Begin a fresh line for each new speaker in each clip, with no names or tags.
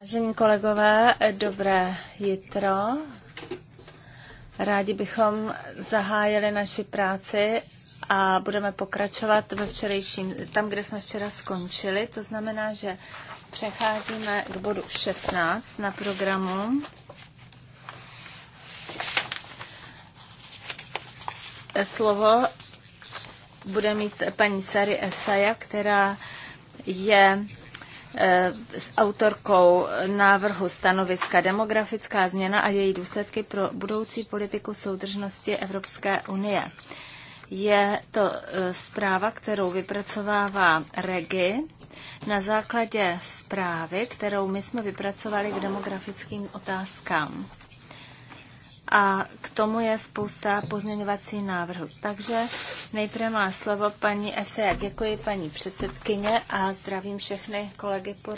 Vážení kolegové, dobré jitro. Rádi bychom zahájili naši práci a budeme pokračovat ve včerejším, tam, kde jsme včera skončili. To znamená, že přecházíme k bodu 16 na programu. slovo bude mít paní Sari Esaja, která je eh, s autorkou návrhu stanoviska Demografická změna a její důsledky pro budoucí politiku soudržnosti Evropské unie. Je to eh, zpráva, kterou vypracovává REGI na základě zprávy, kterou my jsme vypracovali k demografickým otázkám a k tomu je spousta pozměňovací návrhů. Takže nejprve má slovo paní Efe. Děkuji paní předsedkyně a zdravím všechny kolegy Po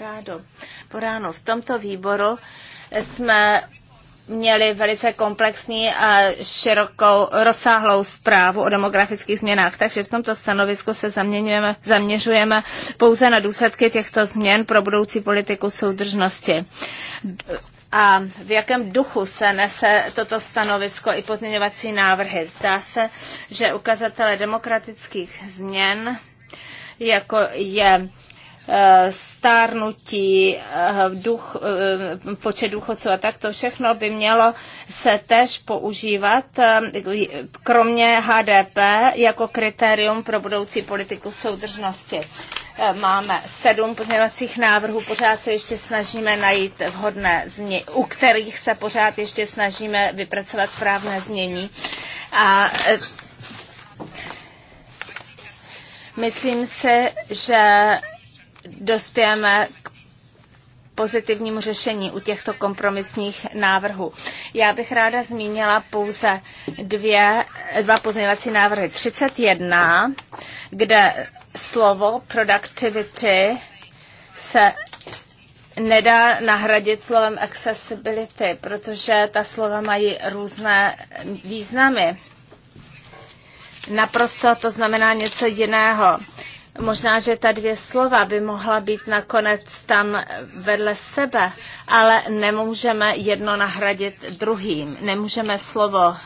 Poráno v tomto výboru jsme měli velice komplexní a širokou, rozsáhlou zprávu o demografických změnách. Takže v tomto stanovisku se zaměňujeme, zaměřujeme pouze na důsledky těchto změn pro budoucí politiku soudržnosti a v jakém duchu se nese toto stanovisko i pozměňovací návrhy. Zdá se, že ukazatele demokratických změn, jako je e, stárnutí, e, duch, e, počet důchodců a tak, to všechno by mělo se tež používat, kromě HDP, jako kritérium pro budoucí politiku soudržnosti. Eh, máme sedm pozměňovacích návrhů, pořád se ještě snažíme najít vhodné změny, u kterých se pořád ještě snažíme vypracovat správné změní. A eh, myslím si, že dospějeme k pozitivnímu řešení u těchto kompromisních návrhů. Já bych ráda zmínila pouze dvě, dva pozměňovací návrhy. 31, kde slovo productivity se nedá nahradit slovem accessibility, protože ta slova mají různé významy. Naprosto to znamená něco jiného. Možná, že ta dvě slova by mohla být nakonec tam vedle sebe, ale nemůžeme jedno nahradit druhým. Nemůžeme slovo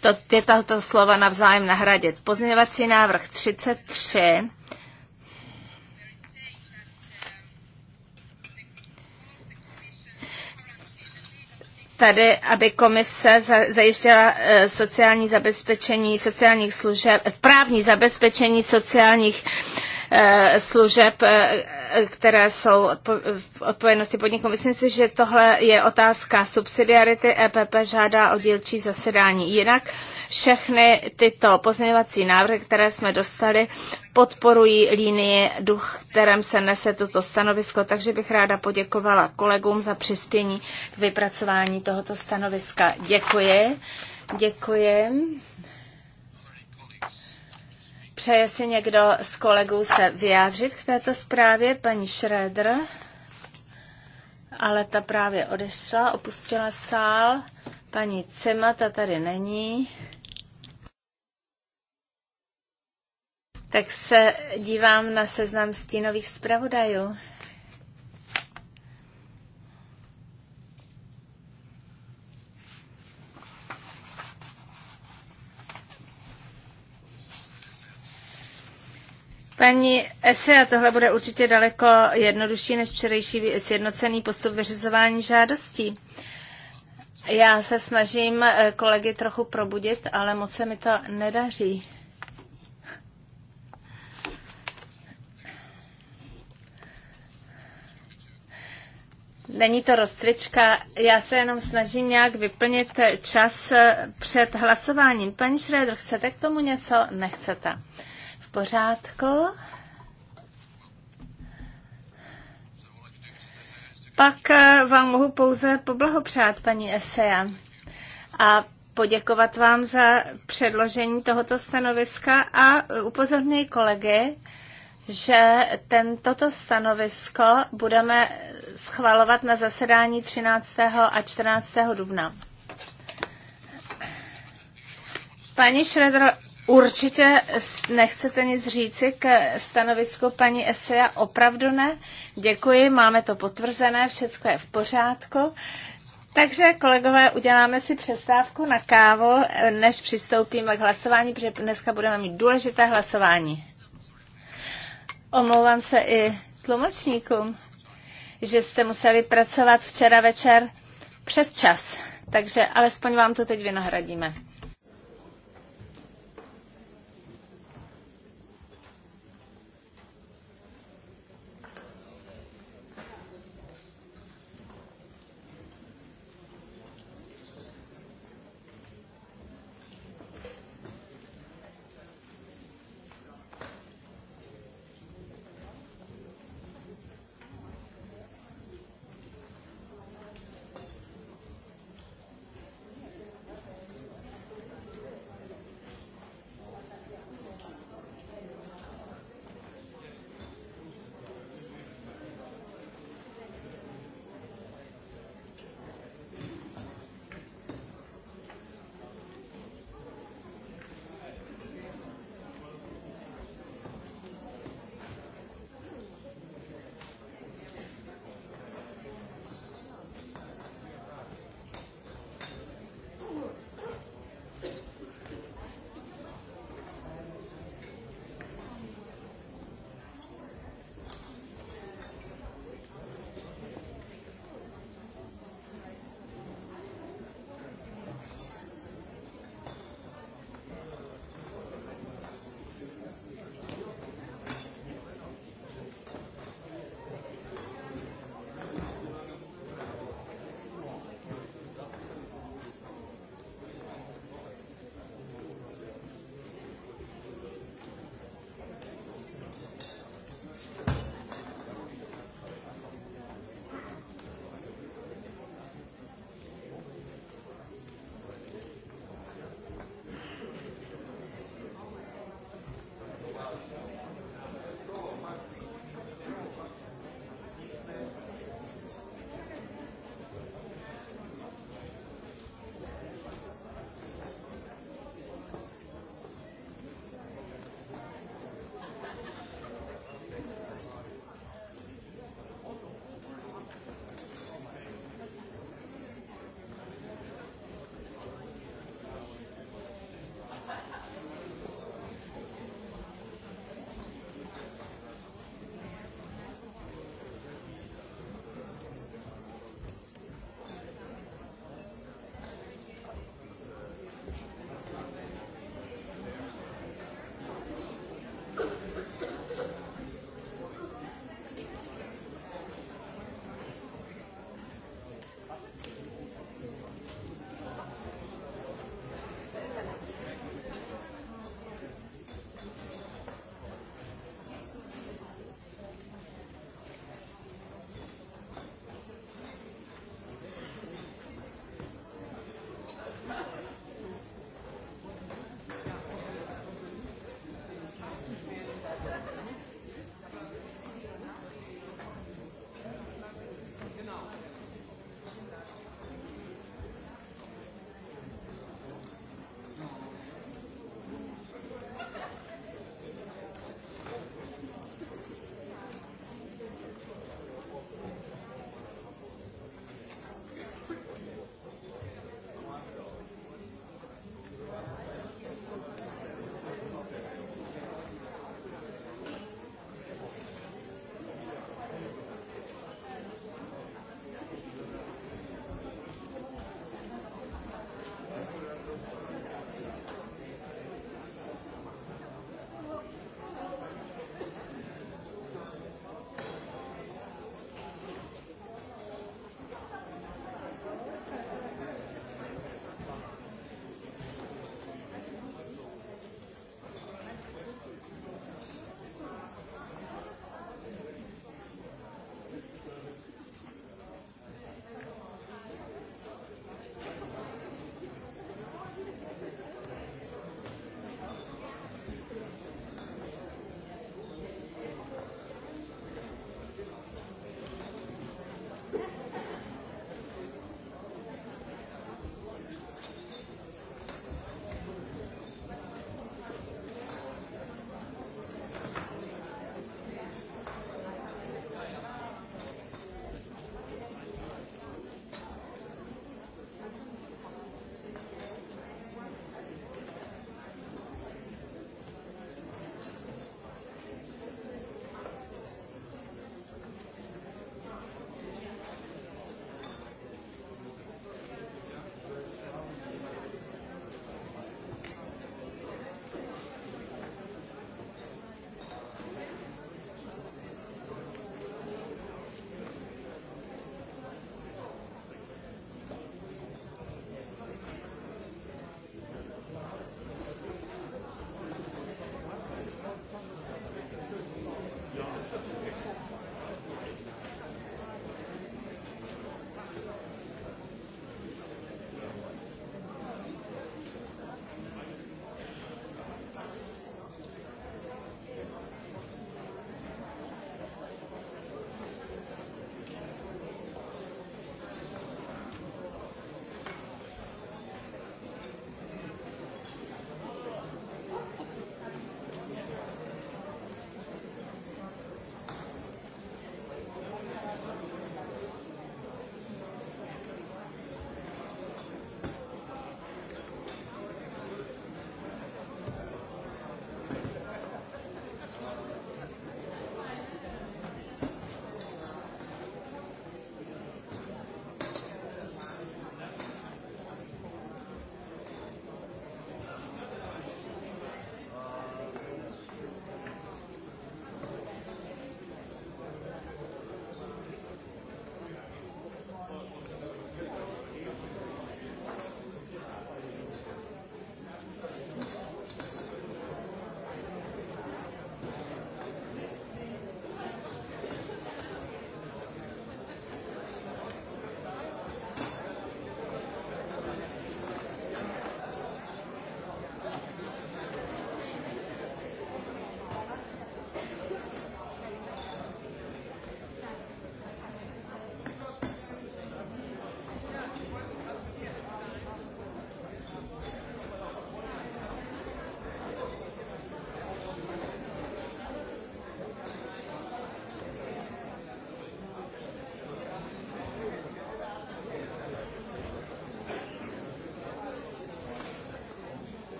to, je tato slova navzájem nahradit. Pozměňovací návrh 33 tady, aby komise zajistila eh, sociální zabezpečení sociálních služeb, eh, právní zabezpečení sociálních Eh, služeb, eh, které jsou v odpovědnosti podniku. Myslím si, že tohle je otázka subsidiarity. EPP žádá o dílčí zasedání. Jinak všechny tyto pozměňovací návrhy, které jsme dostali, podporují línii duch, kterém se nese toto stanovisko, takže bych ráda poděkovala kolegům za přispění k vypracování tohoto stanoviska. Děkuji. Děkuji. Přeje si někdo z kolegů se vyjádřit k této zprávě? Paní Schroeder, ale ta právě odešla, opustila sál. Paní Cima, ta tady není. Tak se dívám na seznam stínových zpravodajů. Paní Esia, tohle bude určitě daleko jednodušší než včerejší sjednocený postup vyřizování žádostí. Já se snažím eh, kolegy trochu probudit, ale moc se mi to nedaří. Není to rozcvička, já se jenom snažím nějak vyplnit eh, čas eh, před hlasováním. Paní Šreder, chcete k tomu něco? Nechcete pořádku. Pak eh, vám mohu pouze poblahopřát, paní Eseja, a poděkovat vám za předložení tohoto stanoviska a upozorňuji kolegy, že ten, toto stanovisko budeme schvalovat na zasedání 13. a 14. dubna. Paní Šredro, Určitě nechcete nic říci k stanovisku paní Esia, opravdu ne. Děkuji, máme to potvrzené, všechno je v pořádku. Takže, kolegové, uděláme si přestávku na kávu, než přistoupíme k hlasování, protože dneska budeme mít důležité hlasování. Omlouvám se i tlumočníkům, že jste museli pracovat včera večer přes čas, takže alespoň vám to teď vynohradíme.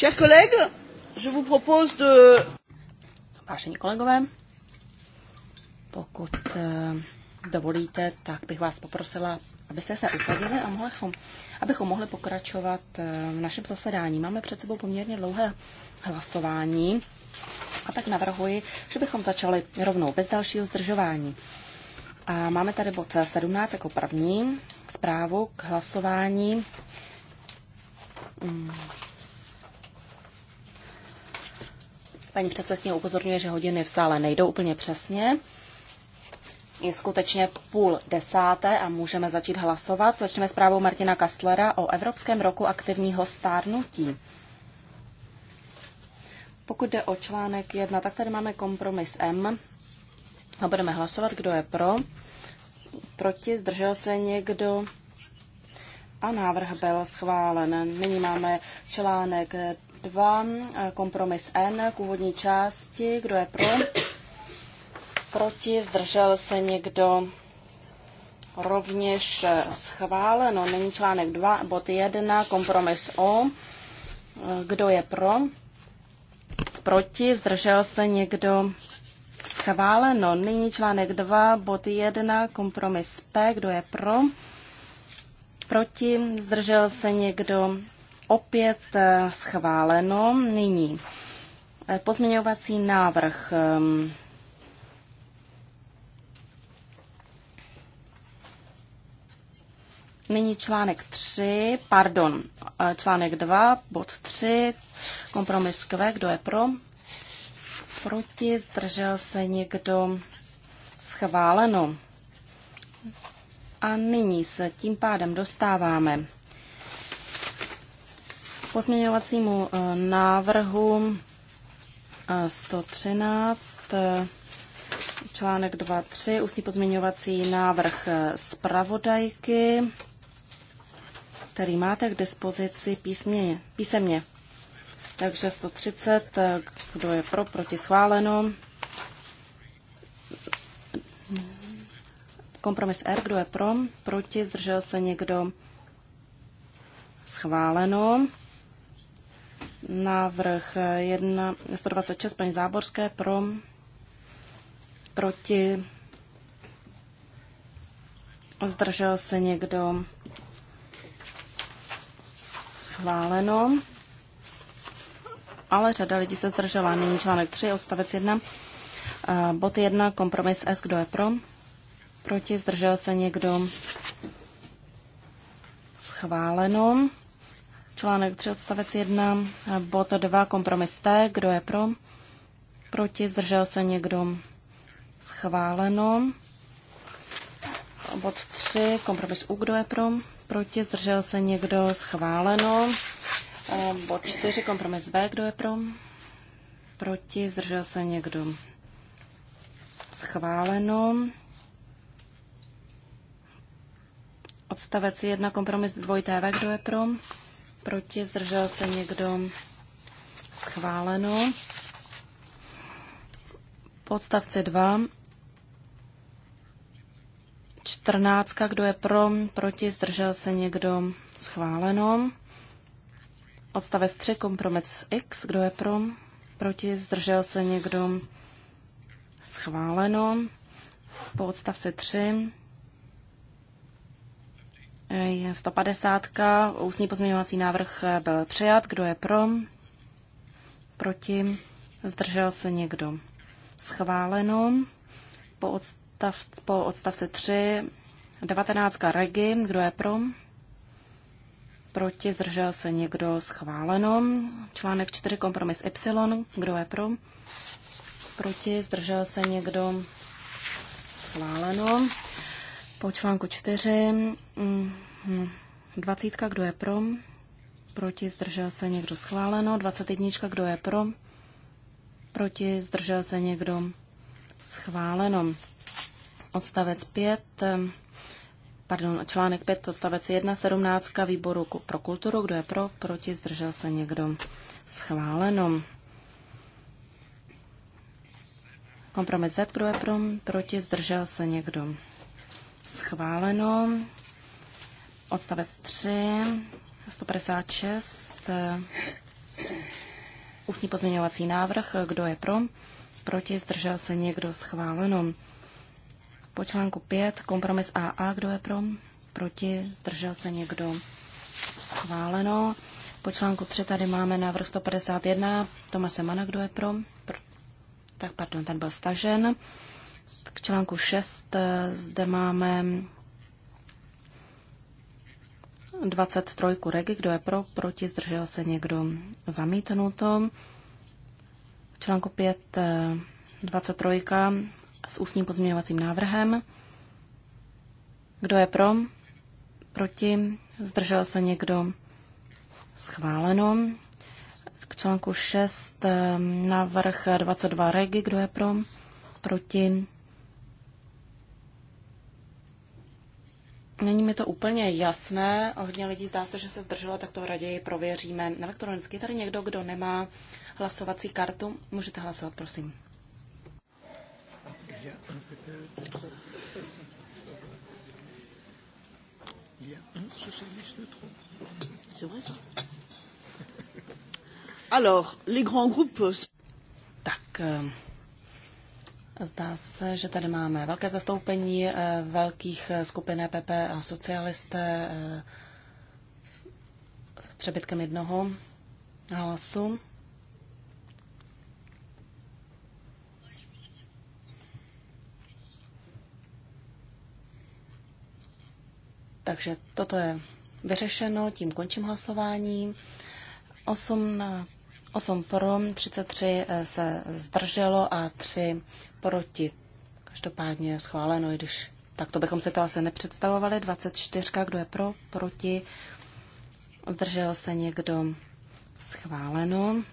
Chers collègues, je vous propose de...
Vážení kolegové, pokud eh, dovolíte, tak bych vás poprosila, abyste se usadili a mohli, abychom mohli pokračovat eh, v našem zasedání. Máme před sebou poměrně dlouhé hlasování a tak navrhuji, že bychom začali rovnou bez dalšího zdržování. A máme tady bod 17 jako první zprávu k hlasování Paní předsedkyně upozorňuje, že hodiny v sále nejdou úplně přesně. Je skutečně půl desáté a můžeme začít hlasovat. Začneme s právou Martina Kastlera o Evropském roku aktivního stárnutí. Pokud jde o článek 1, tak tady máme kompromis M a budeme hlasovat, kdo je pro. Proti zdržel se někdo a návrh byl schválen. Nyní máme článek 2, eh, kompromis N k úvodní části. Kdo je pro? Proti? Zdržel se někdo? Rovněž eh, schváleno. Není článek 2, bod 1, kompromis O. Eh, kdo je pro? Proti? Zdržel se někdo? Schváleno. Nyní článek 2, bod 1, kompromis P. Kdo je pro? Proti? Zdržel se někdo? opět eh, schváleno. Nyní eh, pozměňovací návrh ehm, Nyní článek 3, pardon, eh, článek 2, bod 3, kompromis kve, kdo je pro? Proti, zdržel se někdo schváleno. A nyní se tím pádem dostáváme pozměňovacímu eh, návrhu 113, eh, eh, článek 2.3, usí pozměňovací návrh zpravodajky, který máte k dispozici písmě, písemně. Takže 130, kdo je pro, proti schváleno. Kompromis R, kdo je pro, proti, zdržel se někdo schváleno. Návrh 1, 126 paní Záborské pro, proti, zdržel se někdo schváleno, ale řada lidí se zdržela. Nyní článek 3, odstavec 1, bod 1, kompromis S, kdo je pro, proti, zdržel se někdo schváleno. Článek 3 odstavec 1, bod 2, kompromis T, kdo je pro? Proti, zdržel se někdo? Schváleno. Bod 3, kompromis U, kdo je pro? Proti, zdržel se někdo? Schváleno. Bod 4, kompromis B, kdo je pro? Proti, zdržel se někdo? Schváleno. Odstavec 1, kompromis 2, TV, kdo je pro? Proti? Zdržel se někdo? Schváleno. Podstavce 2. 14. Kdo je pro? Proti? Zdržel se někdo? Schváleno. Odstavec 3. Kompromis X. Kdo je pro? Proti? Zdržel se někdo? Schváleno. Po odstavce 3. 150. Ústní pozměňovací návrh byl přijat. Kdo je pro? Proti? Zdržel se někdo? Schváleno. Po, odstav, po odstavce 3. 19. Regi. Kdo je pro? Proti? Zdržel se někdo? Schváleno. Článek 4. Kompromis Y. Kdo je pro? Proti? Zdržel se někdo? Schváleno. Po článku 4, mm, hm. Dvacítka, kdo je pro, proti, zdržel se někdo schváleno, 21, kdo je pro, proti, zdržel se někdo schváleno. Odstavec 5, hm. pardon, článek 5, odstavec 1, 17, výboru pro kulturu, kdo je pro, proti, zdržel se někdo schváleno. Kompromis Z, kdo je pro, proti, zdržel se někdo Schváleno. Odstavec 3, 156. Ústní pozměňovací návrh. Kdo je pro? Proti? Zdržel se někdo? Schváleno. Po článku 5, kompromis AA. Kdo je pro? Proti? Zdržel se někdo? Schváleno. Po článku 3 tady máme návrh 151. Tomase Mana, kdo je pro? pro? Tak pardon, ten byl stažen. K článku 6 eh, zde máme 23 regi, kdo je pro, proti, zdržel se někdo zamítnuto. V článku 5 23 eh, s ústním pozměňovacím návrhem. Kdo je pro? Proti? Zdržel se někdo? Schváleno. K článku 6 eh, návrh 22 regi. Kdo je pro? Proti? Není mi to úplně jasné. Hodně lidí zdá se, že se zdrželo, tak to raději prověříme elektronicky. Tady někdo, kdo nemá hlasovací kartu, můžete hlasovat, prosím.
Alors, les grands groupes. Tak, eh,
Zdá se, že tady máme velké zastoupení eh, velkých eh, skupin EPP a socialisté eh, s přebytkem jednoho hlasu. Takže toto je vyřešeno, tím končím hlasování. 8 na 8 pro, 33 eh, se zdrželo a 3 proti. Každopádně schváleno, i když tak to bychom si to asi nepředstavovali. 24, kdo je pro, proti, zdržel se někdo schváleno.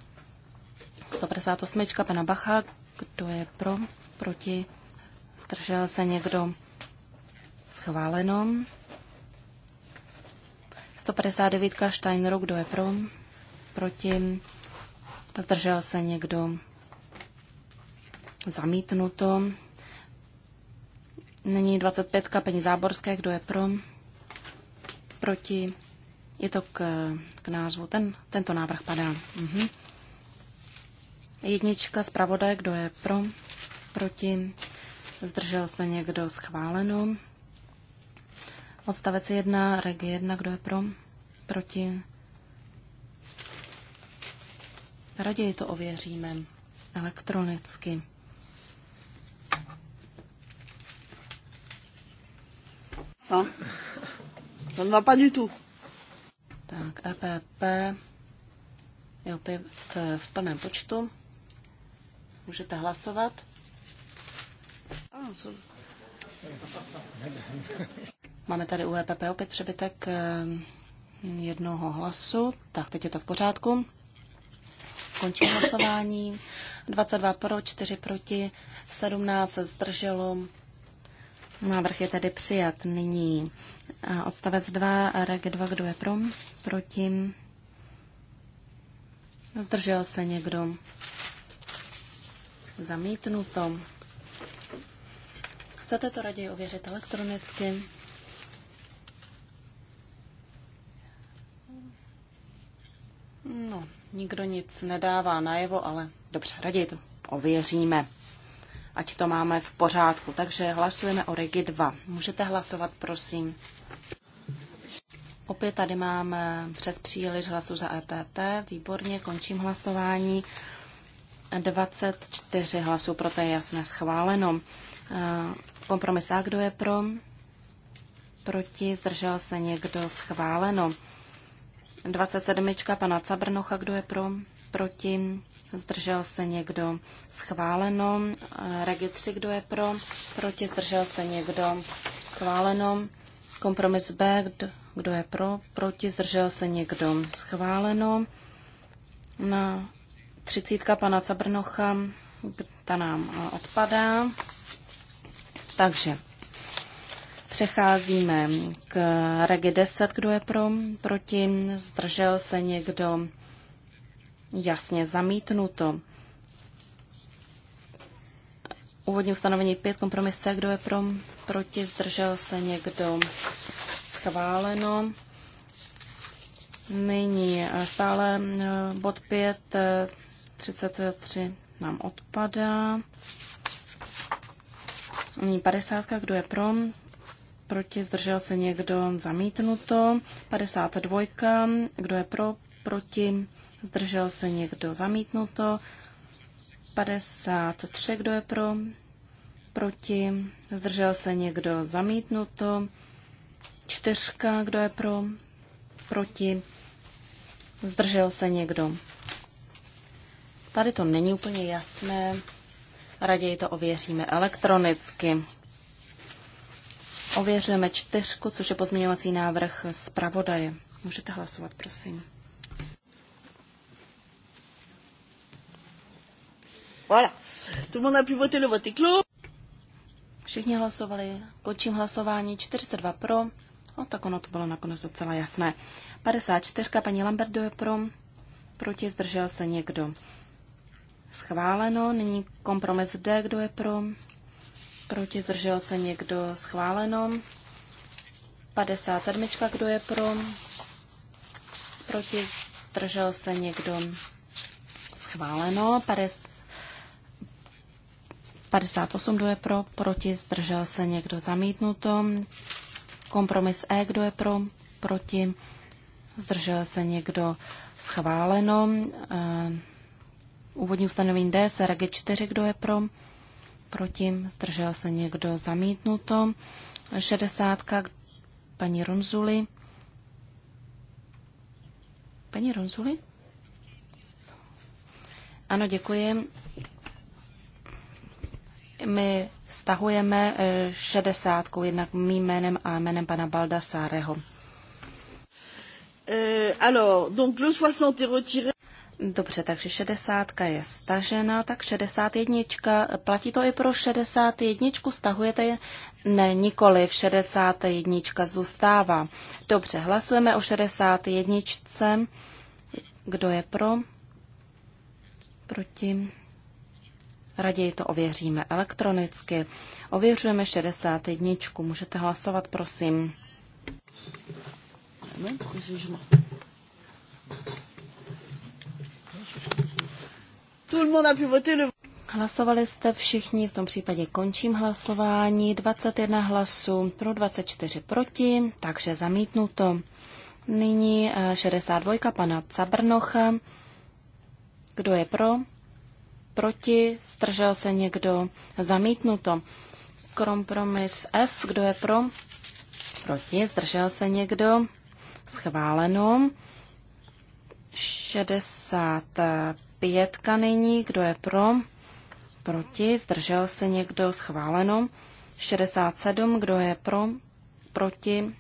158, pana Bacha, kdo je pro, proti, zdržel se někdo schváleno. 159, Steinrock, kdo je pro, proti, Zdržel se někdo? Zamítnuto. Není 25. kapení Záborské, kdo je pro? Proti? Je to k, k názvu. Ten, tento návrh padá. Mhm. Jednička zpravodaj, kdo je pro? Proti? Zdržel se někdo schváleno? Odstavec 1, reg 1, kdo je pro? Proti? Raději to ověříme elektronicky. Co? To ne va du tout. Tak, EPP je opět e, v plném počtu. Můžete hlasovat. Máme tady u EPP opět přebytek e, jednoho hlasu. Tak, teď je to v pořádku. Končím hlasování. 22 pro, 4 proti, 17 zdrželo. Návrh je tedy přijat. Nyní odstavec 2 a reg 2, kdo je pro, proti. Zdržel se někdo. Zamítnuto. Chcete to raději ověřit elektronicky? No, Nikdo nic nedává najevo, ale dobře, raději to ověříme, ať to máme v pořádku. Takže hlasujeme o Regi 2. Můžete hlasovat, prosím. Opět tady máme přes příliš hlasů za EPP. Výborně, končím hlasování. 24 hlasů, pro to je jasné schváleno. Eh, kompromis A, kdo je pro? Proti, zdržel se někdo schváleno. 27. pana Cabrnocha, kdo je pro, proti, zdržel se někdo, schváleno. Regi 3, kdo je pro, proti, zdržel se někdo, schváleno. Kompromis B, kdo, je pro, proti, zdržel se někdo, schváleno. Na 30. pana Cabrnocha, ta nám odpadá. Takže Přecházíme k regi 10, kdo je pro, proti, zdržel se někdo, jasně zamítnuto. Úvodní ustanovení 5, kompromis C, kdo je pro, proti, zdržel se někdo, schváleno. Nyní stále eh, bod 5, 33 eh, nám odpadá. Nyní 50, kdo je pro, proti, zdržel se někdo, zamítnuto. 52, kdo je pro, proti, zdržel se někdo, zamítnuto. 53, kdo je pro, proti, zdržel se někdo, zamítnuto. Čtyřka, kdo je pro, proti, zdržel se někdo. Tady to není úplně jasné, raději to ověříme elektronicky. Ověřujeme čtyřku, což je pozměňovací návrh zpravodaje. Můžete hlasovat, prosím. Voilà. Tout le monde a pu voter le vote clos. Všichni hlasovali, končím hlasování, 42 pro, no tak ono to bylo nakonec docela jasné. 54, paní Lamberdo je pro, proti zdržel se někdo. Schváleno, nyní kompromis D, kdo je pro, Proti zdržel se někdo schváleno. 57. Kdo je pro? Proti zdržel se někdo schváleno. 58. Kdo je pro? Proti zdržel se někdo zamítnuto. Kompromis E. Kdo je pro? Proti zdržel se někdo schváleno. Eh, úvodní ustanovení D. Serage 4. Kdo je pro? proti, zdržel se někdo zamítnuto. 60. paní Ronzuli. Paní Ronzuli? Ano, děkuji. My stahujeme eh, šedesátku, jednak mým jménem a jménem pana Balda Sáreho.
Eh, alors, donc le
60 est retiré. Dobře, takže 60 je stažena, tak 61. Platí to i pro 61. Stahujete je? Ne, nikoli, v 61. zůstává. Dobře, hlasujeme o 61. Kdo je pro? Proti? Raději to ověříme elektronicky. Ověřujeme 61. Můžete hlasovat, prosím. Moment, Hlasovali jste všichni, v tom případě končím hlasování. 21 hlasů pro 24 proti, takže zamítnuto. Nyní 62 eh, pana Cabrnocha. Kdo je pro? Proti? Stržel se někdo? Zamítnuto. Kompromis F. Kdo je pro? Proti? Zdržel se někdo? Schváleno. 65 nyní, kdo je pro, proti, zdržel se někdo, schváleno. 67, kdo je pro, proti,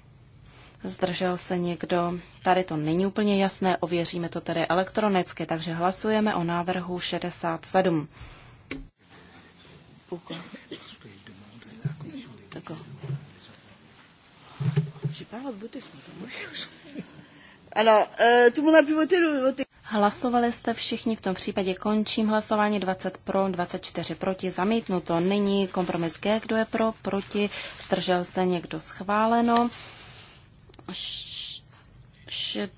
zdržel se někdo. Tady to není úplně jasné, ověříme to tedy elektronicky, takže hlasujeme o návrhu 67.
D'accord. J'ai pas Euh,
Hlasovali jste všichni, v tom případě končím hlasování 20 pro, 24 proti, zamítnuto. Nyní kompromis G, kdo je pro, proti, zdržel se někdo schváleno. Š, š,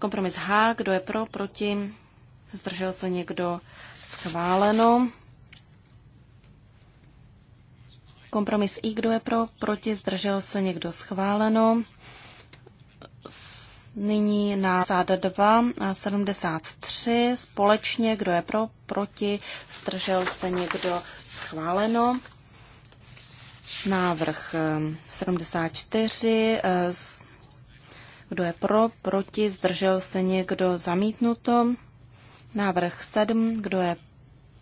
kompromis H, kdo je pro, proti, zdržel se někdo schváleno. Kompromis I, kdo je pro, proti, zdržel se někdo schváleno. S nyní na sáda 2 a 73 společně, kdo je pro, proti, zdržel se někdo schváleno. Návrh 74, ehm, eh, kdo je pro, proti, zdržel se někdo zamítnuto. Návrh 7, kdo je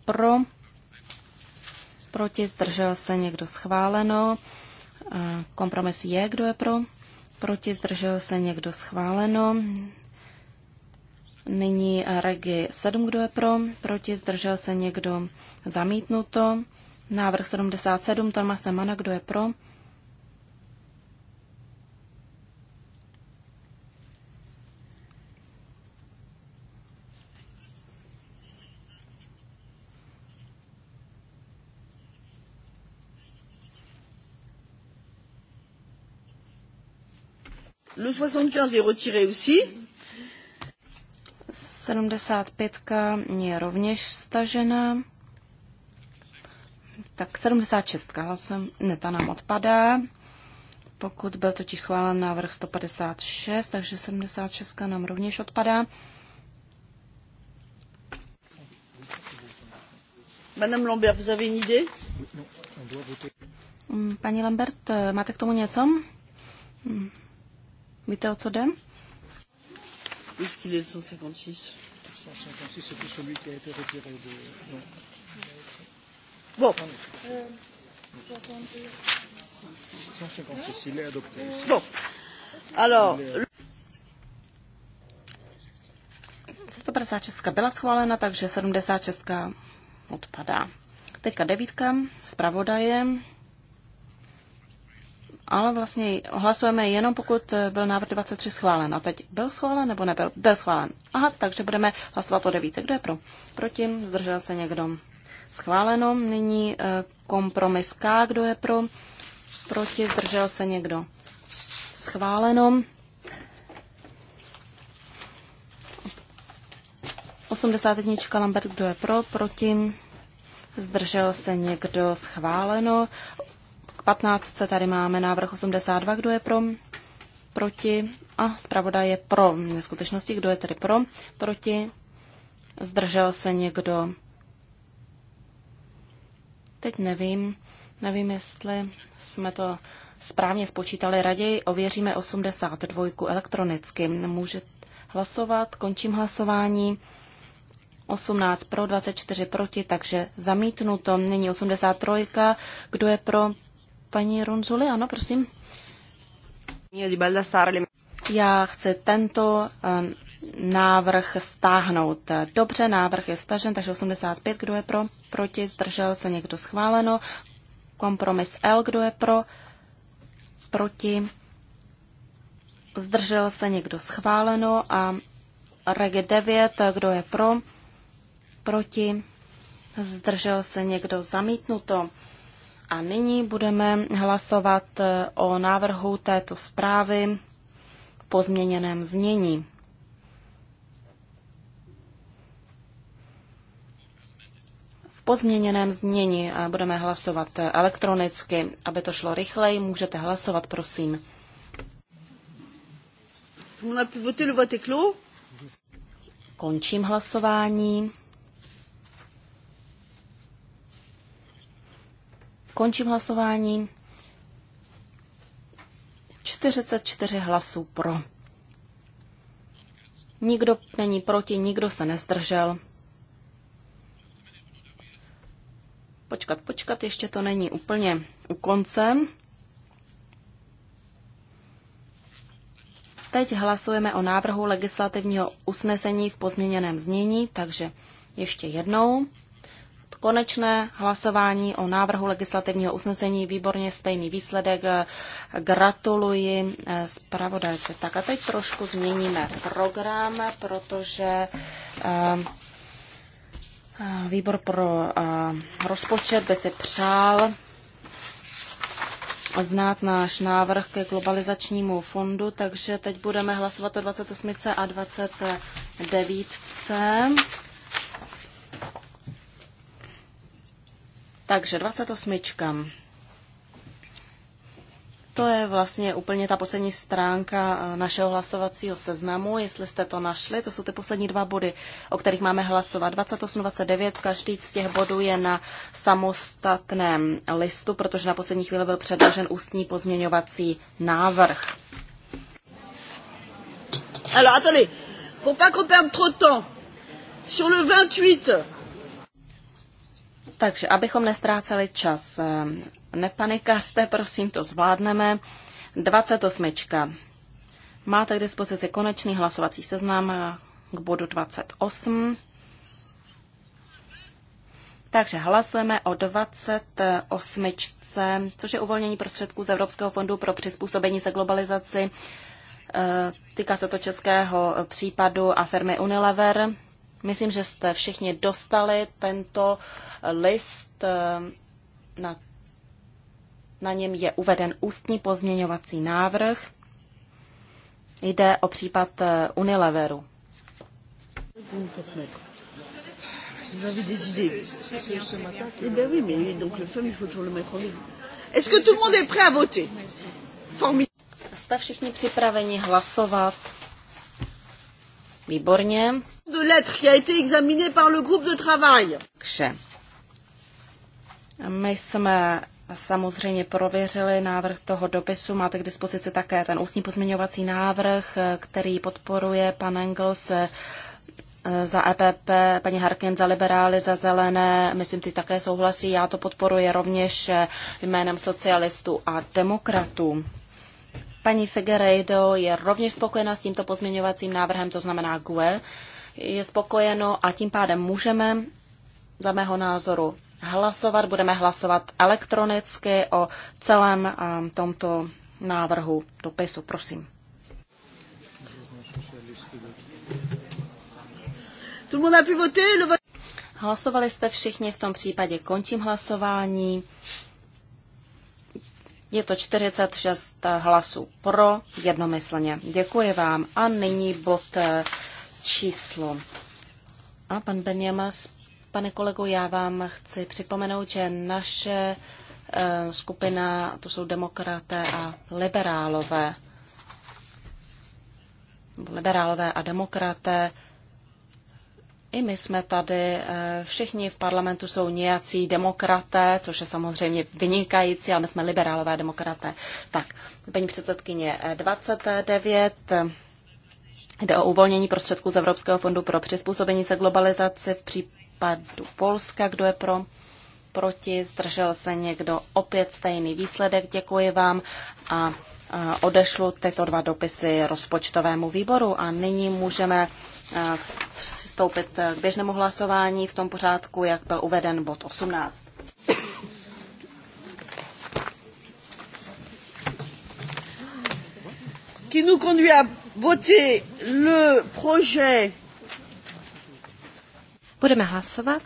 pro, proti, zdržel se někdo schváleno. Kompromis je, kdo je pro proti, zdržel se někdo schváleno. Nyní regi 7, kdo je pro, proti, zdržel se někdo zamítnuto. Návrh 77, Tomase Mana, kdo je pro,
Le 75 est retiré aussi.
75 je rovněž stažena. Tak 76 hlasem, ne, ta nám odpadá. Pokud byl totiž schválen návrh 156, takže 76 nám rovněž odpadá. Madame Lambert, vous avez une idée? Mm, paní Lambert, máte k tomu něco? Mm. Víte, o co jde?
Où est-ce Bon. Bon. Alors...
156 byla schválena, takže 76 odpadá. Teďka devítka, zpravodajem ale vlastně hlasujeme jenom pokud eh, byl návrh 23 schválen. A teď byl schválen nebo nebyl? Byl schválen. Aha, takže budeme hlasovat o devíce. Kdo je pro? Proti? Zdržel se někdo? Schváleno. Nyní eh, kompromis K. Kdo je pro? Proti? Zdržel se někdo? Schváleno. 81. Lambert, kdo je pro? Proti? Zdržel se někdo schváleno. 15 tady máme návrh 82, kdo je pro, proti a zpravodaj je pro. V skutečnosti, kdo je tedy pro, proti, zdržel se někdo. Teď nevím, nevím, jestli jsme to správně spočítali. Raději ověříme 82 elektronicky. Může hlasovat, končím hlasování. 18 pro, 24 proti, takže zamítnuto. Nyní 83. Kdo je pro, Paní Ronzuli, ano, prosím. Já chci tento eh, návrh stáhnout. Dobře, návrh je stažen, takže 85, kdo je pro, proti, zdržel se někdo schváleno. Kompromis L, kdo je pro, proti, zdržel se někdo schváleno a reg 9, kdo je pro, proti, zdržel se někdo zamítnuto. A nyní budeme hlasovat e, o návrhu této zprávy v pozměněném znění. V pozměněném znění e, budeme hlasovat e, elektronicky. Aby to šlo rychleji, můžete hlasovat, prosím. Končím hlasování. Končím hlasování. 44 hlasů pro. Nikdo není proti, nikdo se nezdržel. Počkat, počkat, ještě to není úplně u konce. Teď hlasujeme o návrhu legislativního usnesení v pozměněném znění, takže ještě jednou konečné hlasování o návrhu legislativního usnesení. Výborně stejný výsledek. Gratuluji eh, zpravodajce. Tak a teď trošku změníme program, protože eh, výbor pro eh, rozpočet by si přál znát náš návrh ke globalizačnímu fondu, takže teď budeme hlasovat o 28 a 29. Takže 28. To je vlastně úplně ta poslední stránka eh, našeho hlasovacího seznamu, jestli jste to našli. To jsou ty poslední dva body, o kterých máme hlasovat. 28, 29, každý z těch bodů je na samostatném listu, protože na poslední chvíli byl předložen ústní pozměňovací
návrh. Alors, attendez, pour pas qu'on perde trop de temps, sur le 28, takže,
abychom nestráceli čas, ehm, nepanikařte, prosím, to zvládneme. 28. Máte k dispozici konečný hlasovací seznam k bodu 28. Takže hlasujeme o 28, což je uvolnění prostředků z Evropského fondu pro přizpůsobení se globalizaci. Ehm, týká se to českého případu a firmy Unilever. Myslím, že jste všichni dostali tento list. Eh, na, na něm je uveden ústní pozměňovací návrh. Jde o případ eh, Unileveru.
Eh Est-ce que tout le monde est prêt à voter
Jste všichni připraveni hlasovat? Výborně. De lettre qui a été examinée par le groupe de travail. Kše. My jsme samozřejmě prověřili návrh toho dopisu. Máte k dispozici také ten ústní pozměňovací návrh, který podporuje pan Engels eh, za EPP, paní Harkin za liberály, za zelené, myslím, ty také souhlasí, já to podporuji rovněž eh, jménem socialistů a demokratů. Paní Figueiredo je rovněž spokojena s tímto pozměňovacím návrhem, to znamená GUE je spokojeno a tím pádem můžeme, dle mého názoru, hlasovat. Budeme hlasovat elektronicky o celém tomto návrhu dopisu. Prosím. Hlasovali jste všichni, v tom případě končím hlasování. Je to 46 hlasů pro, jednomyslně. Děkuji vám. A nyní bod eh, číslo. A pan Benjamas, pane kolego, já vám chci připomenout, že naše eh, skupina, to jsou demokraté a liberálové, liberálové a demokraté, i my jsme tady, eh, všichni v parlamentu jsou nějací demokraté, což je samozřejmě vynikající, ale my jsme liberálové demokraté. Tak, paní předsedkyně 29. Eh, eh, jde o uvolnění prostředků z Evropského fondu pro přizpůsobení se globalizaci v případu Polska. Kdo je pro? Proti? Zdržel se někdo? Opět stejný výsledek. Děkuji vám a odešlu tyto dva dopisy rozpočtovému výboru. A nyní můžeme přistoupit k běžnému hlasování v tom pořádku, jak byl uveden bod 18.
qui nous conduit à voter le projet.
Budeme hlasovat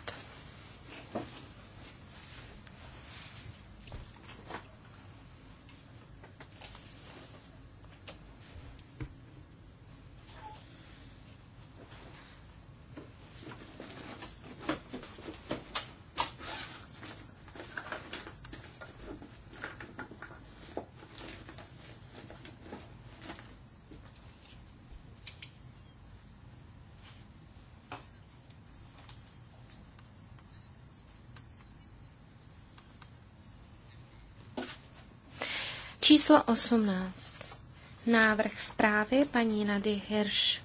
Číslo 18. Návrh zprávy paní Nady Hirsch.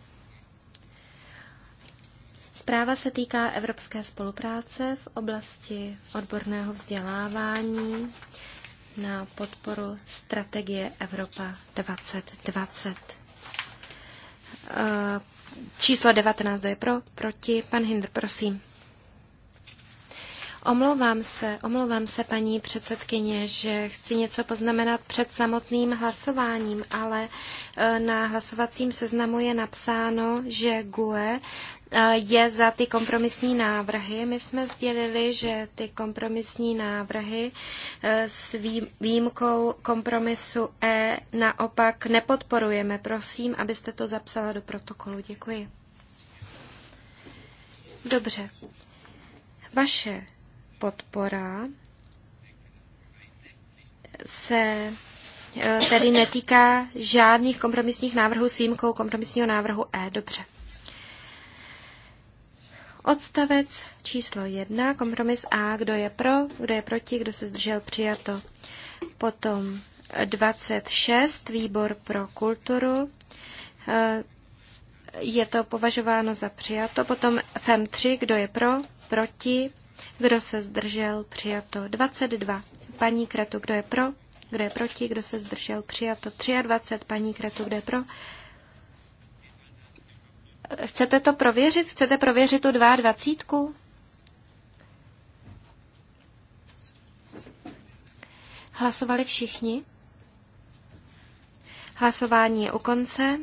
Zpráva se týká evropské spolupráce v oblasti odborného vzdělávání na podporu strategie Evropa 2020. Eh, číslo 19 je pro, proti. Pan Hinder, prosím. Omlouvám se, omlouvám se, paní předsedkyně, že chci něco poznamenat před samotným hlasováním, ale eh, na hlasovacím seznamu je napsáno, že GUE eh, je za ty kompromisní návrhy. My jsme sdělili, že ty kompromisní návrhy eh, s výjimkou kompromisu E naopak nepodporujeme. Prosím, abyste to zapsala do protokolu. Děkuji. Dobře. Vaše podpora se e, tedy netýká žádných kompromisních návrhů s výjimkou kompromisního návrhu E. Dobře. Odstavec číslo 1, kompromis A, kdo je pro, kdo je proti, kdo se zdržel, přijato. Potom 26, výbor pro kulturu, e, je to považováno za přijato. Potom FEM 3, kdo je pro, proti, kdo se zdržel? Přijato 22. Paní Kratu, kdo je pro? Kdo je proti? Kdo se zdržel? Přijato 23. Paní Kratu, kdo je pro? Chcete to prověřit? Chcete prověřit tu 22? Hlasovali všichni? Hlasování je u konce.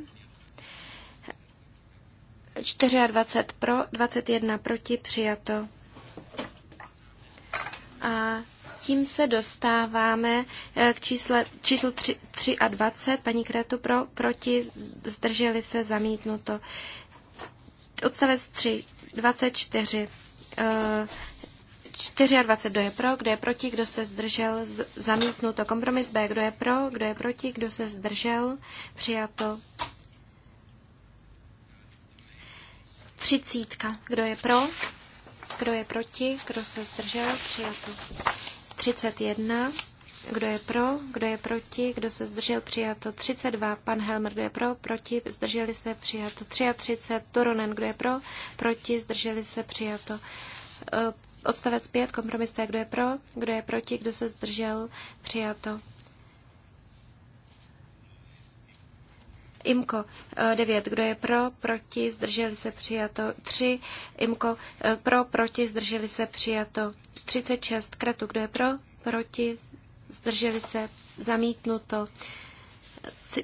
24 pro, 21 proti, přijato. A tím se dostáváme eh, k čísle, číslu 3, 3 a 20. Paní Kretu pro, proti, zdrželi se, zamítnuto. Odstavec 3, 24. 24, kdo je pro, kdo je proti, kdo se zdržel, zamítnuto. Kompromis B, kdo je pro, kdo je proti, kdo se zdržel, přijato. Třicítka, kdo je pro, kdo je proti? Kdo se zdržel? Přijato. 31. Kdo je pro? Kdo je proti? Kdo se zdržel? Přijato. 32. Pan Helmer, kdo je pro? Proti? Zdrželi se? Přijato. 33. Turonen, kdo je pro? Proti? Zdrželi se? Přijato. Eh, odstavec 5. Kompromis Kdo je pro? Kdo je proti? Kdo se zdržel? Přijato. IMKO 9, eh, kdo je pro, proti, zdrželi se přijato 3, IMKO eh, pro, proti, zdrželi se přijato 36, Kratu, kdo je pro, proti, zdrželi se zamítnuto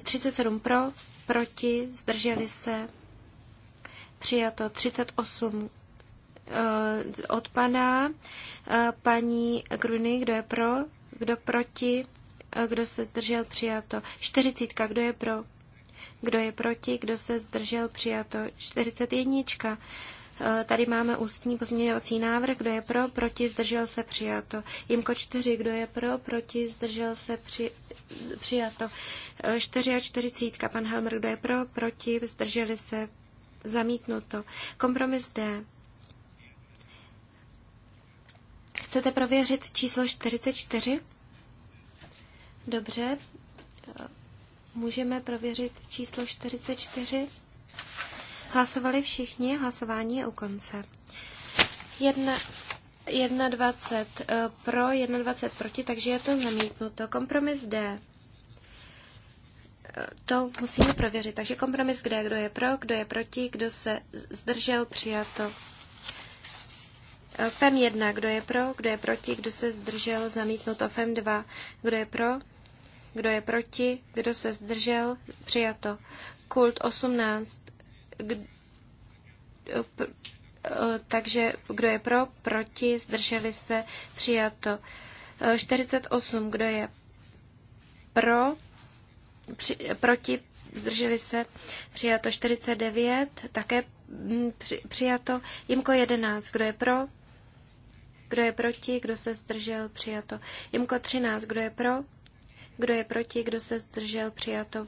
37 pro, proti, zdrželi se přijato 38 eh, pana Paní Gruny, kdo je pro, kdo proti, kdo se zdržel, přijato. 40, kdo je pro, kdo je proti? Kdo se zdržel? Přijato 41. Eh, tady máme ústní pozměňovací návrh. Kdo je pro? Proti? Zdržel se? Přijato. Jimko 4. Kdo je pro? Proti? Zdržel se? Při, přijato. 44. Eh, Pan Helmer. Kdo je pro? Proti? Zdrželi se? Zamítnuto. Kompromis D. Chcete prověřit číslo 44? Dobře, Můžeme prověřit číslo 44. Hlasovali všichni, hlasování je u konce. 1, 21 eh, pro, 21 proti, takže je to zamítnuto. Kompromis D. Eh, to musíme prověřit. Takže kompromis kde, kdo je pro, kdo je proti, kdo se zdržel, přijato. Eh, FEM 1, kdo je pro, kdo je proti, kdo se zdržel, zamítnuto. FEM 2, kdo je pro, kdo je proti, kdo se zdržel, přijato. Kult 18, k, e, takže kdo je pro, proti, zdrželi se, přijato. 48, e, kdo je pro, při, proti, zdrželi se, přijato 49, také mm, při, přijato. Jimko 11, kdo je pro, kdo je proti, kdo se zdržel, přijato. Jimko 13, kdo je pro, kdo je proti? Kdo se zdržel? Přijato.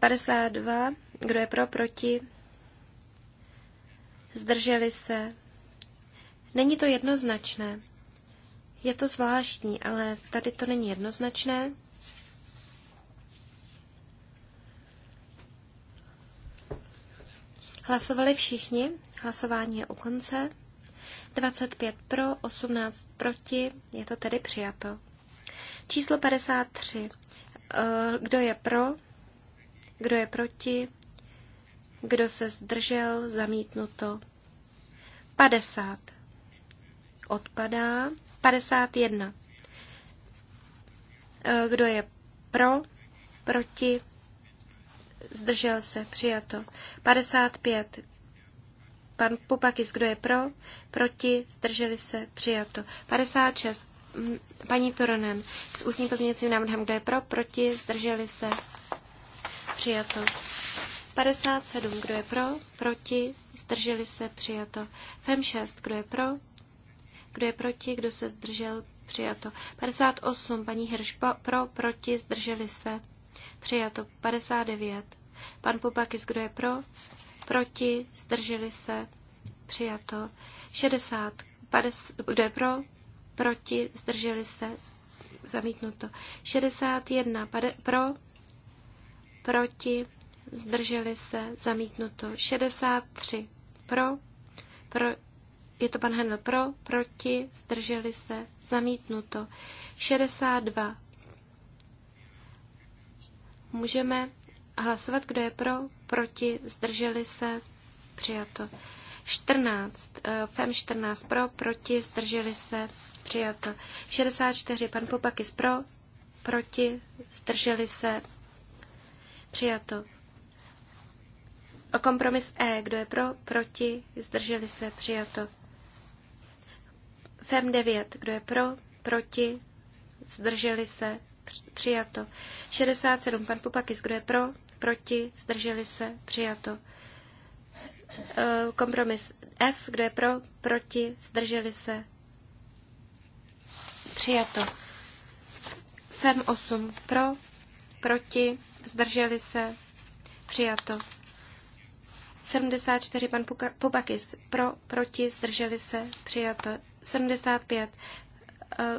52. Kdo je pro? Proti? Zdrželi se. Není to jednoznačné. Je to zvláštní, ale tady to není jednoznačné. Hlasovali všichni, hlasování je u konce. 25 pro, 18 proti, je to tedy přijato. Číslo 53. Eh, kdo je pro? Kdo je proti? Kdo se zdržel? Zamítnuto. 50. Odpadá. 51. Eh, kdo je pro? Proti? Zdržel se. Přijato. 55. Pan Pupakis, kdo je pro? Proti? Zdrželi se? Přijato. 56. Paní Toronen s ústním pozměňovacím návrhem, kdo je pro? Proti? Zdrželi se? Přijato. 57. Kdo je pro? Proti? Zdrželi se? Přijato. FEM 6. Kdo je pro? Kdo je proti? Kdo se zdržel? Přijato. 58. Paní Hirš pro? Proti? Zdrželi se? Přijato. 59. Pan Pupakis, kdo je pro? proti, zdrželi se, přijato. 60, 50, kdo je pro, proti, zdrželi se, zamítnuto. 61, pade, pro, proti, zdrželi se, zamítnuto. 63, pro, pro, je to pan Henl pro, proti, zdrželi se, zamítnuto. 62. Můžeme hlasovat, kdo je pro, proti, zdrželi se, přijato. 14, FEM 14 pro, proti, zdrželi se, přijato. 64, pan Popakis pro, proti, zdrželi se, přijato. O kompromis E, kdo je pro, proti, zdrželi se, přijato. FEM 9, kdo je pro, proti, zdrželi se, přijato. 67, pan Popakis, kdo je pro, proti, zdrželi se, přijato. E, kompromis F, kdo je pro, proti, zdrželi se, přijato. FEM 8 pro, proti, zdrželi se, přijato. 74 pan Pubakis pro, proti, zdrželi se, přijato. 75 e,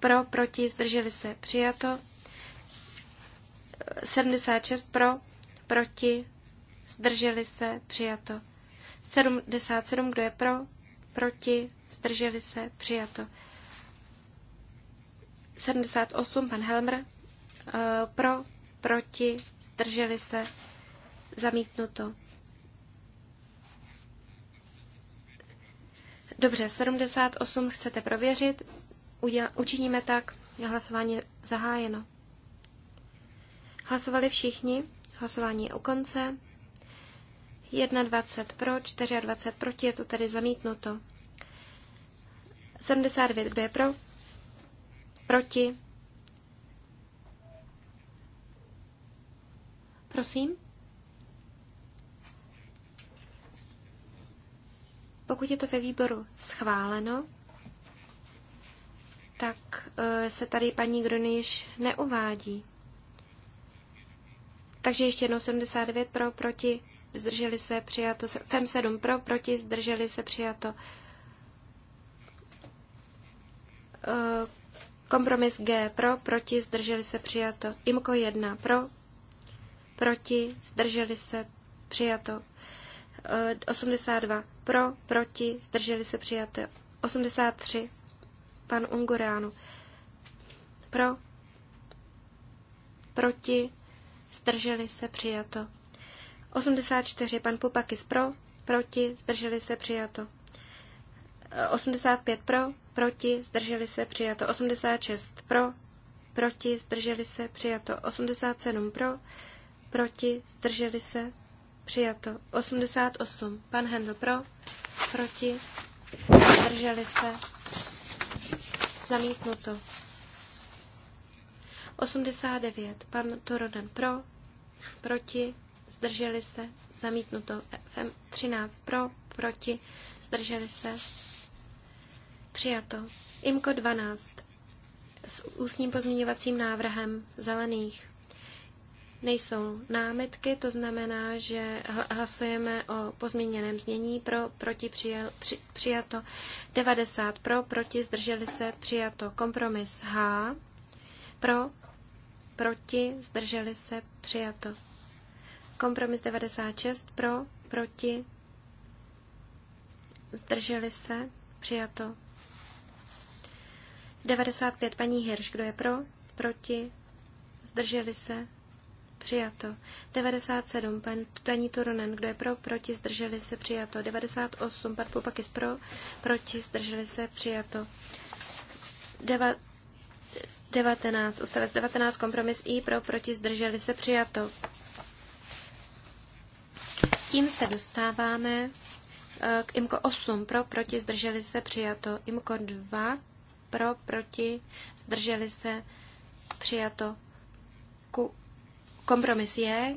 pro, proti, zdrželi se, přijato. 76 pro, proti, zdrželi se, přijato. 77, kdo je pro, proti, zdrželi se, přijato. 78, pan Helmer, eh, pro, proti, zdrželi se, zamítnuto. Dobře, 78 chcete prověřit, Uděl, učiníme tak, hlasování zahájeno. Hlasovali všichni. Hlasování je u konce. 21 pro, 24 proti, je to tedy zamítnuto. 79, kdo je pro? Proti? Prosím? Pokud je to ve výboru schváleno, tak eh, se tady paní Grony neuvádí. Takže ještě jednou 79 pro, proti, zdrželi se, přijato. FEM 7 pro, proti, zdrželi se, přijato. Eh, kompromis G pro, proti, zdrželi se, přijato. IMKO 1 pro, proti, zdrželi se, přijato. 82 eh, pro, proti, zdrželi se, přijato. 83 pan Unguránu pro, proti, zdrželi se přijato. 84 pan Pupakis pro, proti, zdrželi se přijato. 85 pro, proti, zdrželi se přijato. 86 pro, proti, zdrželi se přijato. 87 pro, proti, zdrželi se přijato. 88 pan Hendl pro, proti, zdrželi se zamítnuto. 89. Pan Turonen pro, proti, zdrželi se, zamítnuto. FM 13 pro, proti, zdrželi se, přijato. IMKO 12 s ústním pozměňovacím návrhem zelených. Nejsou námitky, to znamená, že hlasujeme o pozměněném znění pro, proti přijel, při, přijato 90 pro, proti zdrželi se přijato kompromis H, pro, proti, zdrželi se, přijato. Kompromis 96 pro, proti, zdrželi se, přijato. 95 paní Hirš, kdo je pro, proti, zdrželi se, přijato. 97 pan, paní Turunen, kdo je pro, proti, zdrželi se, přijato. 98 pan Pupakis pro, proti, zdrželi se, přijato. Deva, 19, odstavec 19, kompromis I pro, proti, zdrželi se, přijato. Tím se dostáváme e, k IMKO 8, pro, proti, zdrželi se, přijato. IMKO 2, pro, proti, zdrželi se, přijato. Ku, kompromis je, e,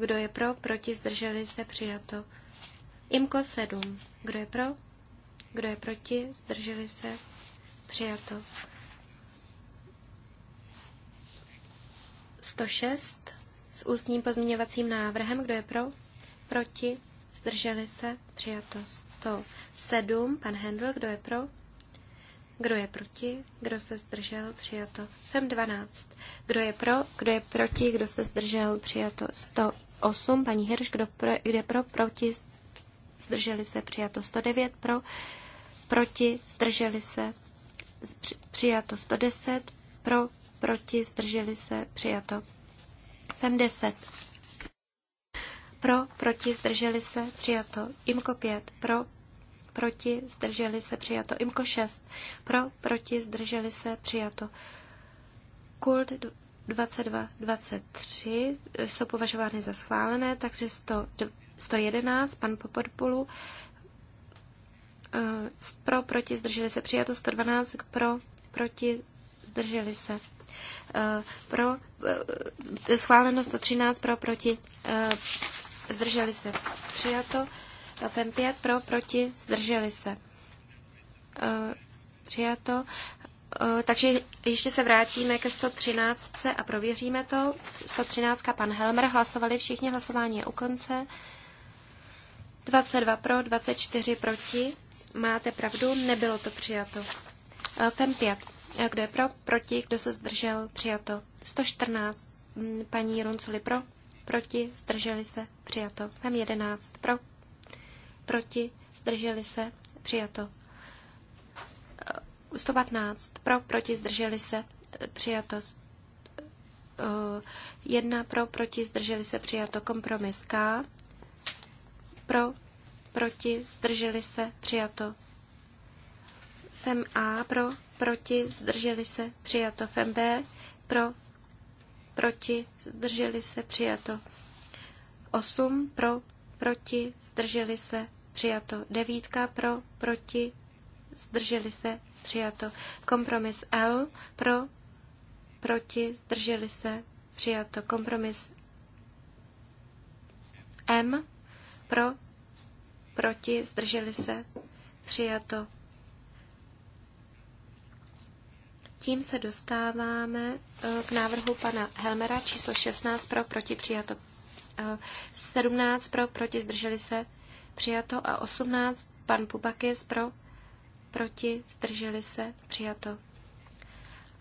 kdo je pro, proti, zdrželi se, přijato. IMKO 7, kdo je pro, kdo je proti, zdrželi se, přijato. 106 s ústním pozměňovacím návrhem. Kdo je pro? Proti? Zdrželi se? Přijato 107. Pan Hendl, kdo je pro? Kdo je proti? Kdo se zdržel? Přijato. 112 Kdo je pro? Kdo je proti? Kdo se zdržel? Přijato. 108. Paní Hirš, kdo, pro, kdo je pro? Proti? Zdrželi se? Přijato. 109. Pro? Proti? Zdrželi se? Přijato. 110. Pro? proti, zdrželi se, přijato. Fem 10. Pro, proti, zdrželi se, přijato. Imko 5. Pro, proti, zdrželi se, přijato. Imko 6. Pro, proti, zdrželi se, přijato. Kult 22, 23 jsou považovány za schválené, takže 100, 111, pan Popodpulu, eh, pro, proti, zdrželi se, přijato 112, pro, proti, zdrželi se, Eh, pro, eh, schváleno 113 eh, pro, proti, zdrželi se, přijato, FEM 5 pro, proti, zdrželi se, přijato, takže ještě se vrátíme ke 113 a prověříme to. 113 pan Helmer hlasovali všichni, hlasování je u konce. 22 pro, 24 proti. Máte pravdu, nebylo to přijato. FEM 5 kdo je pro? Proti. Kdo se zdržel? Přijato. 114. Mm, Paní Runculi pro. Proti. Zdrželi se. Přijato. Mám 11. Pro. Proti. Zdrželi se. Přijato. 115. E, pro. Proti. Zdrželi se. E, přijato. 1. E, pro. Proti. Zdrželi se. Přijato. Kompromis K. Pro. Proti. Zdrželi se. Přijato. Fem A pro, proti, zdrželi se, přijato. Fem B pro, proti, zdrželi se, přijato. 8 pro, proti, zdrželi se, přijato. 9 pro, proti, zdrželi se, přijato. Kompromis L pro, proti, zdrželi se, přijato. Kompromis M pro, proti, zdrželi se, přijato. Tím se dostáváme e, k návrhu pana Helmera číslo 16 pro proti přijato. 17 e, pro proti zdrželi se přijato a 18 pan Pubakis pro proti zdrželi se přijato.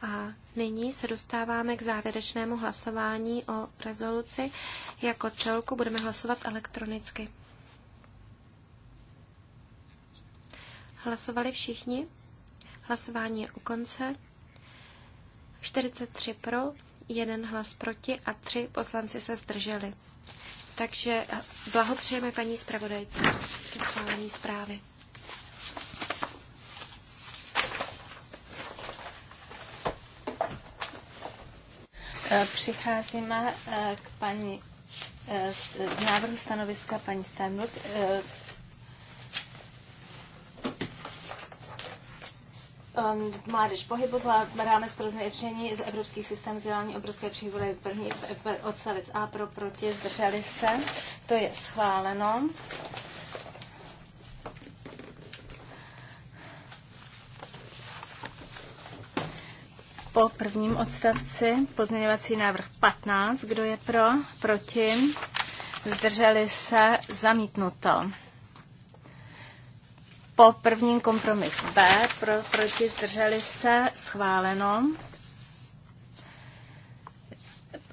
A nyní se dostáváme k závěrečnému hlasování o rezoluci. Jako celku budeme hlasovat elektronicky. Hlasovali všichni? Hlasování je u konce. 43 pro, jeden hlas proti a tři poslanci se zdrželi. Takže blahopřejeme paní zpravodajce ke schválení zprávy.
E, přicházíme e, k paní z e, návrhu stanoviska paní Steinbrück um, mládež pohybu, rámec pro zlepšení z evropských systém vzdělání obrovské příhody první odstavec A pro proti, zdrželi se, to je schváleno. Po prvním odstavci pozměňovací návrh 15. Kdo je pro? Proti? Zdrželi se? Zamítnuto po prvním kompromis B, pro, proti zdrželi se, schváleno.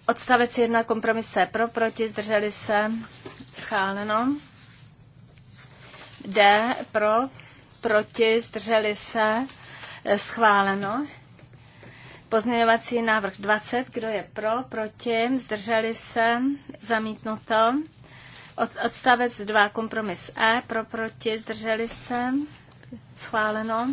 Odstavec 1, kompromis C, pro, proti zdrželi se, schváleno. D, pro, proti zdrželi se, schváleno. Pozměňovací návrh 20, kdo je pro, proti, zdrželi se, zamítnuto. Od, odstavec 2, kompromis E, pro, proti, zdrželi se, schváleno.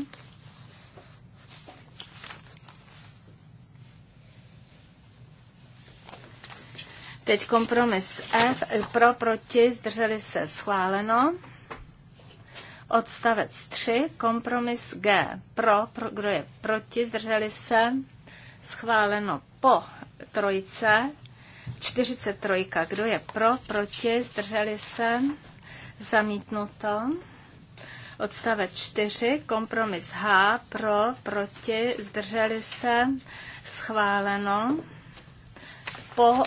Teď kompromis F, e, pro, proti, zdrželi se, schváleno. Odstavec 3, kompromis G, pro, pro kdo je proti, zdrželi se, schváleno po trojce, 43. Kdo je pro, proti, zdrželi se, zamítnuto. Odstavec 4, kompromis H, pro, proti, zdrželi se, schváleno. Po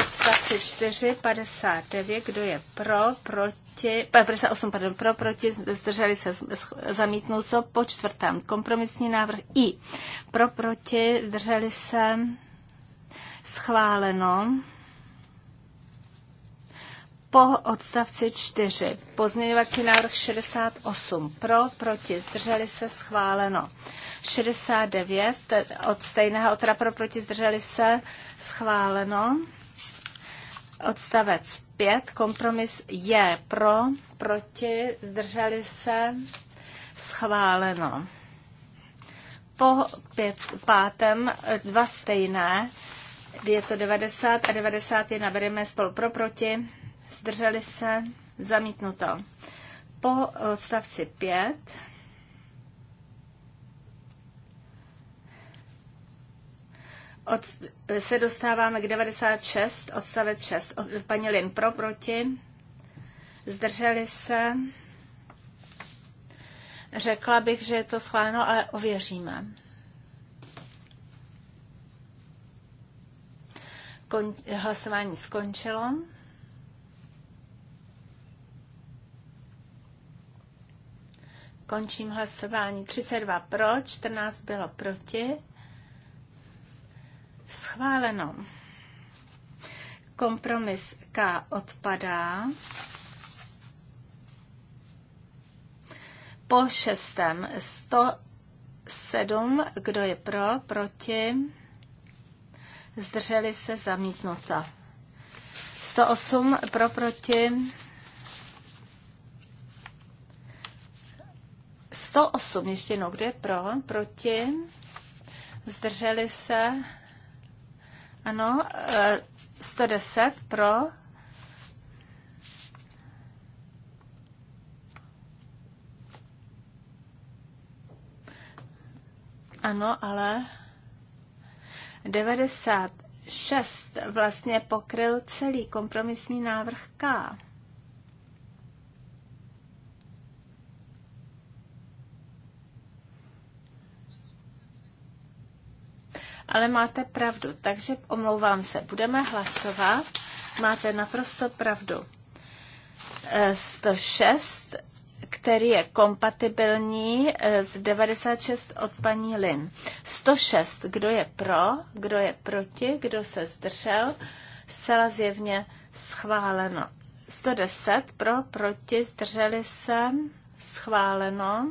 odstavci 4, 59, kdo je pro, proti, 58, eh, pardon, pro, proti, zdrželi se, zamítnul se po čtvrtém. Kompromisní návrh I, pro, proti, zdrželi se, schváleno po odstavci 4. Pozměňovací návrh 68 pro, proti, zdrželi se, schváleno. 69 od stejného otra pro, proti, zdrželi se, schváleno. Odstavec 5, kompromis je pro, proti, zdrželi se, schváleno. Po pět, pátém dva stejné je to 90 a 91. Bereme spolu pro proti. Zdrželi se. Zamítnuto. Po odstavci 5 od, se dostáváme k 96, odstavec 6. Od, paní Lin pro, proti. Zdrželi se. Řekla bych, že je to schváleno, ale ověříme. Kon- hlasování skončilo. Končím hlasování. 32 pro, 14 bylo proti. Schváleno. Kompromis K odpadá. Po šestém 107, kdo je pro, proti zdrželi se zamítnuta. 108 pro proti 108, ještě jednou, kde je pro, proti, zdrželi se, ano, 110 e, pro, ano, ale 96 vlastně pokryl celý kompromisní návrh K. Ale máte pravdu, takže omlouvám se, budeme hlasovat. Máte naprosto pravdu. 106 eh, který je kompatibilní eh, z 96 od paní Lin. 106, kdo je pro, kdo je proti, kdo se zdržel, zcela zjevně schváleno. 110 pro, proti, zdrželi se, schváleno.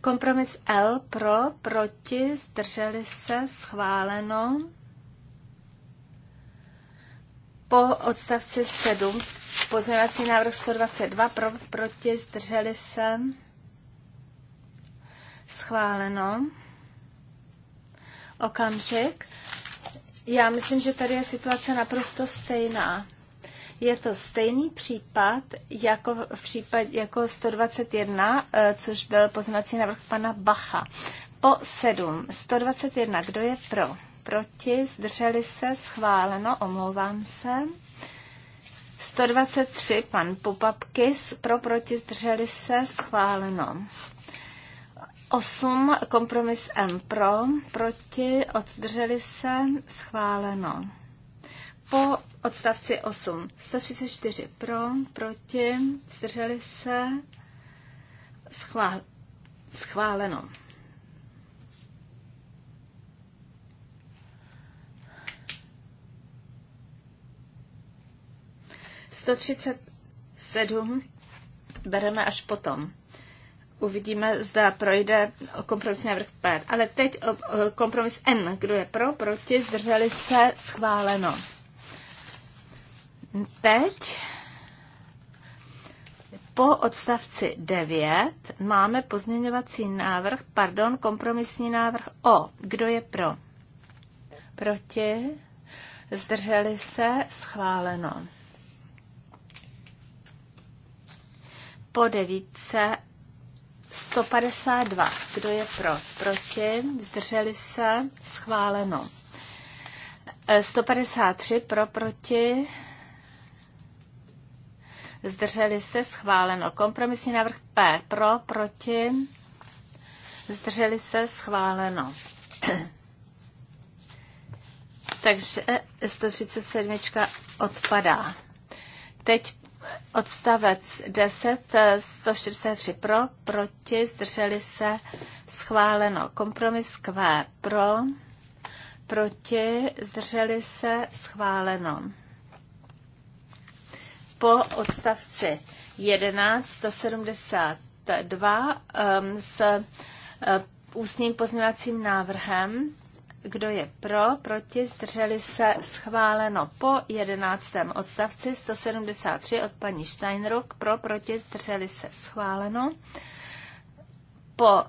Kompromis L pro, proti, zdrželi se, schváleno. Po odstavci 7 Pozměňovací návrh 122 pro, proti, zdrželi se. Schváleno. Okamžik. Já myslím, že tady je situace naprosto stejná. Je to stejný případ jako v případ, jako 121, eh, což byl poznací návrh pana Bacha. Po 7. 121. Kdo je pro? Proti? Zdrželi se? Schváleno? Omlouvám se. 123, pan Popapkis, pro, proti, zdrželi se, schváleno. 8, kompromis M pro, proti, odzdrželi se, schváleno. Po odstavci 8, 134 pro, proti, zdrželi se, schvál, schváleno. 137 bereme až potom. Uvidíme, zda projde kompromisní návrh P. Ale teď kompromis N. Kdo je pro, proti, zdrželi se, schváleno. Teď po odstavci 9 máme pozměňovací návrh, pardon, kompromisní návrh O. Kdo je pro? Proti? Zdrželi se? Schváleno. po devítce 152. Kdo je pro? Proti? Zdrželi se? Schváleno. 153 e, pro, proti? Zdrželi se? Schváleno. Kompromisní návrh P. Pro, proti? Zdrželi se? Schváleno. Takže 137 odpadá. Teď Odstavec 10, 163 pro, proti, zdrželi se, schváleno. Kompromis Q pro, proti, zdrželi se, schváleno. Po odstavci 11, 172 um, s uh, ústním pozměvacím návrhem kdo je pro, proti, zdrželi se, schváleno po 11. odstavci 173 od paní Steinruck, pro, proti, zdrželi se, schváleno. Po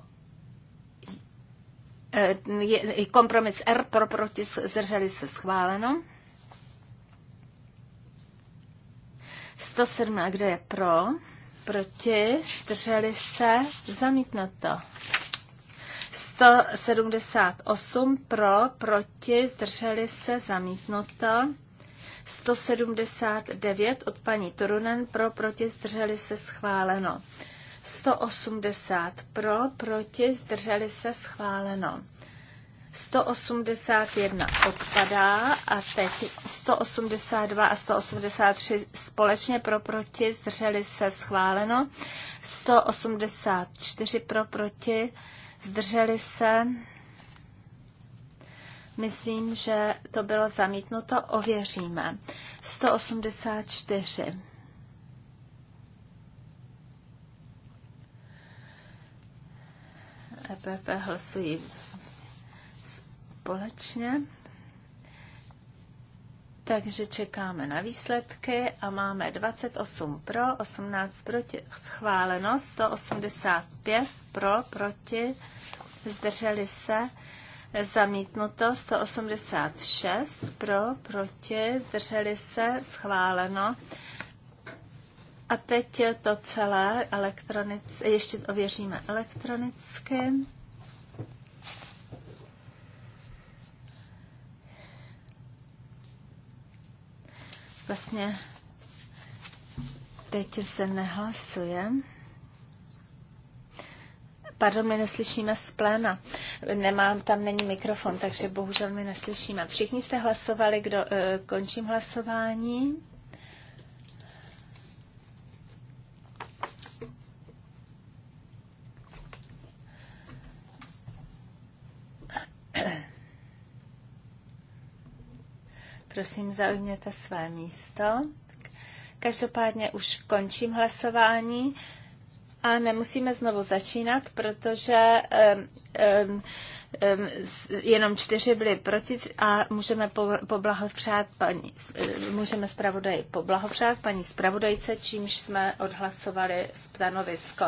eh, je, kompromis R, pro, proti, zdrželi se, schváleno. 107, kdo je pro, proti, zdrželi se, zamítnuto. 178 pro, proti, zdrželi se, zamítnuto. 179 od paní Turunen pro, proti, zdrželi se, schváleno. 180 pro, proti, zdrželi se, schváleno. 181 odpadá a teď 182 a 183 společně pro proti, zdrželi se schváleno, 184 pro proti, zdrželi se. Myslím, že to bylo zamítnuto. Ověříme. 184. EPP hlasují společně. Takže čekáme na výsledky a máme 28 pro, 18 proti, schváleno, 185 pro, proti, zdrželi se, zamítnuto, 186 pro, proti, zdrželi se, schváleno. A teď to celé elektronicky, ještě ověříme elektronicky. Vlastně teď se nehlasuje. Pardon, my neslyšíme z pléna. Nemám, tam není mikrofon, takže bohužel my neslyšíme. Všichni jste hlasovali, kdo, uh, končím hlasování. Yeah. Prosím, zaujměte své místo. Každopádně už končím hlasování a nemusíme znovu začínat, protože um, um, jenom čtyři byli proti a můžeme poblahopřát paní, e, můžeme zpravodaji poblahopřát paní zpravodajce, čímž jsme odhlasovali stanovisko.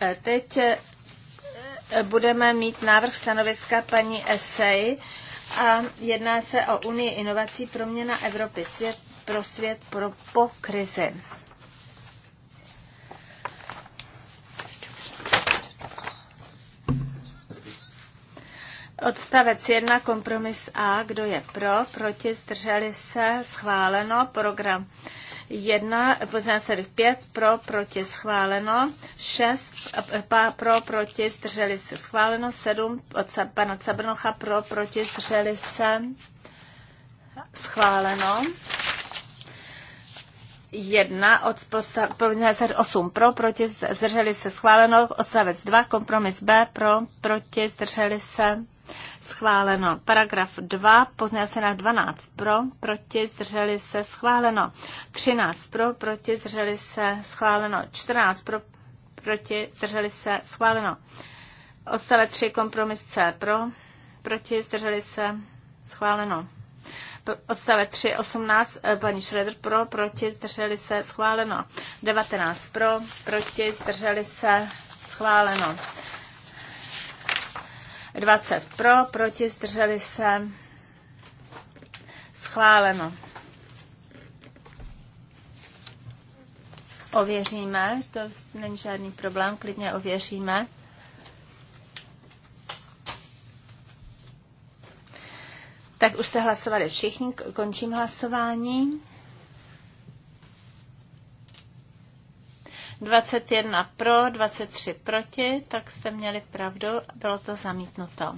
E, teď e, budeme mít návrh stanoviska paní Esej a jedná se o Unii inovací proměna Evropy svět pro svět pro, po krizi. Odstavec 1, kompromis A, kdo je pro, proti, zdrželi se, schváleno, program 1, pozměňovací návrh 5 pro, proti schváleno, 6 pa, pro, proti zdrželi se schváleno, 7 od pana Cabrnocha pro, proti zdrželi se schváleno. 1 od odstavec 8 pro, proti zdrželi se schváleno, odstavec 2 kompromis B pro, proti zdrželi se schváleno. Paragraf 2, se na 12 pro, proti, zdrželi se, schváleno. 13 pro, proti, zdrželi se, schváleno. 14 pro, proti, zdrželi se, schváleno. Odstavec 3, kompromis C pro, proti, zdrželi se, schváleno. Odstavec 3, 18, e, paní Schroeder pro, proti, zdrželi se, schváleno. 19 pro, proti, zdrželi se, schváleno. 20 pro, proti, zdrželi se. Schváleno. Ověříme, to není žádný problém, klidně ověříme. Tak už jste hlasovali všichni, končím hlasování. 21 pro, 23 proti, tak jste měli pravdu, bylo to zamítnuto.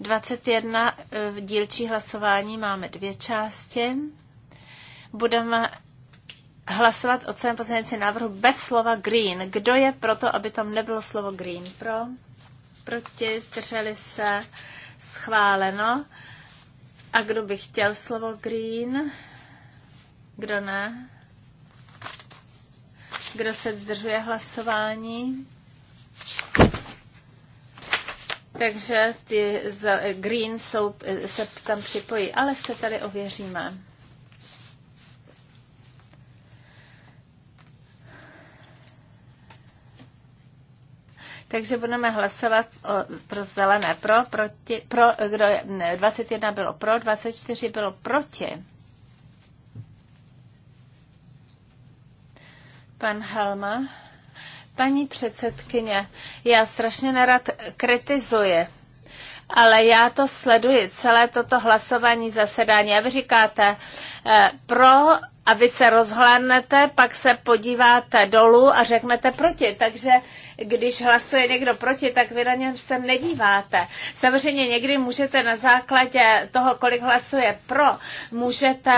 21 eh, v dílčí hlasování máme dvě části. Budeme hlasovat o celém pozměňovacím návrhu bez slova green. Kdo je proto, aby tam nebylo slovo green? Pro, proti, zdrželi se, schváleno. A kdo by chtěl slovo green? Kdo ne? Kdo se zdržuje hlasování? Takže ty z eh, green jsou, eh, se tam připojí, ale se tady ověříme. Takže budeme hlasovat o, pro zelené pro, proti, pro, eh, kdo je, 21 bylo pro, 24 bylo proti. pan Helma. Paní předsedkyně, já strašně nerad kritizuji ale já to sleduji, celé toto hlasování zasedání. A vy říkáte, eh, pro a vy se rozhlédnete, pak se podíváte dolů a řeknete proti. Takže když hlasuje někdo proti, tak vy na ně se nedíváte. Samozřejmě někdy můžete na základě toho, kolik hlasuje pro, můžete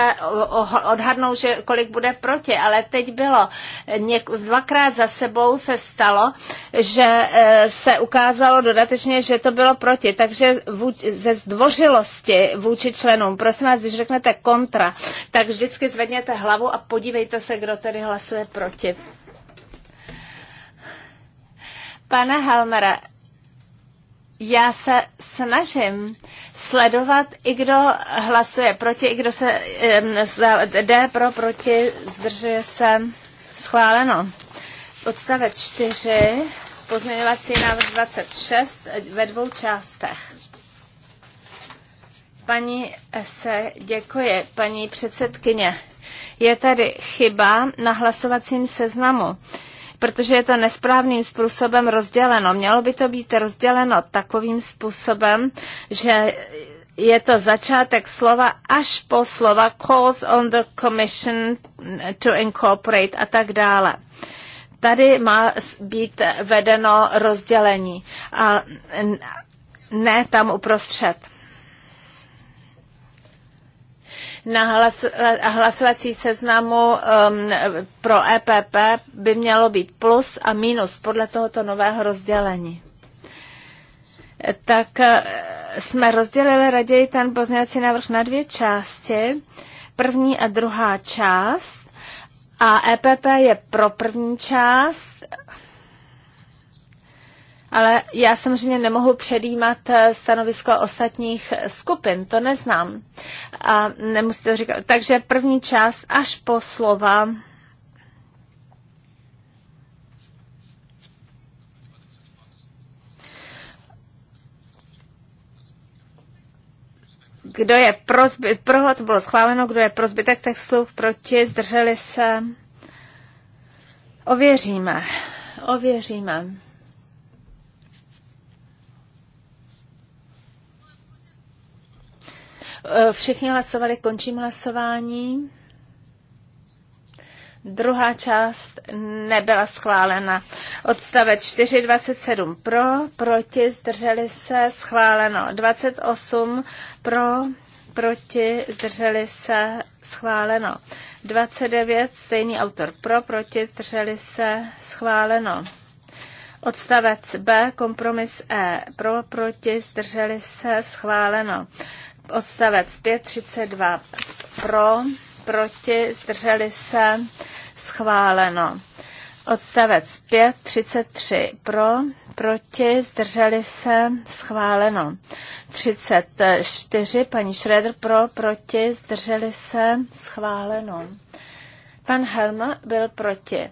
odhadnout, že kolik bude proti, ale teď bylo něk- dvakrát za sebou se stalo, že e, se ukázalo dodatečně, že to bylo proti, takže ze zdvořilosti vůči členům, prosím vás, když řeknete kontra, tak vždycky zvedněte hlavu a podívejte se, kdo tedy hlasuje proti. Pane Helmere, já se snažím sledovat, i kdo hlasuje proti, i kdo se jde pro, proti, zdržuje se schváleno. Odstavec 4, pozměňovací návrh 26 ve dvou částech. Paní se děkuje. paní předsedkyně. Je tady chyba na hlasovacím seznamu protože je to nesprávným způsobem rozděleno. Mělo by to být rozděleno takovým způsobem, že je to začátek slova až po slova calls on the commission to incorporate a tak dále. Tady má být vedeno rozdělení a ne tam uprostřed. na hlas, hlasovací seznamu um, pro EPP by mělo být plus a minus podle tohoto nového rozdělení. Tak eh, jsme rozdělili raději ten pozměňovací návrh na dvě části. První a druhá část. A EPP je pro první část ale já samozřejmě nemohu předjímat eh, stanovisko ostatních skupin, to neznám. A nemusíte to říkat. Takže první část až po slova kdo je pro, zby, pro to bylo schváleno, kdo je pro zbytek textu, proti, zdrželi se. Ověříme, ověříme. Eh, všichni hlasovali, končím hlasování. Druhá část nebyla schválena. Odstavec 4, 27 pro, proti, zdrželi se, schváleno. 28 pro, proti, zdrželi se, schváleno. 29, stejný autor pro, proti, zdrželi se, schváleno. Odstavec B, kompromis E, pro, proti, zdrželi se, schváleno. Odstavec 5, 32 pro, proti, zdrželi se, schváleno. Odstavec 5, 33 pro, proti, zdrželi se, schváleno. 34, paní Schroeder pro, proti, zdrželi se, schváleno. Pan Helm byl proti.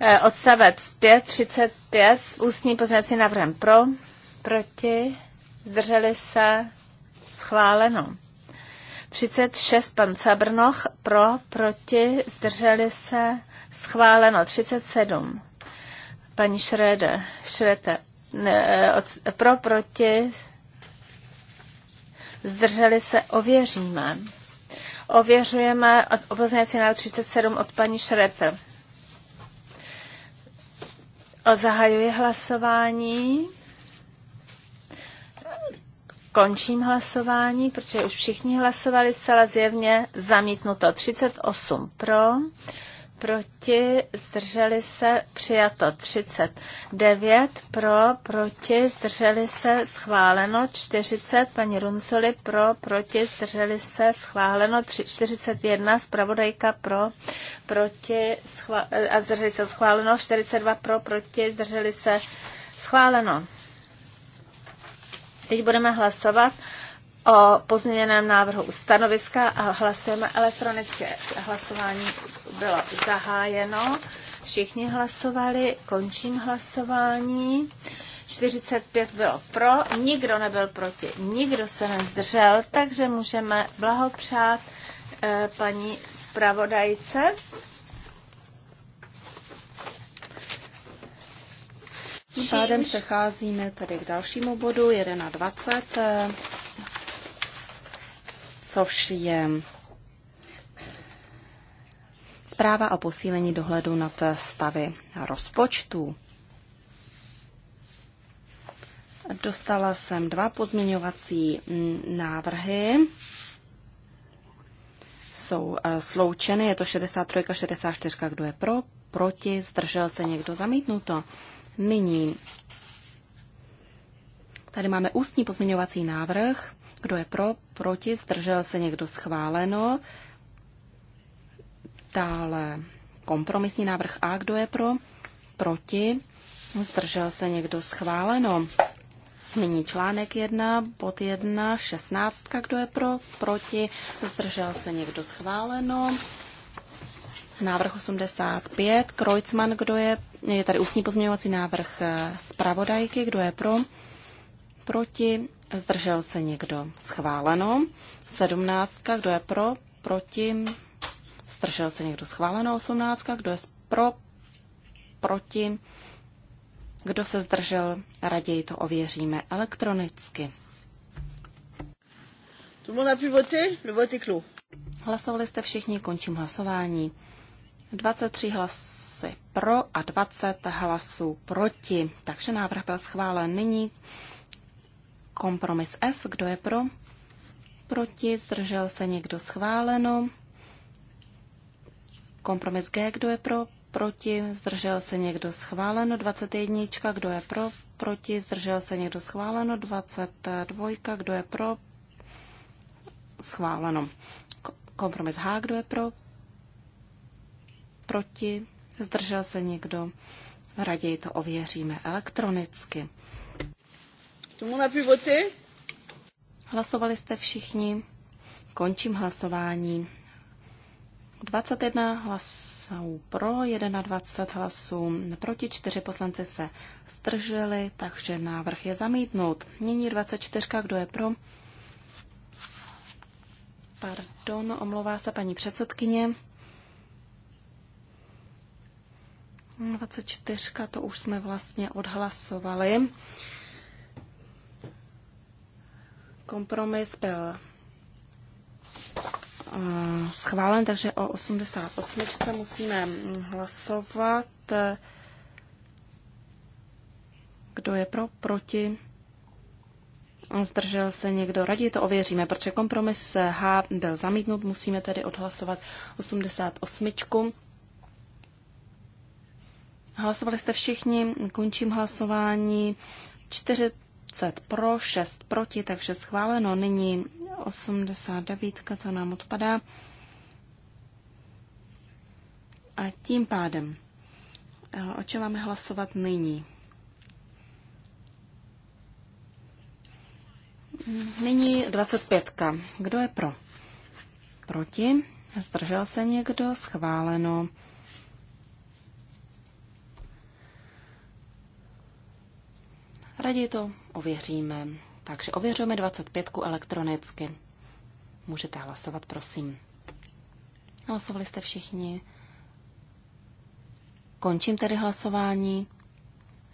Eh, odstavec 5, 35 s ústní pozměnací návrhem pro, proti, zdrželi se, schváleno. 36 pan Cabrnoch pro, proti, zdrželi se, schváleno. 37 paní Šrede, Šrete, ne, eh, od, pro, proti, zdrželi se, ověříme. Ověřujeme opoznací na 37 od paní Šreter. Zahajuji hlasování. Končím hlasování, protože už všichni hlasovali zcela zjevně zamítnuto 38 pro, proti, zdrželi se, přijato 39 pro, proti, zdrželi se, schváleno 40, paní Runcoli pro, proti, zdrželi se, schváleno 41, zpravodajka pro, proti, schva- a zdrželi se, schváleno 42 pro, proti, zdrželi se, schváleno. Teď budeme hlasovat o pozměněném návrhu stanoviska a hlasujeme elektronické Hlasování bylo zahájeno. Všichni hlasovali, končím hlasování. 45 bylo pro, nikdo nebyl proti, nikdo se nezdržel, takže můžeme blahopřát eh, paní zpravodajce.
Tím pádem přecházíme tedy k dalšímu bodu 21, eh, což je zpráva o posílení dohledu nad stavy rozpočtů. Dostala jsem dva pozměňovací mm, návrhy. Jsou eh, sloučeny, je to 63 a 64, kdo je pro, proti, zdržel se někdo, zamítnuto. Nyní tady máme ústní pozměňovací návrh. Kdo je pro, proti, zdržel se někdo schváleno. Dále kompromisní návrh A. Kdo je pro, proti, zdržel se někdo schváleno. Nyní článek 1, bod 1, 16. Kdo je pro, proti, zdržel se někdo schváleno. Návrh 85. Kreutzmann, kdo je? Je tady ústní pozměňovací návrh eh, zpravodajky. Kdo je pro? Proti? Zdržel se někdo? Schváleno. 17. Kdo je pro? Proti? Zdržel se někdo? Schváleno. 18. Kdo je pro? Proti? Kdo se zdržel? Raději to ověříme elektronicky. Tout le monde a pu voter? Le vote est clos. Hlasovali jste všichni, končím hlasování. 23 hlasy pro a 20 hlasů proti. Takže návrh byl schválen. Nyní kompromis F. Kdo je pro? Proti. Zdržel se někdo schváleno. Kompromis G. Kdo je pro? Proti. Zdržel se někdo schváleno. 21. Kdo je pro? Proti. Zdržel se někdo schváleno. 22. Kdo je pro? Schváleno. Kompromis H. Kdo je pro? proti, zdržel se někdo. Raději to ověříme elektronicky. Hlasovali jste všichni. Končím hlasování. 21 hlasů pro, 21 hlasů proti, 4 poslanci se zdrželi, takže návrh je zamítnut. Nyní 24, kdo je pro? Pardon, omlouvá se paní předsedkyně. 24, to už jsme vlastně odhlasovali. Kompromis byl eh, schválen, takže o 88 musíme hlasovat. Kdo je pro, proti? Zdržel se někdo? Raději to ověříme, protože kompromis H byl zamítnut, musíme tedy odhlasovat 88. Hlasovali jste všichni, končím hlasování. 40 pro, 6 proti, takže schváleno. Nyní 89, to nám odpadá. A tím pádem, eh, o čem máme hlasovat nyní? Nyní 25. Kdo je pro? Proti? Zdržel se někdo? Schváleno. Raději to ověříme. Takže ověřujeme 25 elektronicky. Můžete hlasovat, prosím. Hlasovali jste všichni. Končím tedy hlasování.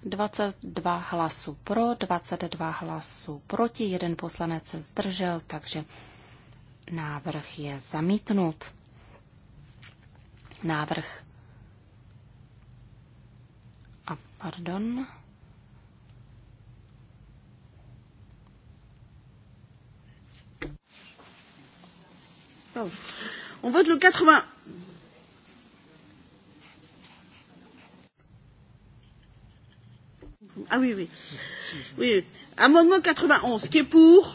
22 hlasů pro, 22 hlasů proti, jeden poslanec se zdržel, takže návrh je zamítnut. Návrh. A pardon. On vote le 80.
Ah oui, oui. Oui. Amendement 91. Qui est pour?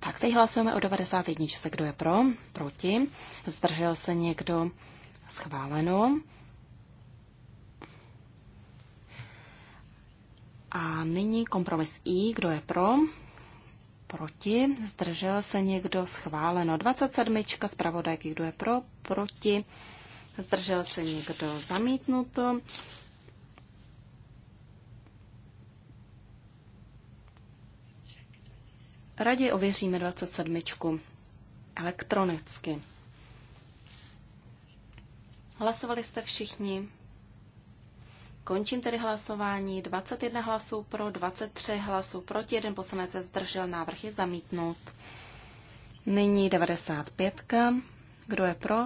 Tak teď hlasujeme o 91. Kdo je pro? Proti? Zdržel se někdo? Schváleno. A nyní kompromis I. Kdo je pro? proti, zdržel se někdo, schváleno. 27. zpravodajky, kdo je pro, proti, zdržel se někdo, zamítnuto. Raději ověříme 27. elektronicky. Hlasovali jste všichni? Končím tedy hlasování. 21 hlasů pro, 23 hlasů proti, jeden poslanec se zdržel, návrh je zamítnut. Nyní 95. Kdo je pro?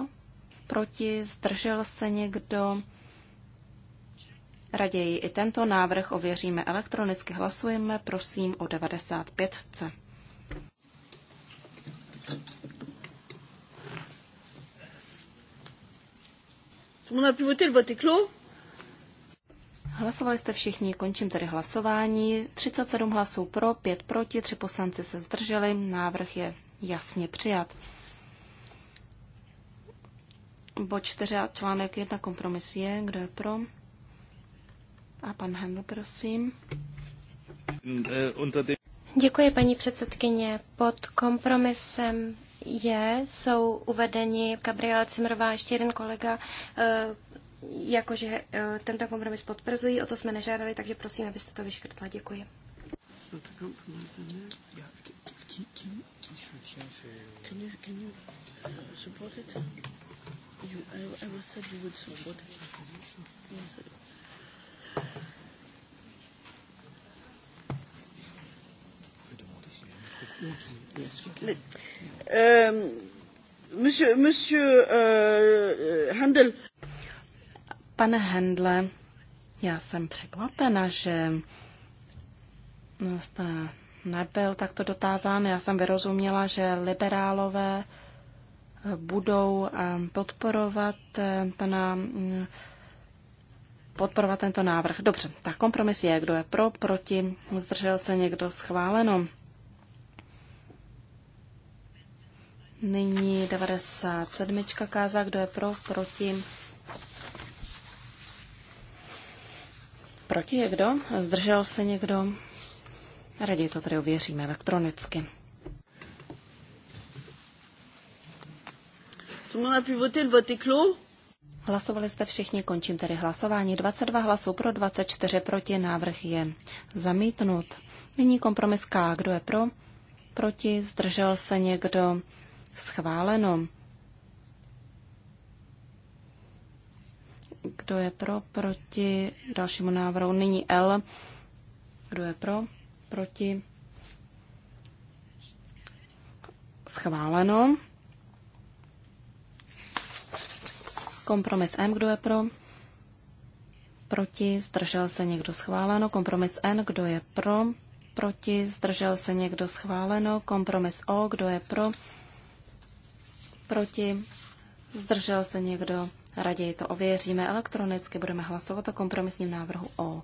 Proti? Zdržel se někdo? Raději i tento návrh ověříme elektronicky. Hlasujeme, prosím, o 95.
Tout le monde a pu voter, le vote est clos. Hlasovali
jste všichni, končím tedy hlasování. 37 hlasů pro, 5 proti, 3 poslanci se zdrželi, návrh je jasně přijat. Bod 4 a článek 1 kompromis je, kdo je pro? A
pan Hendl, prosím. Eh, Děkuji, paní předsedkyně. Pod kompromisem je, jsou uvedeni Gabriela Cimrová a ještě jeden kolega, eh, jakože eh, tento kompromis potvrzují, o to jsme nežádali, takže prosím, abyste to vyškrtla. Děkuji.
Um, monsieur, monsieur euh, Handel.
Pane Hendle, já jsem překvapena, že jste nebyl takto dotázán. Já jsem vyrozuměla, že liberálové budou eh, podporovat pana eh, eh, podporovat tento návrh. Dobře, tak kompromis je, kdo je pro, proti, zdržel se někdo schváleno. Nyní 97. káza, kdo je pro, proti, Proti je kdo? Zdržel se někdo? Raději to tady ověříme elektronicky. Hlasovali jste všichni, končím tedy hlasování. 22 hlasů pro, 24 proti, návrh je zamítnut. Nyní kompromis K. Kdo je pro? Proti, zdržel se někdo? Schváleno. Kdo je pro? Proti dalšímu návrhu. Nyní L. Kdo je pro? Proti? Schváleno. Kompromis M. Kdo je pro? Proti? Zdržel se někdo? Schváleno. Kompromis N. Kdo je pro? Proti? Zdržel se někdo? Schváleno. Kompromis O. Kdo je pro? Proti? Zdržel se někdo? Raději to ověříme elektronicky, budeme hlasovat o kompromisním návrhu O.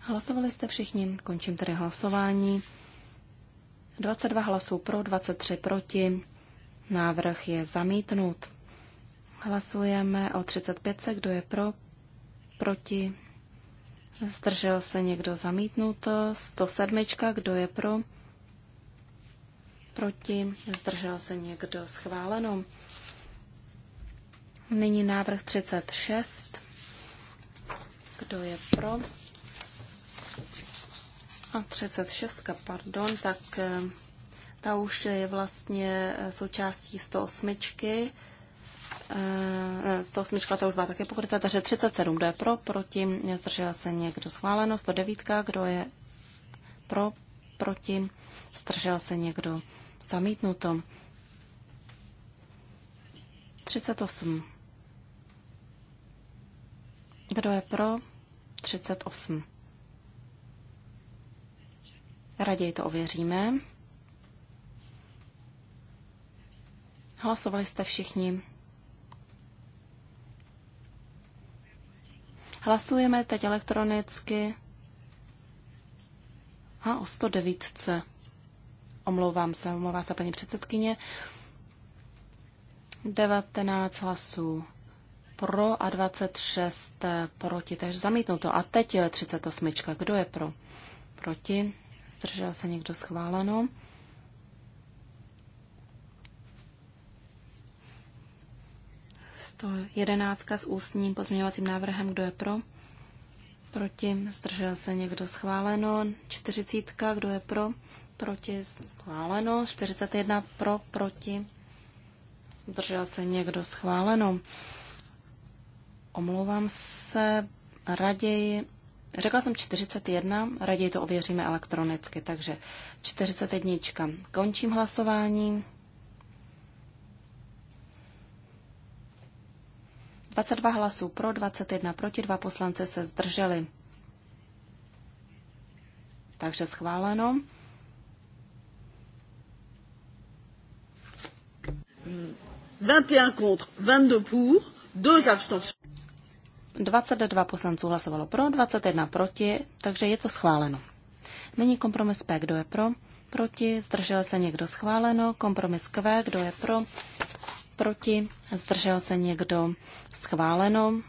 Hlasovali jste
všichni, končím tedy hlasování. 22 hlasů pro, 23 proti. Návrh je zamítnut. Hlasujeme o 35, kdo je pro, proti. Zdržel se někdo zamítnuto. 107, kdo je pro, proti, zdržel se někdo schváleno. Nyní návrh 36. Kdo je pro? A 36, pardon, tak eh, ta už je vlastně eh, součástí 108. 108 to už byla také pokryta, takže 37, kdo je pro, proti, zdržel se někdo schváleno, 109, kdo je pro, proti, zdržel se někdo Zamítnuto. 38. Kdo je pro? 38. Raději to ověříme. Hlasovali jste všichni. Hlasujeme teď elektronicky. A o 109. Omlouvám se, omlouvá se paní předsedkyně. 19 hlasů pro a 26 proti, takže zamítnuto. A teď je 38. Kdo je pro? Proti. Zdržel se někdo schváleno. To jedenáctka s ústním pozměňovacím návrhem. Kdo je pro? Proti. Zdržel se někdo schváleno. Čtyřicítka. Kdo je pro? proti, schváleno. 41 pro, proti, zdržel se někdo, schváleno. Omlouvám se, raději, řekla jsem 41, raději to ověříme elektronicky, takže 41. Končím hlasování. 22 hlasů pro, 21 proti, Dva poslance se zdrželi. Takže schváleno. 21 contre, 22 pour, 2 abstentions. 22 poslanců hlasovalo pro, 21 proti, takže je to schváleno. Není kompromis P, kdo je pro, proti, zdržel se někdo schváleno, kompromis Q, kdo je pro, proti, zdržel se někdo schváleno,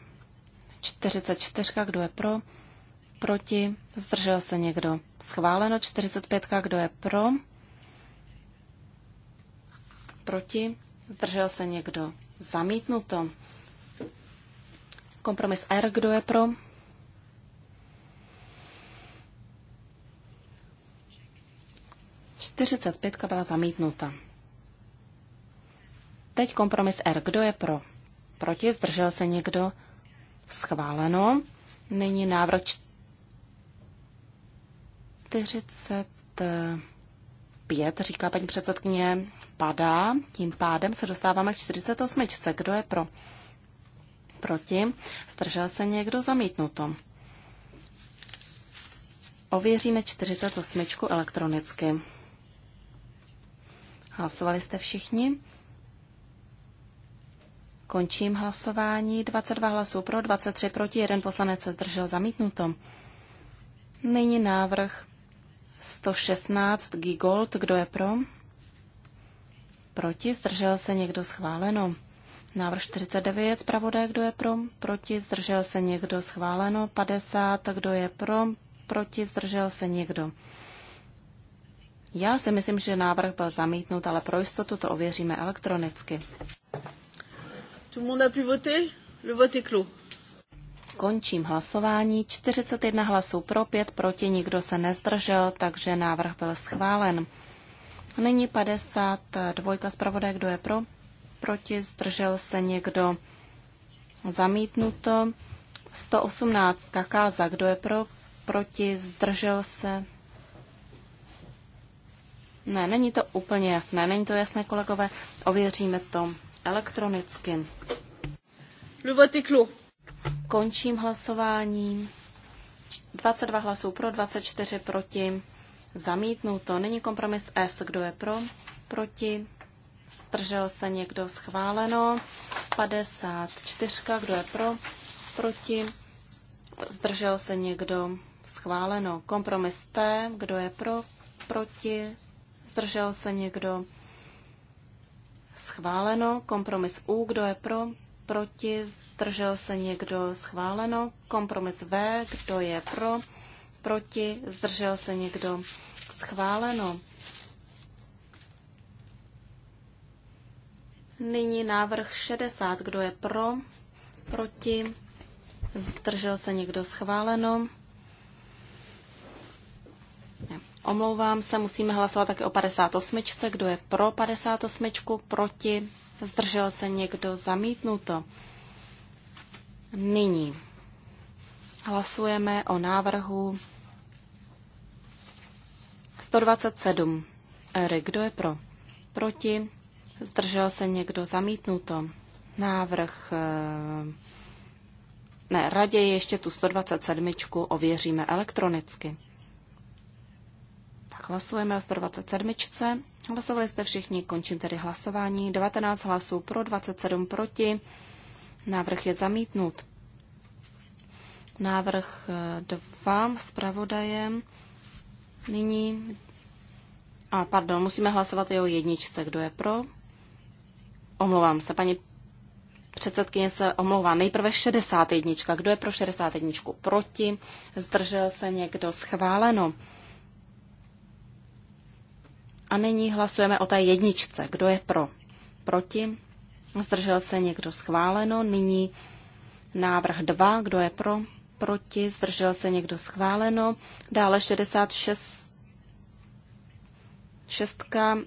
44, kdo je pro, proti, zdržel se někdo schváleno, 45, kdo je pro, proti, Zdržel se někdo? Zamítnuto. Kompromis R, kdo je pro? Čtyřicet pětka byla zamítnuta. Teď kompromis R. Kdo je pro? Proti? Zdržel se někdo? Schváleno. Nyní návrh 45, říká paní předsedkyně padá, tím pádem se dostáváme k 48. Kdo je pro? Proti? Zdržel se někdo zamítnuto? Ověříme 48 elektronicky. Hlasovali jste všichni? Končím hlasování. 22 hlasů pro, 23 proti, jeden poslanec se zdržel zamítnuto. Nyní návrh 116 Gigold. Kdo je pro? proti, zdržel se někdo schváleno. Návrh 49, zpravodaj, kdo je pro, proti, zdržel se někdo schváleno. 50, kdo je pro, proti, zdržel se někdo. Já si myslím, že návrh byl zamítnut, ale pro jistotu to ověříme elektronicky.
Tout le monde a pu voter? Le vote est clos.
Končím hlasování. 41 hlasů pro, 5 proti, nikdo se nezdržel, takže návrh byl schválen. Nyní 52. Zpravodaj, kdo je pro? Proti? Zdržel se někdo? Zamítnuto. 118. Kakáza, kdo je pro? Proti? Zdržel se? Ne, není to úplně jasné. Není to jasné, kolegové. Ověříme to elektronicky. Končím hlasováním. 22 hlasů pro, 24 proti to není kompromis S. Kdo je pro? Proti? Zdržel se někdo? Schváleno. 54. Kdo je pro? Proti? Zdržel se někdo? Schváleno. Kompromis T. Kdo je pro? Proti? Zdržel se někdo? Schváleno. Kompromis U. Kdo je pro? Proti? Zdržel se někdo? Schváleno. Kompromis V. Kdo je pro? proti, zdržel se někdo, schváleno. Nyní návrh 60, kdo je pro, proti, zdržel se někdo, schváleno. Omlouvám se, musíme hlasovat také o 58. Kdo je pro 58? Proti? Zdržel se někdo? Zamítnuto. Nyní hlasujeme o návrhu 127. Erik, kdo je pro? Proti? Zdržel se někdo? Zamítnuto. Návrh. Eh, ne, raději ještě tu 127 ověříme elektronicky. Tak hlasujeme o 127. Hlasovali jste všichni, končím tedy hlasování. 19 hlasů pro, 27 proti. Návrh je zamítnut. Návrh 2 eh, pravodajem. Nyní, a pardon, musíme hlasovat i o jedničce. Kdo je pro? Omlouvám se, paní předsedkyně se omlouvá. Nejprve 61. Kdo je pro 61? Proti? Zdržel se někdo? Schváleno. A nyní hlasujeme o té jedničce. Kdo je pro? Proti? Zdržel se někdo? Schváleno. Nyní návrh 2. Kdo je pro? proti, zdržel se někdo schváleno. Dále 66. Šestka,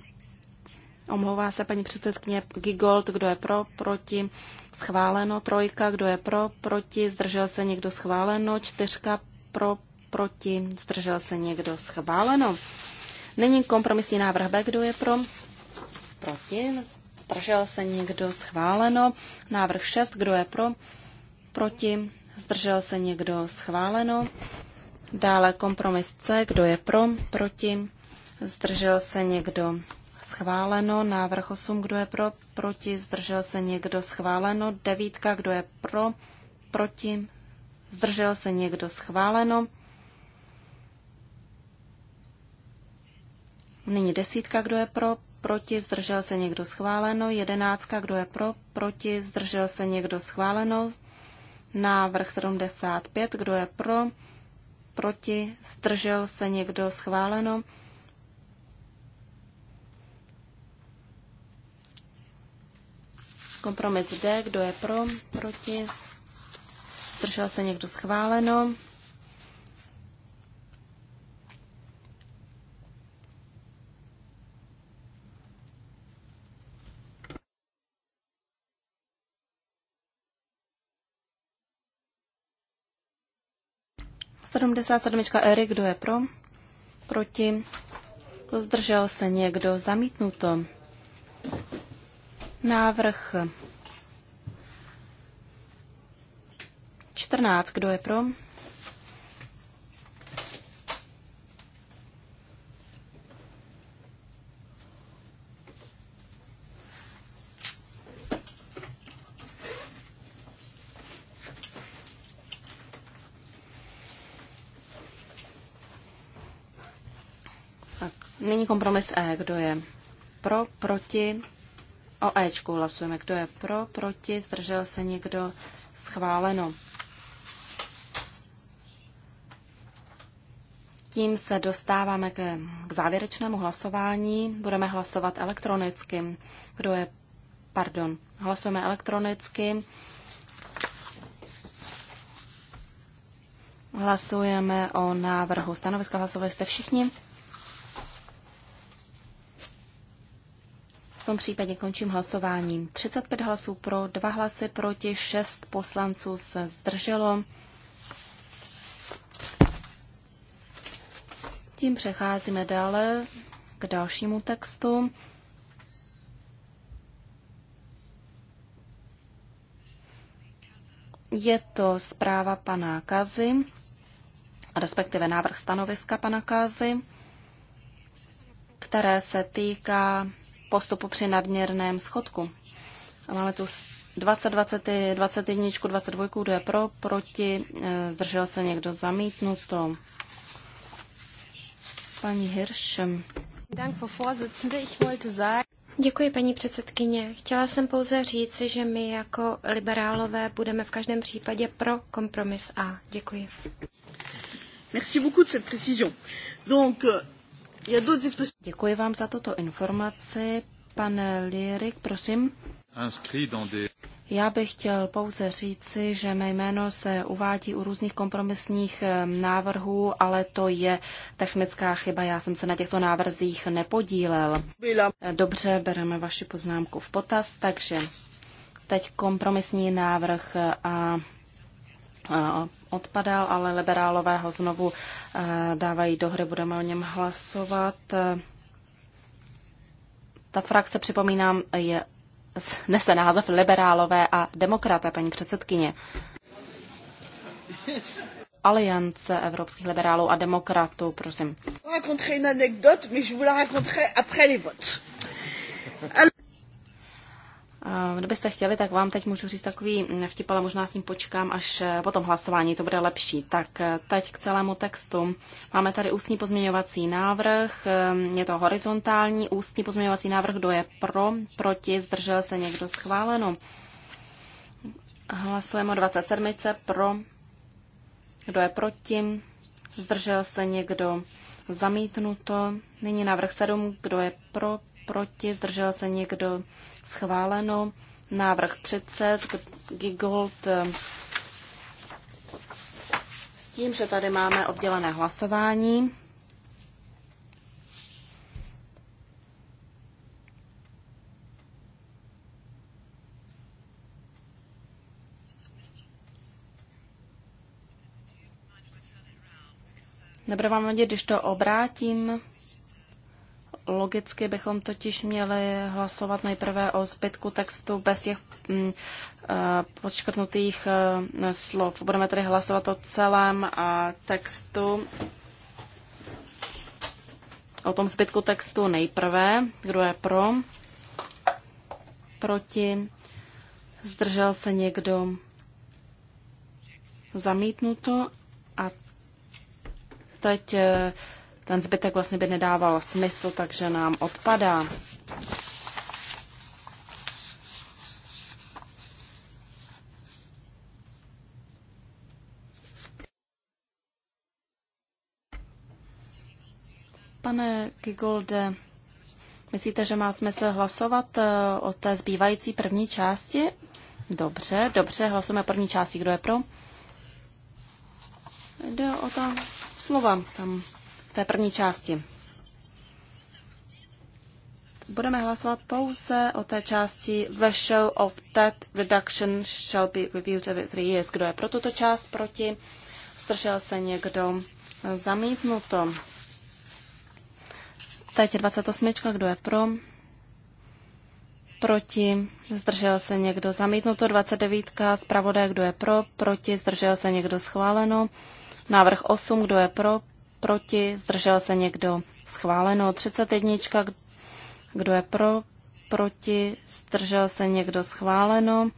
omlouvá se paní předsedkyně Gigold, kdo je pro, proti, schváleno. Trojka, kdo je pro, proti, zdržel se někdo schváleno. Čtyřka, pro, proti, zdržel se někdo schváleno. Není kompromisní návrh B, kdo je pro, proti, zdržel se někdo schváleno. Návrh 6, kdo je pro, proti, Zdržel se někdo? Schváleno. Dále kompromis C. Kdo je pro? Proti. Zdržel se někdo? Schváleno. Návrh 8. Kdo je pro? Proti. Zdržel se někdo? Schváleno. Devítka. Kdo je pro? Proti. Zdržel se někdo? Schváleno. Nyní desítka, kdo je pro, proti, zdržel se někdo schváleno, jedenáctka, kdo je pro, proti, zdržel se někdo schváleno, Návrh 75, kdo je pro, proti, zdržel se někdo schváleno. Kompromis D, kdo je pro, proti, zdržel se někdo schváleno. 77. Erik, kdo je pro? Proti? Zdržel se někdo? Zamítnuto. Návrh 14. Kdo je pro? Nyní kompromis E. Kdo je pro, proti? O Ečku hlasujeme. Kdo je pro, proti? Zdržel se někdo? Schváleno. Tím se dostáváme k, k závěrečnému hlasování. Budeme hlasovat elektronicky. Kdo je, pardon, hlasujeme elektronicky. Hlasujeme o návrhu stanoviska. Hlasovali jste všichni? tom případě končím hlasováním. 35 hlasů pro, 2 hlasy proti, 6 poslanců se zdrželo. Tím přecházíme dále k dalšímu textu. Je to zpráva pana Kazy, respektive návrh stanoviska pana Kazy, které se týká postupu při nadměrném schodku. A máme tu 20, 20, 21, 22, kdo je pro, proti, e, zdržel se někdo zamítnuto. Paní Hirsch.
Děkuji, paní předsedkyně. Chtěla jsem pouze říci, že my jako liberálové budeme v každém případě pro kompromis A. Děkuji.
Merci beaucoup de cette précision.
Donc, Děkuji vám za tuto informaci. Pan
Lirik, prosím. Já bych chtěl pouze říci, že mé jméno se uvádí u různých kompromisních návrhů, ale to je technická chyba. Já jsem se na těchto návrzích nepodílel. Dobře, bereme vaši poznámku v potaz, takže teď kompromisní návrh a odpadal, ale liberálové ho znovu e, dávají do hry, budeme o něm hlasovat. E, ta frakce, připomínám, je, nese název liberálové a demokraté, paní předsedkyně. Aliance evropských liberálů a demokratů, prosím. Kdybyste chtěli, tak vám teď můžu říct takový vtip, ale možná s ním počkám až eh, po tom hlasování, to bude lepší. Tak eh, teď k celému textu. Máme tady ústní pozměňovací návrh, eh, je to horizontální ústní pozměňovací návrh, kdo je pro, proti, zdržel se někdo schváleno. Hlasujeme o 27. pro, kdo je proti, zdržel se někdo zamítnuto. Nyní návrh 7, kdo je pro, proti, zdržel se někdo schváleno. Návrh 30, Gigold eh, s tím, že tady máme oddělené hlasování. Nebude vám vědět, když to obrátím. Logicky bychom totiž měli hlasovat nejprve o zbytku textu bez těch mm, eh, podškrtnutých eh, slov. Budeme tedy hlasovat o celém eh, textu, o tom zbytku textu nejprve. Kdo je pro? Proti? Zdržel se někdo? Zamítnuto? A teď ten zbytek vlastně by nedával smysl, takže nám odpadá. Pane Gigolde, myslíte, že má smysl hlasovat eh, o té zbývající první části? Dobře, dobře, hlasujeme první části. Kdo je pro? Jde o ta slova tam té první části. Budeme hlasovat pouze o té části The show of debt reduction shall be reviewed every three years. Kdo je pro tuto část? Proti? Zdržel se někdo? Zamítnuto. Teď 28. Kdo je pro? Proti? Zdržel se někdo? Zamítnuto. 29. Zpravodaj. Kdo je pro? Proti? Zdržel se někdo? Schváleno. Návrh 8. Kdo je pro? proti, zdržel se někdo, schváleno. 31, kdo je pro, proti, zdržel se někdo, schváleno.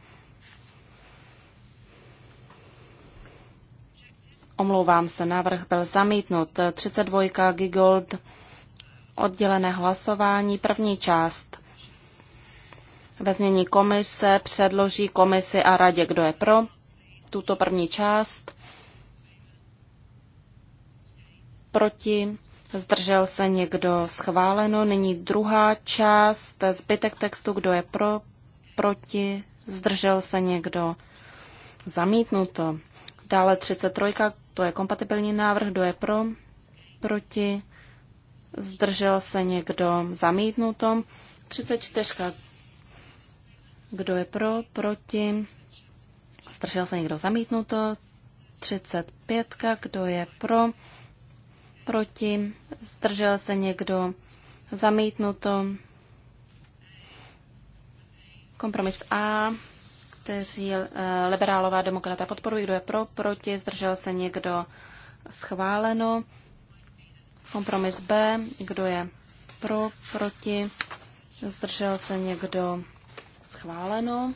Omlouvám se, návrh byl zamítnut. 32 Gigold, oddělené hlasování, první část. Ve znění komise předloží komisi a radě, kdo je pro tuto první část. proti, zdržel se někdo schváleno. Není druhá část, zbytek textu, kdo je pro, proti, zdržel se někdo zamítnuto. Dále 33, to je kompatibilní návrh, kdo je pro, proti, zdržel se někdo zamítnuto. 34, kdo je pro, proti, zdržel se někdo zamítnuto. 35, kdo je pro, proti, zdržel se někdo, zamítnuto. Kompromis A, kteří eh, liberálová demokrata podporují, kdo je pro, proti, zdržel se někdo, schváleno. Kompromis B, kdo je pro, proti, zdržel se někdo, schváleno.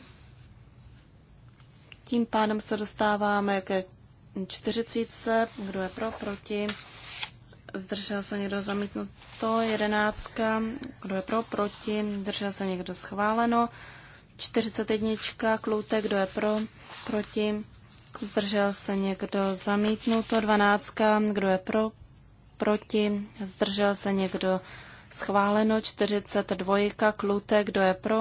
Tím pádem se dostáváme ke čtyřicítce, kdo je pro, proti, Zdržel se někdo zamítnuto? Jedenáctka. Kdo je pro? Proti. Zdržel se někdo schváleno? 41. Kloutek. Kdo je pro? Proti. Zdržel se někdo zamítnuto? dvanáctka, Kdo je pro? Proti. Zdržel se někdo schváleno? 42. Kloutek. Kdo je pro?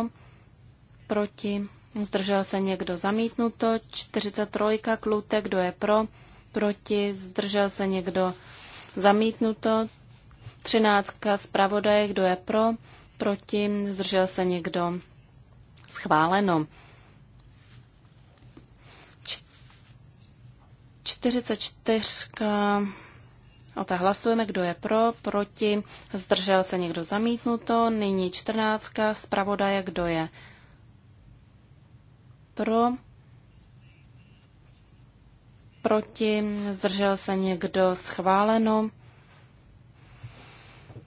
Proti. Zdržel se někdo zamítnuto? 43. Kloutek. Kdo je pro? Proti. Zdržel se někdo Zamítnuto. Třináctka zpravodaje, kdo je pro, proti, zdržel se někdo. Schváleno. 44. O té hlasujeme, kdo je pro, proti, zdržel se někdo zamítnuto. Nyní 14. Zpravodaje, kdo je pro, proti, zdržel se někdo, schváleno.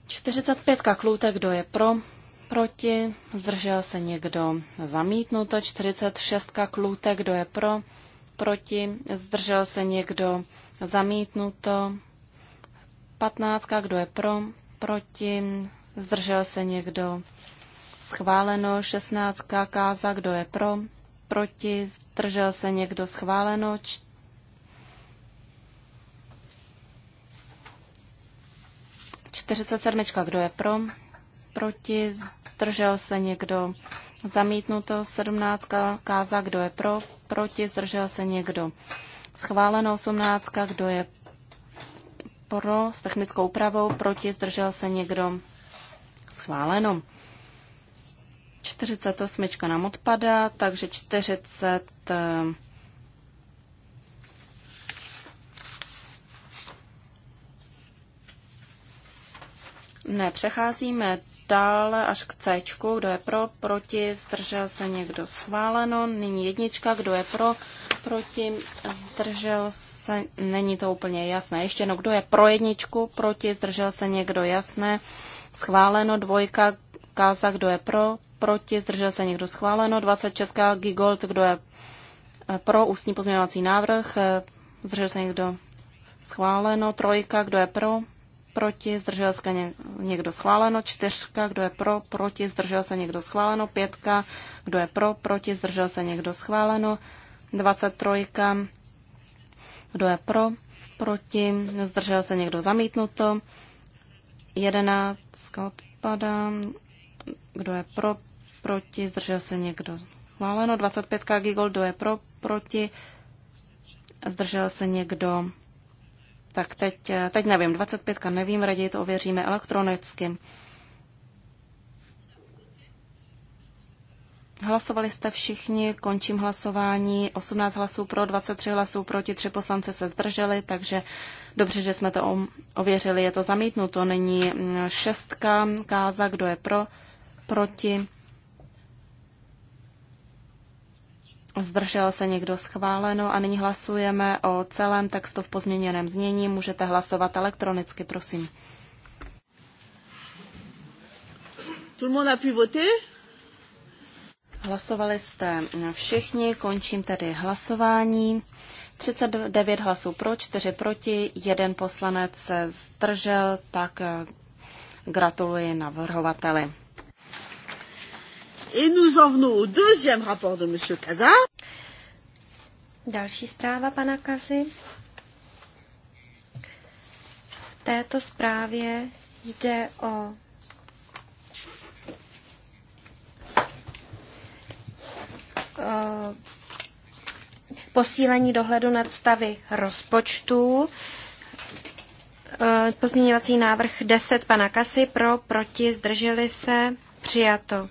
45 klůte, kdo je pro, proti, zdržel se někdo, zamítnuto. 46 klůte, kdo je pro, proti, zdržel se někdo, zamítnuto. 15, kdo je pro, proti, zdržel se někdo, schváleno. 16, káza, kdo je pro, proti, zdržel se někdo, schváleno. 47. Kdo je pro? Proti? Zdržel se někdo? Zamítnuto 17. Káza. Kdo je pro? Proti? Zdržel se někdo? Schváleno 18. Kdo je pro? S technickou úpravou. Proti? Zdržel se někdo? Schváleno. 48. nám odpadá, takže 40. Ne, přecházíme dále až k C. Kdo je pro, proti, zdržel se někdo schváleno. Nyní jednička, kdo je pro, proti, zdržel se, není to úplně jasné. Ještě no. kdo je pro jedničku, proti, zdržel se někdo jasné. Schváleno dvojka, Káza, kdo je pro, proti, zdržel se někdo schváleno. česká Gigold, kdo je eh, pro, ústní pozměňovací návrh, eh, zdržel se někdo schváleno. Trojka, kdo je pro, proti, zdržel se někdo schváleno, čtyřka, kdo je pro, proti, zdržel se někdo schváleno, pětka, kdo je pro, proti, zdržel se někdo schváleno, dvacet trojka, kdo je pro, proti, zdržel se někdo zamítnuto, jedenáctka odpadá, kdo je pro, proti, zdržel se někdo schváleno, dvacet gigol, kdo je pro, proti, zdržel se někdo tak teď, eh, teď nevím, 25, nevím, raději to ověříme elektronicky. Hlasovali jste všichni, končím hlasování. 18 hlasů pro, 23 hlasů proti, 3 poslanci se zdrželi, takže dobře, že jsme to ověřili. Je to zamítnuto. Není mm, šestka káza, kdo je pro, proti, Zdržel se někdo schváleno a nyní hlasujeme o celém textu v pozměněném znění. Můžete hlasovat elektronicky, prosím. Tout le monde a pu voter? Hlasovali jste všichni, končím tedy hlasování. 39 hlasů pro, 4 proti, jeden poslanec se zdržel, tak eh, gratuluji navrhovateli. Et
nous en venons au deuxième rapport de Monsieur Kaza. Další zpráva pana Kazy. V této zprávě jde o posílení dohledu nad stavy rozpočtů. E, pozměňovací návrh 10 pana Kasy pro, proti, zdrželi se, přijato.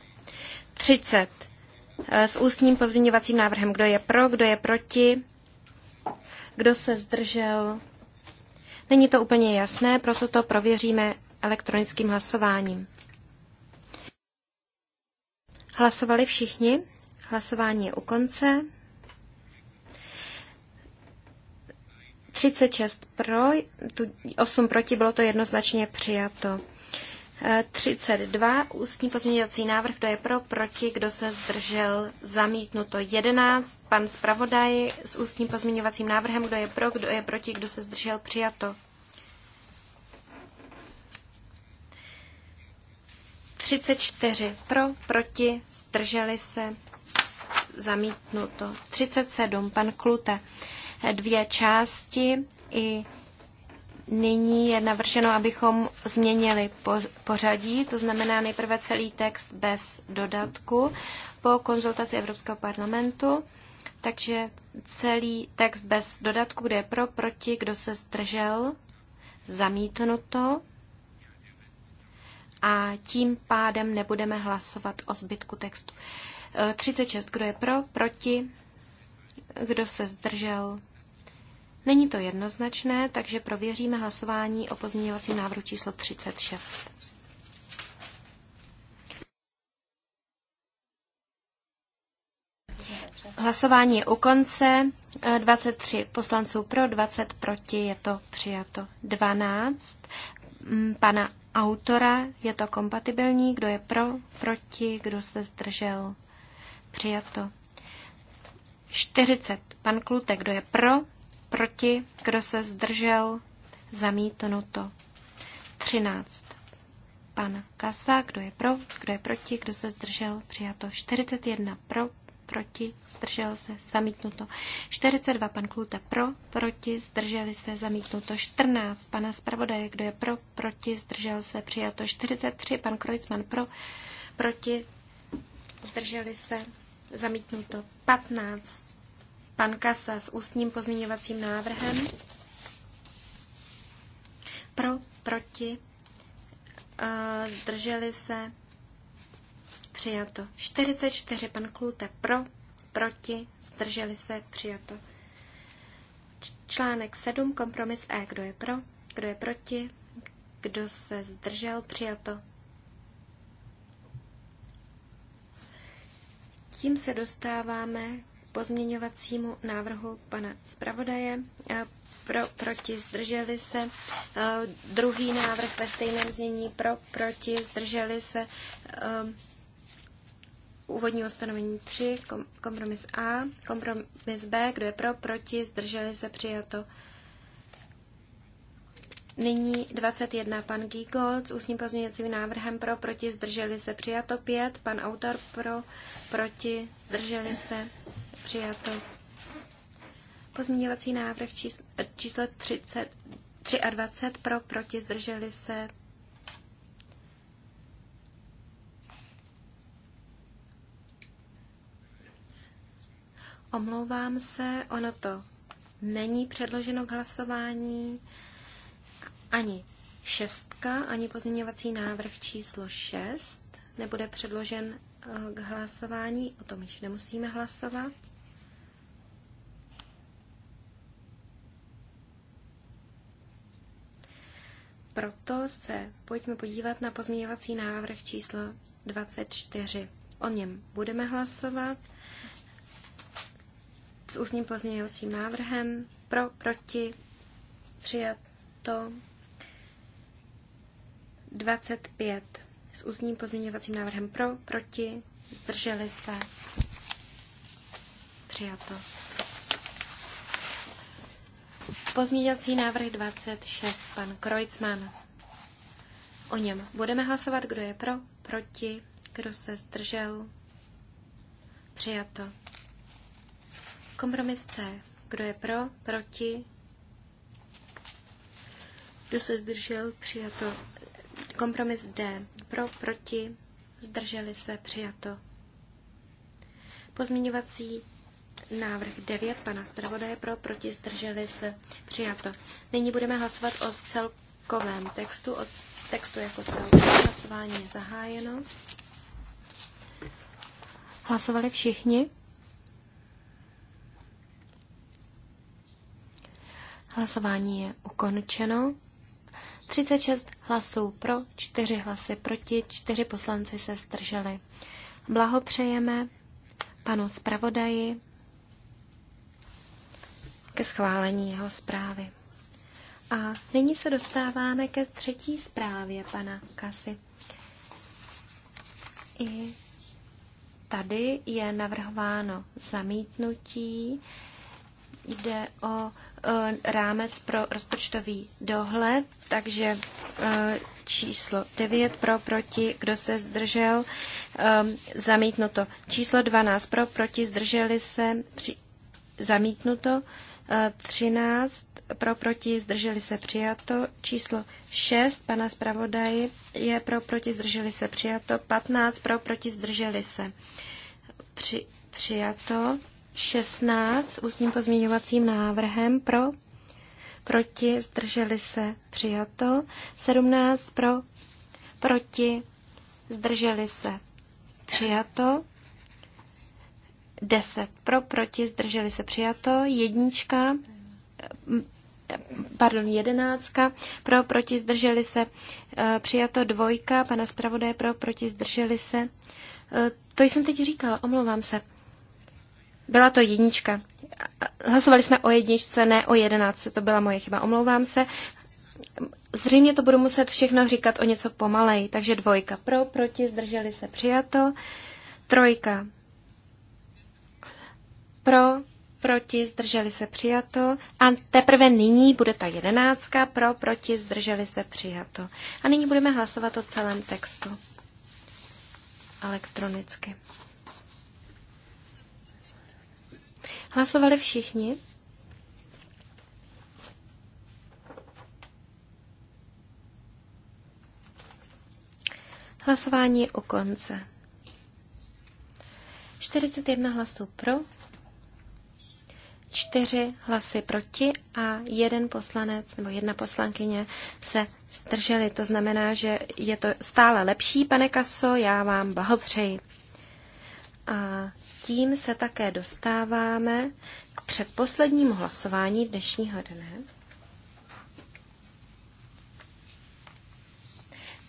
30 eh, s ústním pozměňovacím návrhem. Kdo je pro, kdo je proti, kdo se zdržel. Není to úplně jasné, proto to prověříme elektronickým hlasováním. Hlasovali všichni. Hlasování je u konce. 36 pro, 8 proti, bylo to jednoznačně přijato. 32, ústní pozměňovací návrh, kdo je pro, proti, kdo se zdržel, zamítnuto 11, pan zpravodaj s ústním pozměňovacím návrhem, kdo je pro, kdo je proti, kdo se zdržel, přijato. 34 pro, proti, zdrželi se, zamítnuto. 37, pan Klute, dvě části i nyní je navrženo, abychom změnili pořadí, to znamená nejprve celý text bez dodatku po konzultaci Evropského parlamentu. Takže celý text bez dodatku, kde je pro, proti, kdo se zdržel, zamítnuto. A tím pádem nebudeme hlasovat o zbytku textu. 36, e, kdo je pro, proti, kdo se zdržel, Není to jednoznačné, takže prověříme hlasování o pozměňovacím návrhu číslo 36. Hlasování je u konce. 23 poslanců pro, 20 proti, je to přijato 12. Pana autora je to kompatibilní, kdo je pro, proti, kdo se zdržel, přijato. 40. Pan Klutek, kdo je pro, Proti? Kdo se zdržel? Zamítnuto. 13. Pan Kasa, kdo je pro, kdo je proti, kdo se zdržel, přijato 41 pro, proti, zdržel se, zamítnuto. 42 pan Kluta pro, proti, zdrželi se, zamítnuto. 14 pana zpravodaje, kdo je pro, proti, zdržel se, přijato. 43 pan Krojcman pro, proti, zdrželi se, zamítnuto. 15 Pan Kasa s ústním pozměňovacím návrhem. Pro, proti, eh, zdrželi se, přijato. 44, pan Klute, pro, proti, zdrželi se, přijato. Článek 7, kompromis E, kdo je pro, kdo je proti, kdo se zdržel, přijato. Tím se dostáváme pozměňovacímu návrhu pana zpravodaje. Eh, pro, proti zdrželi se. Eh, druhý návrh ve stejném znění pro, proti zdrželi se. Eh, úvodní ustanovení 3, kompromis A, kompromis B, kdo je pro, proti, zdrželi se, přijato. Nyní 21 pan Gigol s ústním pozměňovacím návrhem pro, proti, zdrželi se, přijato 5. Pan autor pro, proti, zdrželi se, přijato. Pozměňovací návrh číslo, číslo 30, 23 pro, proti, zdrželi se, Omlouvám se, ono to není předloženo k hlasování ani šestka, ani pozměňovací návrh číslo 6 nebude předložen eh, k hlasování, o tom již nemusíme hlasovat. Proto se pojďme podívat na pozměňovací návrh číslo 24. O něm budeme hlasovat s ústním pozměňovacím návrhem pro, proti, přijat to 25 s ústním pozměňovacím návrhem pro, proti, zdrželi se, přijato. Pozměňovací návrh 26, pan Krojcman. O něm budeme hlasovat, kdo je pro, proti, kdo se zdržel, přijato. Kompromis C. Kdo je pro, proti, kdo se zdržel, přijato. Kompromis D. Pro, proti, zdrželi se, přijato. Pozměňovací návrh 9 pana zpravodaje pro, proti, zdrželi se, přijato. Nyní budeme hlasovat o celkovém textu, o textu jako celku. Hlasování je zahájeno. Hlasovali všichni? Hlasování je ukončeno. 36 hlasů pro, 4 hlasy proti, 4 poslanci se zdrželi. Blahopřejeme panu zpravodaji ke schválení jeho zprávy. A nyní se dostáváme ke třetí zprávě pana Kasy. I tady je navrhováno zamítnutí. Jde o Eh, rámec pro rozpočtový dohled, takže eh, číslo 9 pro, proti, kdo se zdržel, eh, zamítnuto. Číslo 12 pro, proti, zdrželi se, při, zamítnuto. 13 pro, proti, zdrželi se, přijato. Číslo 6 pana zpravodaji je pro, proti, zdrželi se, přijato. 15 pro, proti, zdrželi se, při, přijato. 16 ústním pozměňovacím návrhem pro, proti, zdrželi se, přijato. 17 pro, proti, zdrželi se, přijato. 10 pro, proti, zdrželi se, přijato. Jednička, pardon, jedenáctka, pro, proti, zdrželi se, eh, přijato dvojka, pana zpravodaje pro, proti, zdrželi se. Eh, to jsem teď říkala, omlouvám se. Byla to jednička. Hlasovali jsme o jedničce, ne o jedenáctce. To byla moje chyba. Omlouvám se. Zřejmě to budu muset všechno říkat o něco pomalej. Takže dvojka pro, proti, zdrželi se, přijato. Trojka pro, proti, zdrželi se, přijato. A teprve nyní bude ta jedenáctka pro, proti, zdrželi se, přijato. A nyní budeme hlasovat o celém textu elektronicky. Hlasovali všichni? Hlasování je u konce. 41 hlasů pro, 4 hlasy proti a jeden poslanec nebo jedna poslankyně se zdrželi. To znamená, že je to stále lepší, pane Kaso, já vám blahopřeji. A tím se také dostáváme k předposlednímu hlasování dnešního dne.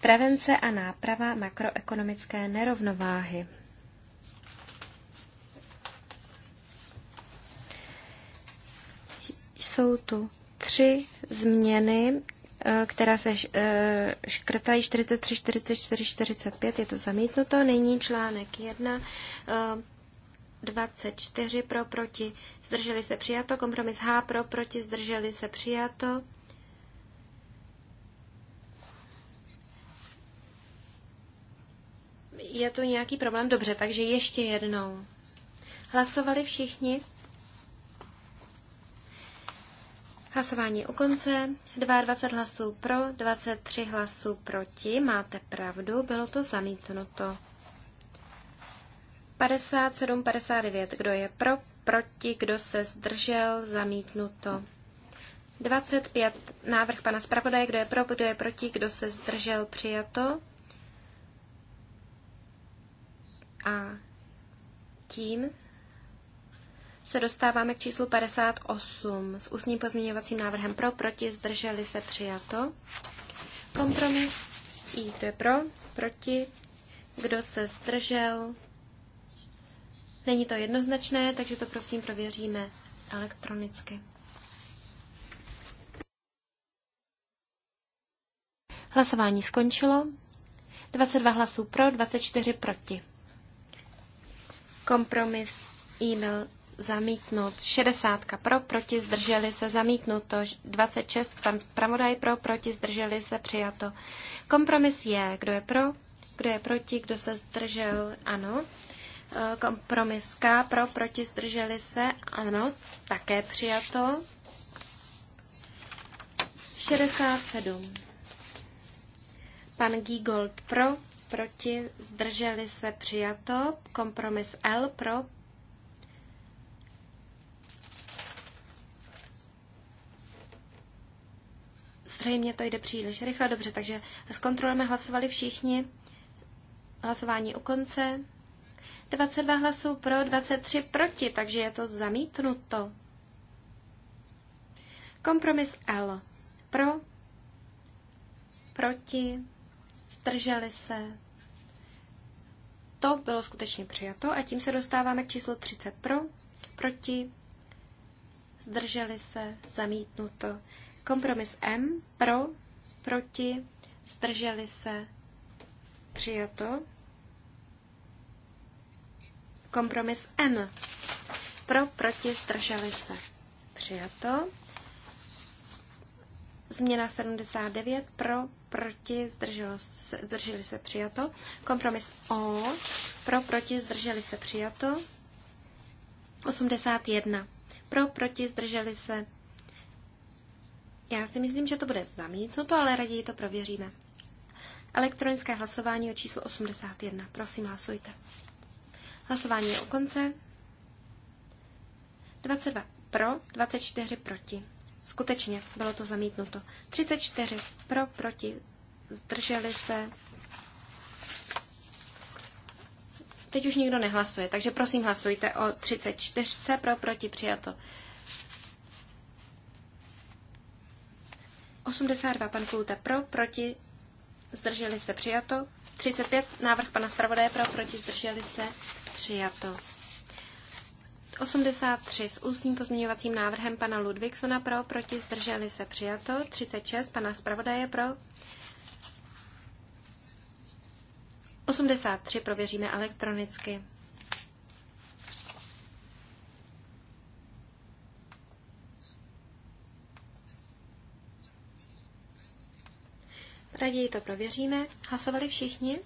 Prevence a náprava makroekonomické nerovnováhy. Jsou tu tři změny, eh, která se eh, škrtají 43, 44, 45, je to zamítnuto. Nyní článek 1, 24 pro, proti, zdrželi se přijato. Kompromis H pro, proti, zdrželi se přijato. Je tu nějaký problém? Dobře, takže ještě jednou. Hlasovali všichni? Hlasování u konce. 22 hlasů pro, 23 hlasů proti. Máte pravdu, bylo to zamítnuto. 57, 59. Kdo je pro? Proti? Kdo se zdržel? Zamítnuto. 25. Návrh pana zpravodaje. Kdo je pro? Kdo je proti? Kdo se zdržel? Přijato. A tím se dostáváme k číslu 58 s ústním pozměňovacím návrhem pro, proti, zdrželi se, přijato. Kompromis I, kdo je pro, proti, kdo se zdržel, Není to jednoznačné, takže to prosím prověříme elektronicky. Hlasování skončilo. 22 hlasů pro, 24 proti. Kompromis e-mail zamítnut. 60 pro, proti, zdrželi se, zamítnuto. 26, pan zpravodaj pro, proti, zdrželi se, přijato. Kompromis je, kdo je pro, kdo je proti, kdo se zdržel, ano, Kompromiska pro, proti, zdrželi se. Ano, také přijato. 67. Pan Gigold pro, proti, zdrželi se, přijato. Kompromis L pro. Zřejmě to jde příliš rychle, dobře, takže zkontrolujeme, hlasovali všichni. Hlasování u konce. 22 hlasů pro, 23 proti, takže je to zamítnuto. Kompromis L. Pro, proti, zdrželi se. To bylo skutečně přijato a tím se dostáváme k číslu 30 pro, proti, zdrželi se, zamítnuto. Kompromis M pro, proti, zdrželi se, přijato. Kompromis N. Pro, proti, zdrželi se. Přijato. Změna 79. Pro, proti, zdrželo se, zdrželi se. Přijato. Kompromis O. Pro, proti, zdrželi se. Přijato. 81. Pro, proti, zdrželi se. Já si myslím, že to bude zamítnuto, ale raději to prověříme. Elektronické hlasování o číslu 81. Prosím, hlasujte. Hlasování je u konce. 22 pro, 24 proti. Skutečně bylo to zamítnuto. 34 pro, proti. Zdrželi se. Teď už nikdo nehlasuje, takže prosím hlasujte o 34 pro, proti přijato. 82 pan Kluta pro, proti zdrželi se přijato. 35 návrh pana zpravodaje pro, proti zdrželi se Přijato. 83 s ústním pozměňovacím návrhem pana Ludvíksona pro, proti zdrželi se přijato. 36 pana zpravodaje pro. 83 prověříme elektronicky. Raději to prověříme. Hlasovali všichni?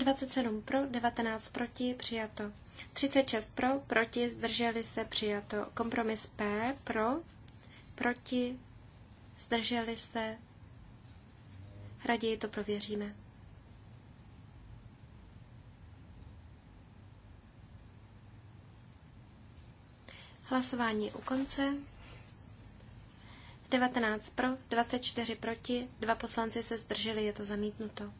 27 pro, 19 proti, přijato. 36 pro, proti, zdrželi se, přijato. Kompromis P pro, proti, zdrželi se. Raději to prověříme. Hlasování u konce. 19 pro, 24 proti, dva poslanci se zdrželi, je to zamítnuto.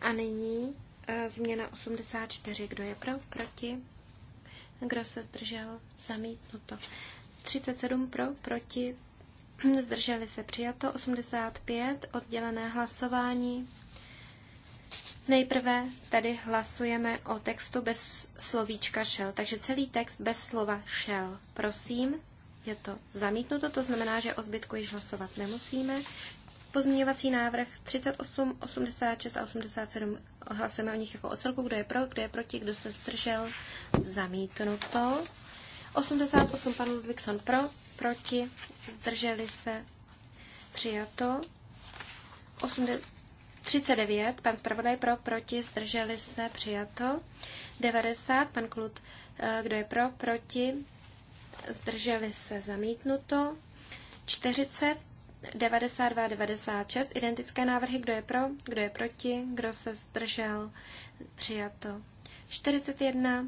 A nyní e, změna 84. Kdo je pro? Proti? Kdo se zdržel? Zamítnuto. 37 pro, proti, zdrželi se přijato. 85 oddělené hlasování. Nejprve tady hlasujeme o textu bez slovíčka šel, takže celý text bez slova šel. Prosím, je to zamítnuto, to znamená, že o zbytku již hlasovat nemusíme. Pozměňovací návrh 38, 86 a 87. Hlasujeme o nich jako o celku, kdo je pro, kdo je proti, kdo se zdržel, zamítnuto. 88 pan Ludvíkson pro, proti, zdrželi se, přijato. 8, 39 pan zpravodaj pro, proti, zdrželi se, přijato. 90 pan Klud, eh, kdo je pro, proti, zdrželi se, zamítnuto. 40 92 a 96, identické návrhy, kdo je pro, kdo je proti, kdo se zdržel, přijato. 41,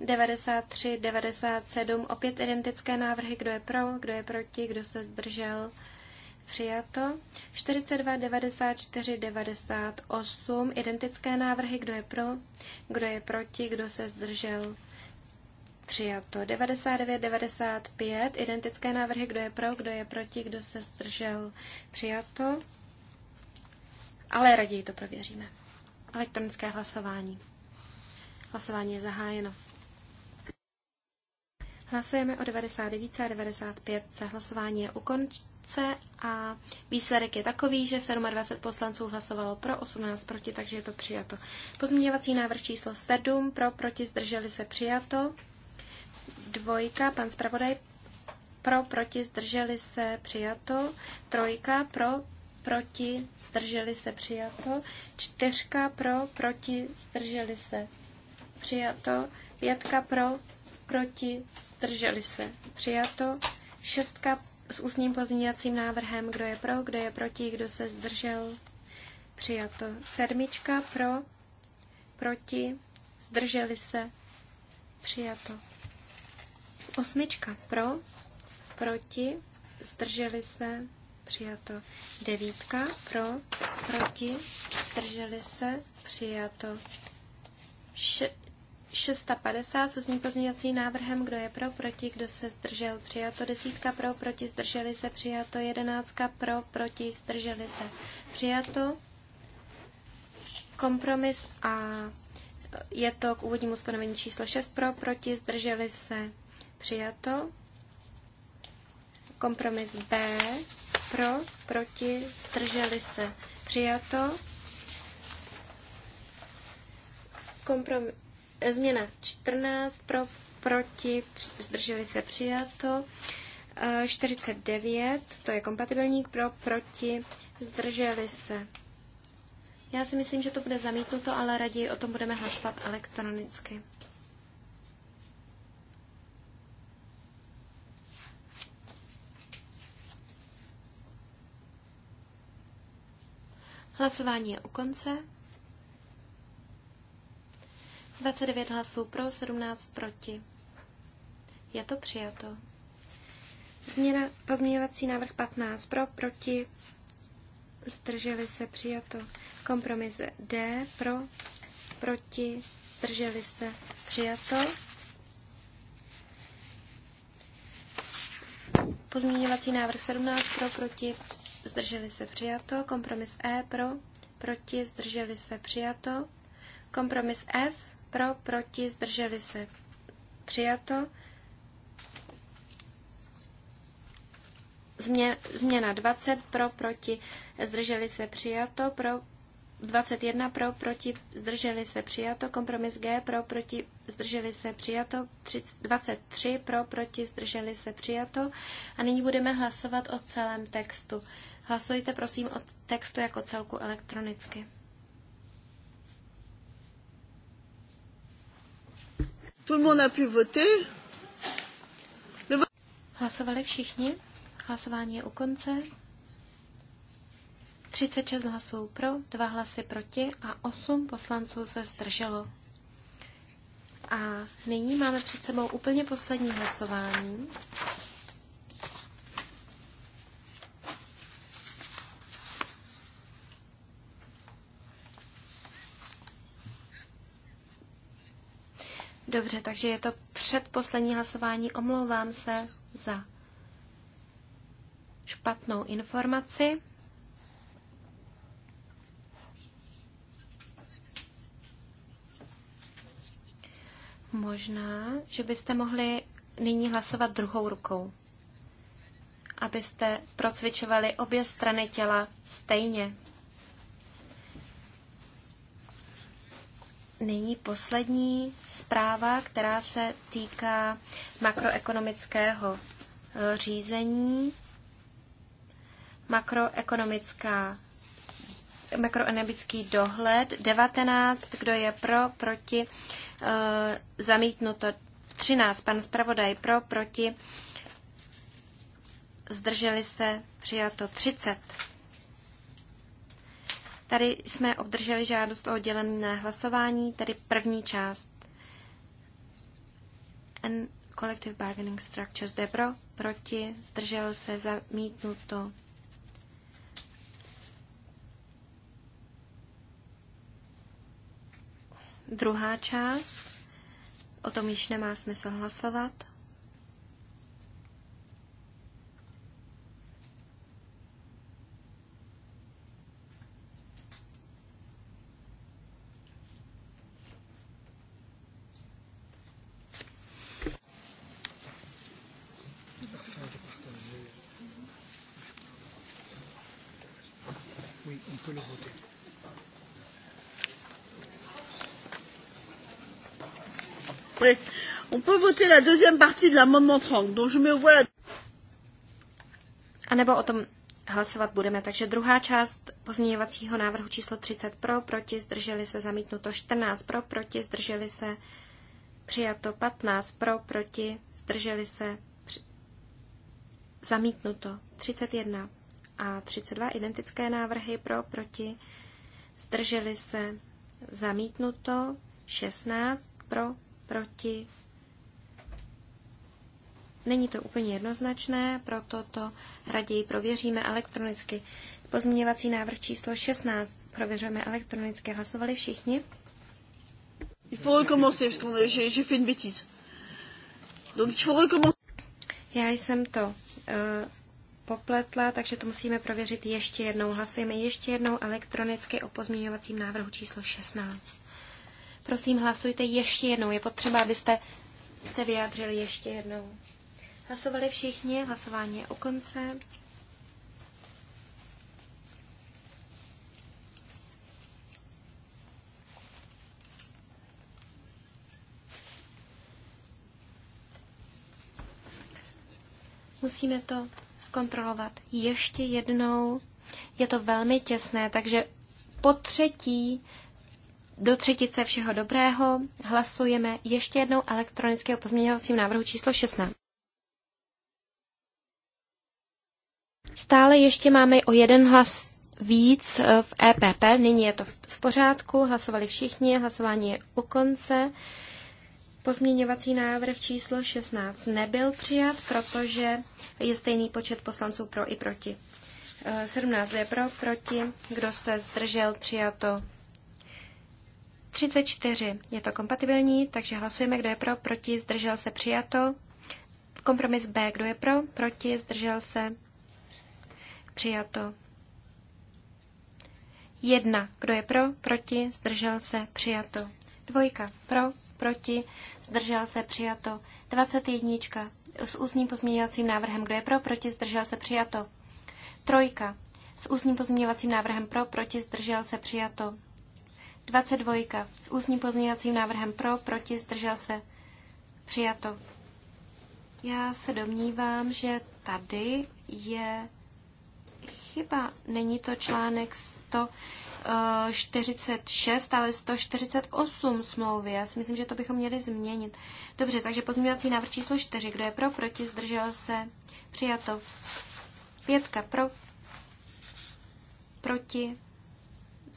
93, 97, opět identické návrhy, kdo je pro, kdo je proti, kdo se zdržel, přijato. 42, 94, 98, identické návrhy, kdo je pro, kdo je proti, kdo se zdržel, Přijato 99, 95, identické návrhy, kdo je pro, kdo je proti, kdo se zdržel. Přijato. Ale raději to prověříme. Elektronické hlasování. Hlasování je zahájeno. Hlasujeme o 99 a 95. Hlasování je u konce a výsledek je takový, že 27 poslanců hlasovalo pro, 18 proti, takže je to přijato. Pozměňovací návrh číslo 7 pro, proti, zdrželi se přijato. Dvojka, pan zpravodaj pro, proti, zdrželi se, přijato. Trojka pro, proti, zdrželi se, přijato. Čtyřka pro, proti, zdrželi se, přijato. Pětka pro, proti, zdrželi se, přijato. Šestka s ústním pozměňovacím návrhem, kdo je pro, kdo je proti, kdo se zdržel, přijato. Sedmička pro, proti, zdrželi se, přijato. Osmička pro, proti, zdrželi se, přijato. Devítka pro, proti, zdrželi se, přijato. Š- 650 s ústním pozměňovacím návrhem, kdo je pro, proti, kdo se zdržel, přijato desítka pro, proti, zdrželi se, přijato jedenáctka pro, proti, zdrželi se, přijato kompromis a je to k úvodnímu ustanovení číslo 6 pro, proti, zdrželi se, Přijato. Kompromis B. Pro, proti, zdrželi se. Přijato. Kompromis, změna 14. Pro, proti, zdrželi se. Přijato. 49, e, to je kompatibilník pro, proti, zdrželi se. Já si myslím, že to bude zamítnuto, ale raději o tom budeme hlasovat elektronicky. Hlasování je u konce. 29 hlasů pro, 17 proti. Je to přijato. Změna pozměňovací návrh 15 pro, proti. Zdrželi se přijato. Kompromis D pro, proti. Zdrželi se přijato. Pozměňovací návrh 17 pro, proti zdrželi se přijato. Kompromis E pro, proti, zdrželi se přijato. Kompromis F pro, proti, zdrželi se přijato. Změna 20 pro, proti, zdrželi se přijato, pro, 21 pro, proti, zdrželi se přijato, kompromis G pro, proti, zdrželi se přijato, 23 pro, proti, zdrželi se přijato. A nyní budeme hlasovat o celém textu. Hlasujte prosím o textu jako celku elektronicky. Tout le monde a pu voter. Hlasovali všichni. Hlasování je u konce. 36 hlasů pro, 2 hlasy proti a 8 poslanců se zdrželo. A nyní máme před sebou úplně poslední hlasování. Dobře, takže je to předposlední hlasování. Omlouvám se za špatnou informaci. Možná, že byste mohli nyní hlasovat druhou rukou, abyste procvičovali obě strany těla stejně. nyní poslední zpráva, která se týká makroekonomického e, řízení. Makroekonomická makroekonomický dohled, 19, kdo je pro, proti, e, zamítnuto, 13, pan zpravodaj pro, proti, zdrželi se, přijato 30. Tady jsme obdrželi žádost o oddělené hlasování, tedy první část. And collective bargaining structures. Zde pro, proti, zdržel se, zamítnuto. Druhá část. O tom již nemá smysl hlasovat.
après. On peut voter la deuxième partie de l'amendement 30. Donc je mets au voilà.
A nebo o tom hlasovat budeme. Takže druhá část pozměňovacího návrhu číslo 30 pro, proti, zdrželi se, zamítnuto 14 pro, proti, zdrželi se, přijato 15 pro, proti, zdrželi se, při... zamítnuto 31 a 32 identické návrhy pro, proti, zdrželi se, zamítnuto 16 pro, proti. Není to úplně jednoznačné, proto to raději prověříme elektronicky. Pozměňovací návrh číslo 16 prověřujeme elektronicky. Hlasovali všichni? Já jsem to uh, popletla, takže to musíme prověřit ještě jednou. Hlasujeme ještě jednou elektronicky o pozměňovacím návrhu číslo 16. Prosím, hlasujte ještě jednou. Je potřeba, abyste se vyjádřili ještě jednou. Hlasovali všichni, hlasování je u konce. Musíme to zkontrolovat ještě jednou. Je to velmi těsné, takže po třetí do třetice všeho dobrého. Hlasujeme ještě jednou elektronicky o pozměňovacím návrhu číslo 16. Stále ještě máme o jeden hlas víc eh, v EPP. Nyní je to v pořádku. Hlasovali všichni. Hlasování je u konce. Pozměňovací návrh číslo 16 nebyl přijat, protože je stejný počet poslanců pro i proti. 17 eh, je pro, proti. Kdo se zdržel, přijato 34. Je to kompatibilní, takže hlasujeme, kdo je pro, proti, zdržel se, přijato. Kompromis B, kdo je pro, proti, zdržel se, přijato. 1. Kdo je pro, proti, zdržel se, přijato. 2. Pro, proti, zdržel se, přijato. 21. S ústním pozměňovacím návrhem, kdo je pro, proti, zdržel se, přijato. 3. S ústním pozměňovacím návrhem pro, proti, zdržel se, přijato. 22. S ústním pozměňovacím návrhem pro, proti, zdržel se. Přijato. Já se domnívám, že tady je chyba. Není to článek 146, eh, ale 148 smlouvy. Já si myslím, že to bychom měli změnit. Dobře, takže pozměňovací návrh číslo 4. Kdo je pro, proti, zdržel se. Přijato. Pětka pro, proti,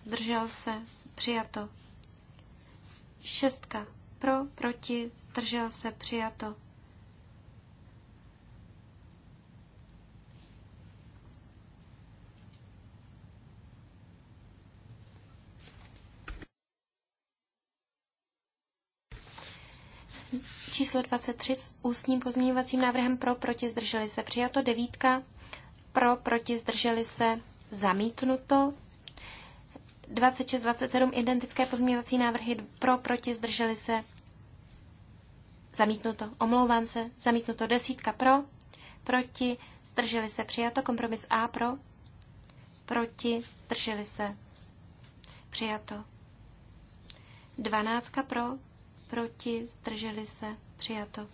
zdržel se, přijato. Šestka pro, proti, zdržel se, přijato. číslo 23 s ústním pozměňovacím návrhem pro, proti, zdrželi se, přijato. Devítka pro, proti, zdrželi se, zamítnuto. 26, 27 identické pozměňovací návrhy pro, proti, zdrželi se, zamítnuto, omlouvám se, zamítnuto, desítka pro, proti, zdrželi se, přijato, kompromis A pro, proti, zdrželi se, přijato. Dvanáctka pro, proti, zdrželi se, přijato.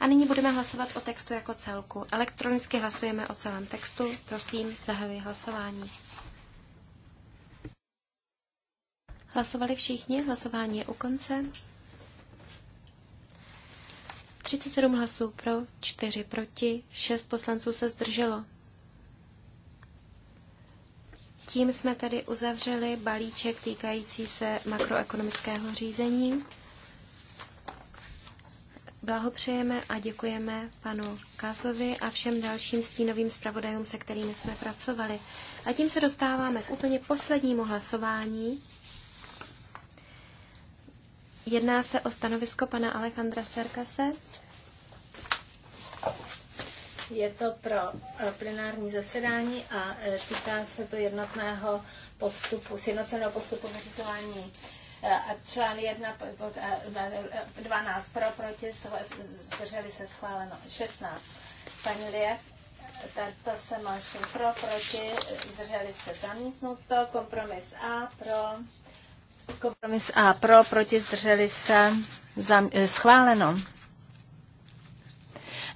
A nyní budeme hlasovat o textu jako celku. Elektronicky hlasujeme o celém textu. Prosím, zahajuji hlasování. Hlasovali všichni, hlasování je u konce. 37 hlasů pro, 4 proti, 6 poslanců se zdrželo. Tím jsme tedy uzavřeli balíček týkající se makroekonomického řízení. Blahopřejeme a děkujeme panu Kazovi a všem dalším stínovým zpravodajům, se kterými jsme pracovali. A tím se dostáváme k úplně poslednímu hlasování. Jedná se o stanovisko pana Alejandra Serkase.
Je to pro eh, plenární zasedání a eh, týká se to jednotného postupu, sjednoceného postupu vyřizování eh, a člán 1 12 pro, proti, zdrželi se schváleno 16. Pani Lie, to se máš pro, proti, zdrželi se zamítnuto, kompromis A pro, Kompromis A pro, proti, zdrželi se, zam, eh, schváleno.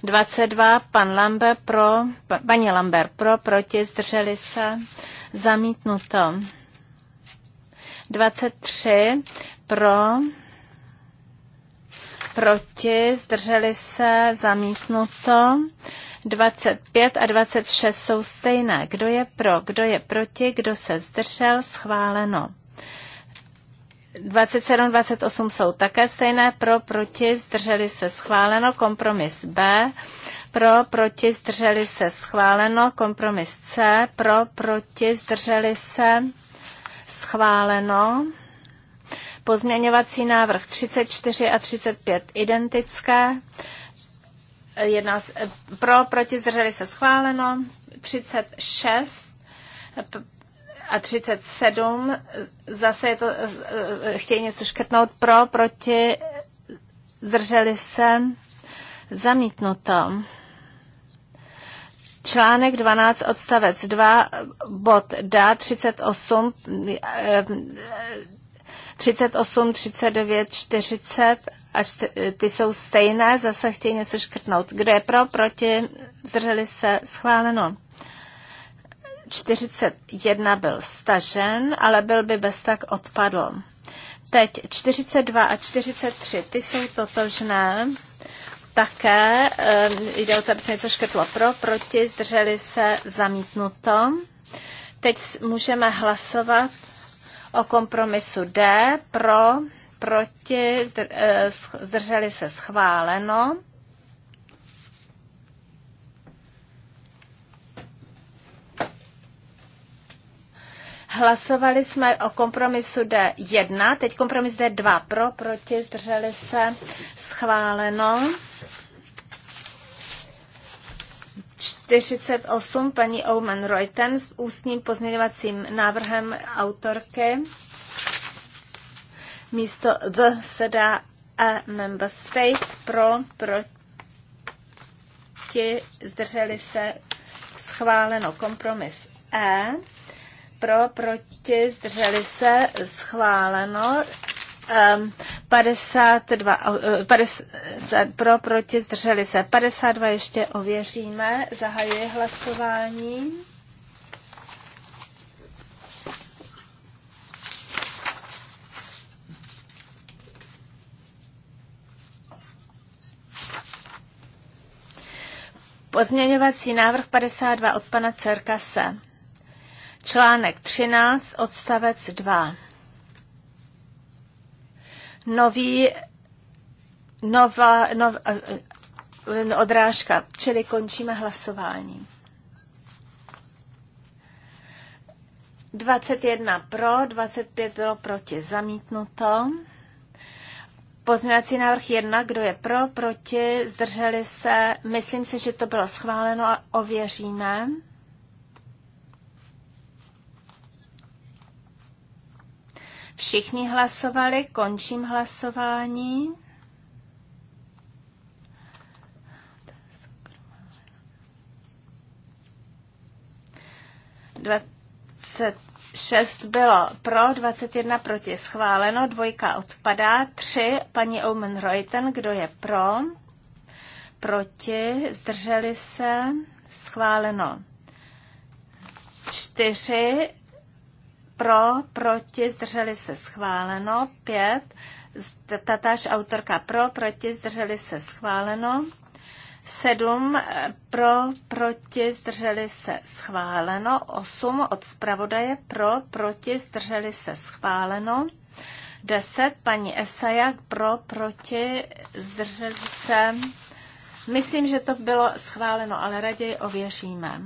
22, pan Lambert pro, paní Lambert pro, proti, zdrželi se, zamítnuto. 23, pro, proti, zdrželi se, zamítnuto. 25 a 26 jsou stejné. Kdo je pro, kdo je proti, kdo se zdržel, schváleno. 27, 28 jsou také stejné, pro, proti, zdrželi se schváleno, kompromis B, pro, proti, zdrželi se schváleno, kompromis C, pro, proti, zdrželi se schváleno. Pozměňovací návrh 34 a 35 identické. Jedna, pro, proti, zdrželi se schváleno. 36 a 37. Zase je to, eh, chtějí něco škrtnout pro, proti, zdrželi se, zamítnuto. Článek 12 odstavec 2 bod D 38 38, 39, 40 a ty jsou stejné, zase chtějí něco škrtnout. Kdo je pro, proti, zdrželi se, schváleno. 41 byl stažen, ale byl by bez tak odpadl. Teď 42 a 43, ty jsou totožné. Také e, jde o to, aby se něco škrtlo pro, proti, zdrželi se, zamítnuto. Teď můžeme hlasovat o kompromisu D, pro, proti, eh, zdrželi se, schváleno. Hlasovali jsme o kompromisu D1, teď kompromis D2 pro, proti, zdrželi se, schváleno. 48 paní Oman Reuten s ústním pozměňovacím návrhem autorky. Místo the se dá a e member state pro, proti, zdrželi se schváleno kompromis E pro, proti, zdrželi se, schváleno. 52, ehm, 50 eh, pro, proti, zdrželi se. 52 ještě ověříme. Zahajuji hlasování. Pozměňovací návrh 52 od pana Cerkase. Článek 13, odstavec 2. Nový, nová, nov, eh, eh, odrážka, čili končíme hlasování. 21 pro, 25 bylo proti, zamítnuto. Pozměňovací návrh 1, kdo je pro, proti, zdrželi se. Myslím si, že to bylo schváleno a ověříme. Všichni hlasovali, končím hlasování. Dvacet Šest bylo pro, 21 proti schváleno, dvojka odpadá, Tři. paní Omen Reuten, kdo je pro, proti, zdrželi se, schváleno. čtyři, pro, proti, zdrželi se schváleno. Pět, tatáž autorka pro, proti, zdrželi se schváleno. Sedm, eh, pro, proti, zdrželi se schváleno. Osm, od zpravodaje pro, proti, zdrželi se schváleno. deset. paní Esajak pro, proti, zdrželi se. Myslím, že to bylo schváleno, ale raději ověříme.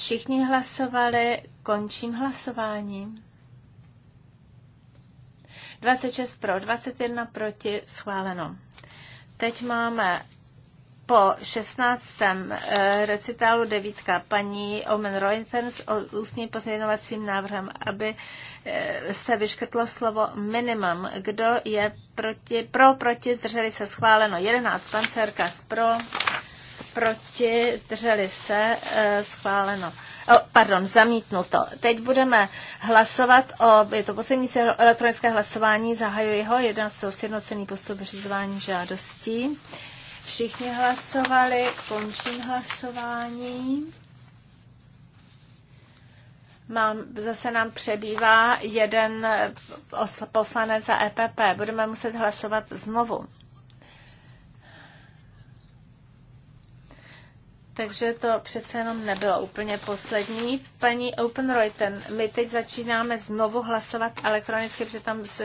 Všichni hlasovali, končím hlasování. 26 pro, 21 proti, schváleno. Teď máme po 16. Eh, recitálu 9. paní Omen Reuters s ústním pozměňovacím návrhem, aby eh, se vyškrtlo slovo minimum. Kdo je proti, pro, proti, zdrželi se schváleno. 11. Pancerka pro, proti, zdrželi se, eh, schváleno. O, pardon, zamítnuto. Teď budeme hlasovat o, je to poslední elektronické hlasování, zahajuji ho, 11. sjednocený postup vyřizování žádostí. Všichni hlasovali, končím hlasování. Mám, zase nám přebývá jeden eh, poslanec za EPP. Budeme muset hlasovat znovu. takže to přece jenom nebylo úplně poslední. Paní Open Reuten, my teď začínáme znovu hlasovat elektronicky, protože tam se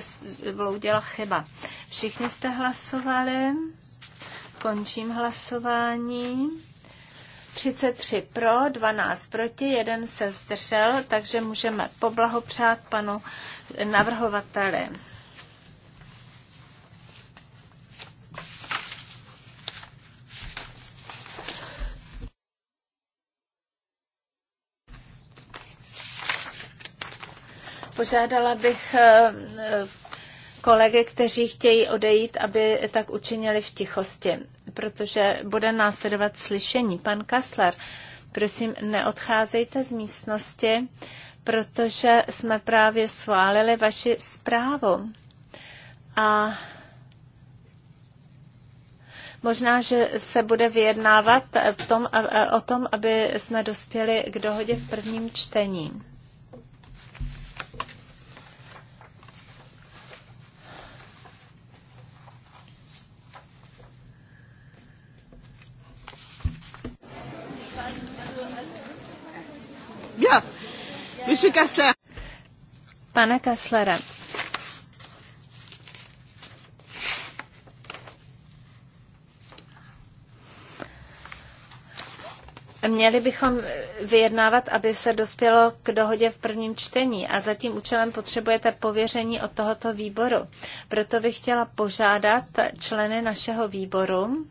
vloudila chyba. Všichni jste hlasovali, končím hlasování. 33 pro, 12 proti, jeden se zdržel, takže můžeme poblahopřát panu navrhovateli. Požádala bych eh, eh, kolegy, kteří chtějí odejít, aby tak učinili v tichosti, protože bude následovat slyšení. Pan Kasler, prosím, neodcházejte z místnosti, protože jsme právě schválili vaši zprávu. A Možná, že se bude vyjednávat eh, v tom, o tom, aby jsme dospěli k dohodě v prvním čtení. Bien. Monsieur Kastler. Pane Kasslere. Měli bychom vyjednávat, aby se dospělo k dohodě v prvním čtení a za tím účelem potřebujete pověření od tohoto výboru. Proto bych chtěla požádat členy našeho výboru,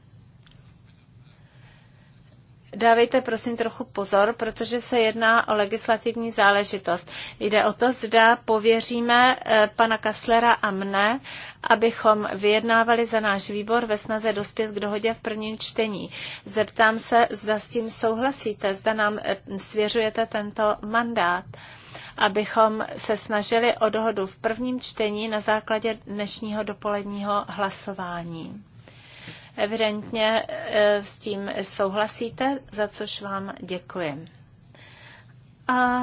dávejte prosím trochu pozor, protože se jedná o legislativní záležitost. Jde o to, zda pověříme eh, pana Kaslera a mne, abychom vyjednávali za náš výbor ve snaze dospět k dohodě v prvním čtení. Zeptám se, zda s tím souhlasíte, zda nám eh, svěřujete tento mandát abychom se snažili o dohodu v prvním čtení na základě dnešního dopoledního hlasování. Evidentně e, s tím souhlasíte, za což vám děkuji. A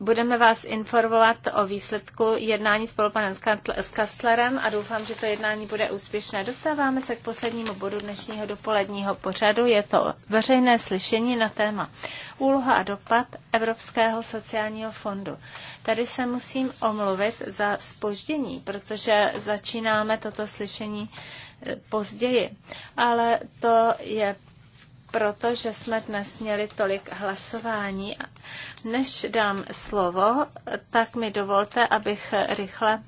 budeme vás informovat o výsledku jednání s panem s Kastlerem a doufám, že to jednání bude úspěšné. Dostáváme se k poslednímu bodu dnešního dopoledního pořadu. Je to veřejné slyšení na téma úloha a dopad Evropského sociálního fondu. Tady se musím omluvit za spoždění, protože začínáme toto slyšení eh, později. Ale to je proto, že jsme dnes měli tolik hlasování. Než dám slovo, tak mi dovolte, abych rychle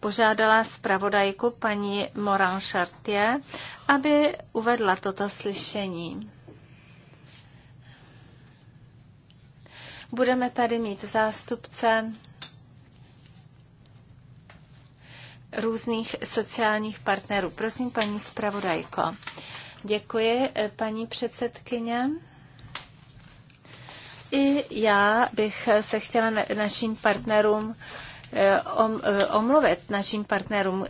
požádala zpravodajku paní Moran Chartier, aby uvedla toto slyšení. Budeme tady mít zástupce různých sociálních partnerů. Prosím, paní zpravodajko. Děkuji, eh, paní předsedkyně. I já bych eh, se chtěla našim partnerům eh, omluvit, našim partnerům,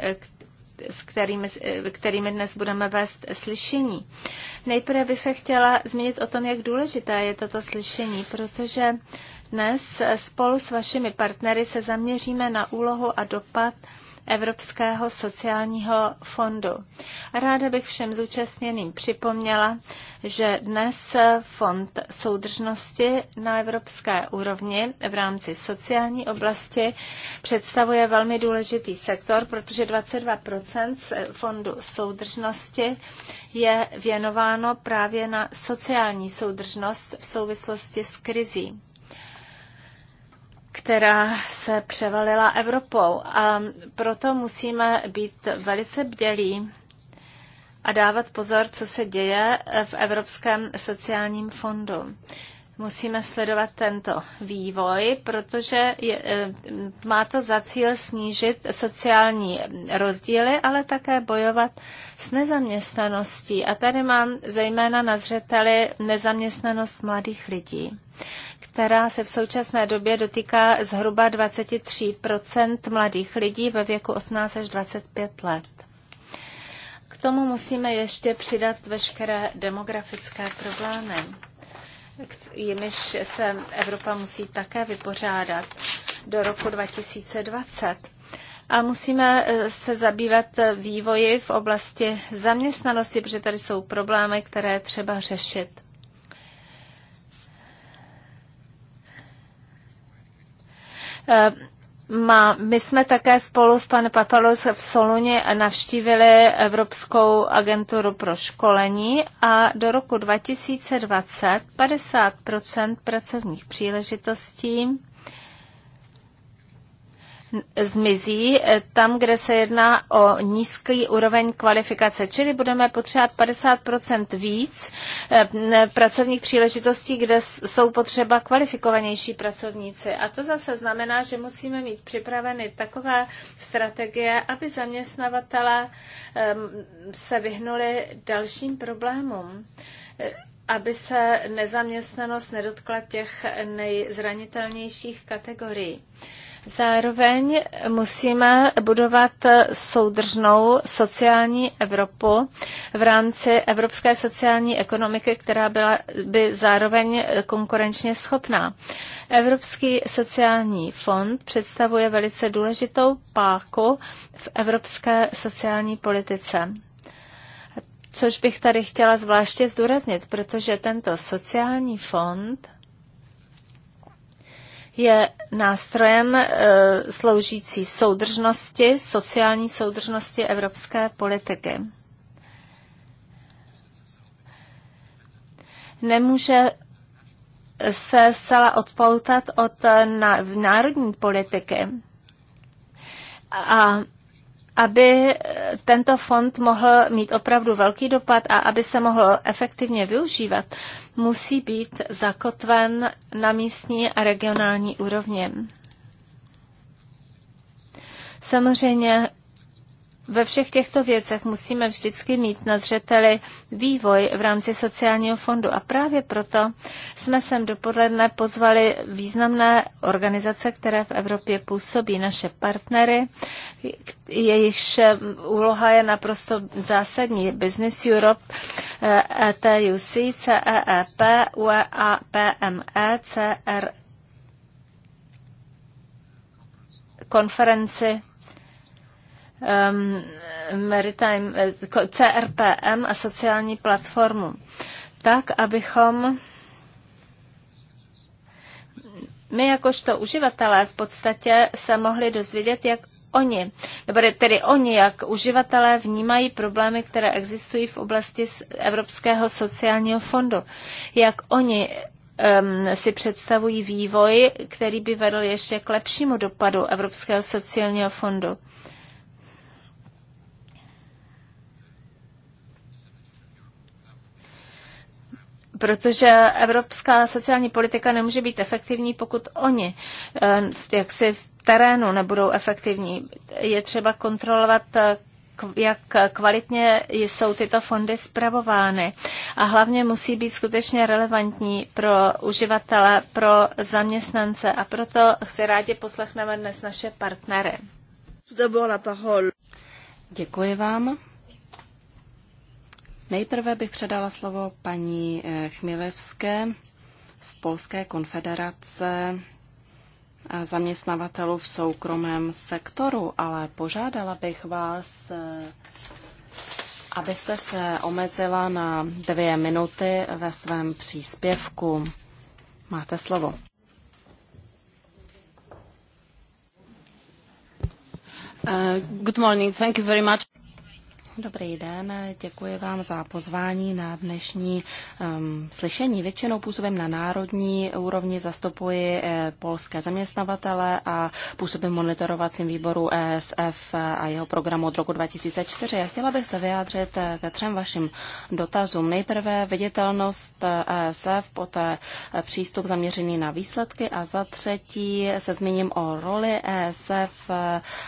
s kterými, kterými dnes budeme vést slyšení. Nejprve bych se chtěla zmínit o tom, jak důležité je toto slyšení, protože dnes spolu s vašimi partnery se zaměříme na úlohu a dopad Evropského sociálního fondu. Ráda bych všem zúčastněným připomněla, že dnes Fond soudržnosti na evropské úrovni v rámci sociální oblasti představuje velmi důležitý sektor, protože 22 fondu soudržnosti je věnováno právě na sociální soudržnost v souvislosti s krizí která se převalila Evropou. A proto musíme být velice bdělí a dávat pozor, co se děje v Evropském sociálním fondu musíme sledovat tento vývoj, protože je, e, má to za cíl snížit sociální rozdíly, ale také bojovat s nezaměstnaností. A tady mám zejména na zřeteli nezaměstnanost mladých lidí která se v současné době dotýká zhruba 23 mladých lidí ve věku 18 až 25 let. K tomu musíme ještě přidat veškeré demografické problémy jimiž se Evropa musí také vypořádat do roku 2020. A musíme eh, se zabývat eh, vývoji v oblasti zaměstnanosti, protože tady jsou problémy, které třeba řešit. Uh, má, my jsme také spolu s panem Papalos v Soluně navštívili Evropskou agenturu pro školení a do roku 2020 50 pracovních příležitostí zmizí tam, kde se jedná o nízký úroveň kvalifikace. Čili budeme potřebovat 50 víc eh, pracovních příležitostí, kde jsou potřeba kvalifikovanější pracovníci. A to zase znamená, že musíme mít připraveny takové strategie, aby zaměstnavatele ehm, se vyhnuli dalším problémům eh, aby se nezaměstnanost nedotkla těch nejzranitelnějších kategorií. Zároveň musíme budovat soudržnou sociální Evropu v rámci evropské sociální ekonomiky, která byla by zároveň konkurenčně schopná. Evropský sociální fond představuje velice důležitou páku v evropské sociální politice což bych tady chtěla zvláště zdůraznit, protože tento sociální fond je nástrojem eh, sloužící soudržnosti, sociální soudržnosti evropské politiky. Nemůže se zcela odpoutat od eh, národní politiky. A aby eh, tento fond mohl mít opravdu velký dopad a aby se mohl efektivně využívat, musí být zakotven na místní a regionální úrovně. Samozřejmě ve všech těchto věcech musíme vždycky mít na zřeteli vývoj v rámci sociálního fondu a právě proto jsme sem dopoledne pozvali významné organizace, které v Evropě působí, naše partnery, jejichž úloha je naprosto zásadní. Business Europe, ETUC, eh, e CEEP, UEA, PME, CR konferenci um, Maritime, eh, CRPM a sociální platformu, tak, abychom my jakožto uživatelé v podstatě se mohli dozvědět, jak oni, nebo tedy oni, jak uživatelé vnímají problémy, které existují v oblasti Evropského sociálního fondu, jak oni um, si představují vývoj, který by vedl ještě k lepšímu dopadu Evropského sociálního fondu. protože evropská sociální politika nemůže být efektivní, pokud oni eh, jak si v terénu nebudou efektivní. Je třeba kontrolovat eh, jak kvalitně jsou tyto fondy zpravovány. A hlavně musí být skutečně relevantní pro uživatele, pro zaměstnance a proto si rádi poslechneme dnes naše partnery.
Děkuji vám. Nejprve bych předala slovo paní eh, Chmělevské z Polské konfederace zaměstnavatelů v soukromém sektoru, ale požádala bych vás, eh, abyste se omezila na dvě minuty ve svém příspěvku. Máte slovo. Uh, good morning. Thank you very much. Dobrý den, děkuji vám za pozvání na dnešní um, slyšení. Většinou působím na národní úrovni, zastupuji e, polské zaměstnavatele a působím monitorovacím výboru ESF a jeho programu od roku 2004. Já chtěla bych se vyjádřit eh, ke třem vašim dotazům. Nejprve viditelnost ESF, eh, e poté přístup zaměřený na výsledky a za třetí se zmíním o roli ESF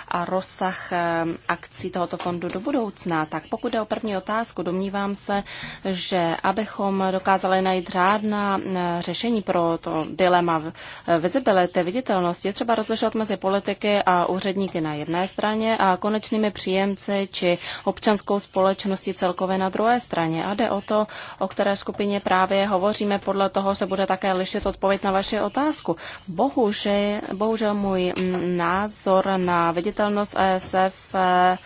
a rozsah ehm, akcí tohoto fondu do budoucna. Tak pokud jde o první otázku, domnívám se, že abychom dokázali najít řádná eh, řešení pro to dilema eh, visibility, viditelnosti, je třeba rozlišovat mezi politiky a úředníky na jedné straně a konečnými příjemci či občanskou společností celkově na druhé straně. A jde o to, o které skupině právě hovoříme, podle toho se bude také lišit odpověď na vaši otázku. Bohužel, bohužel můj mm, názor na viditelnost ESF um, eh,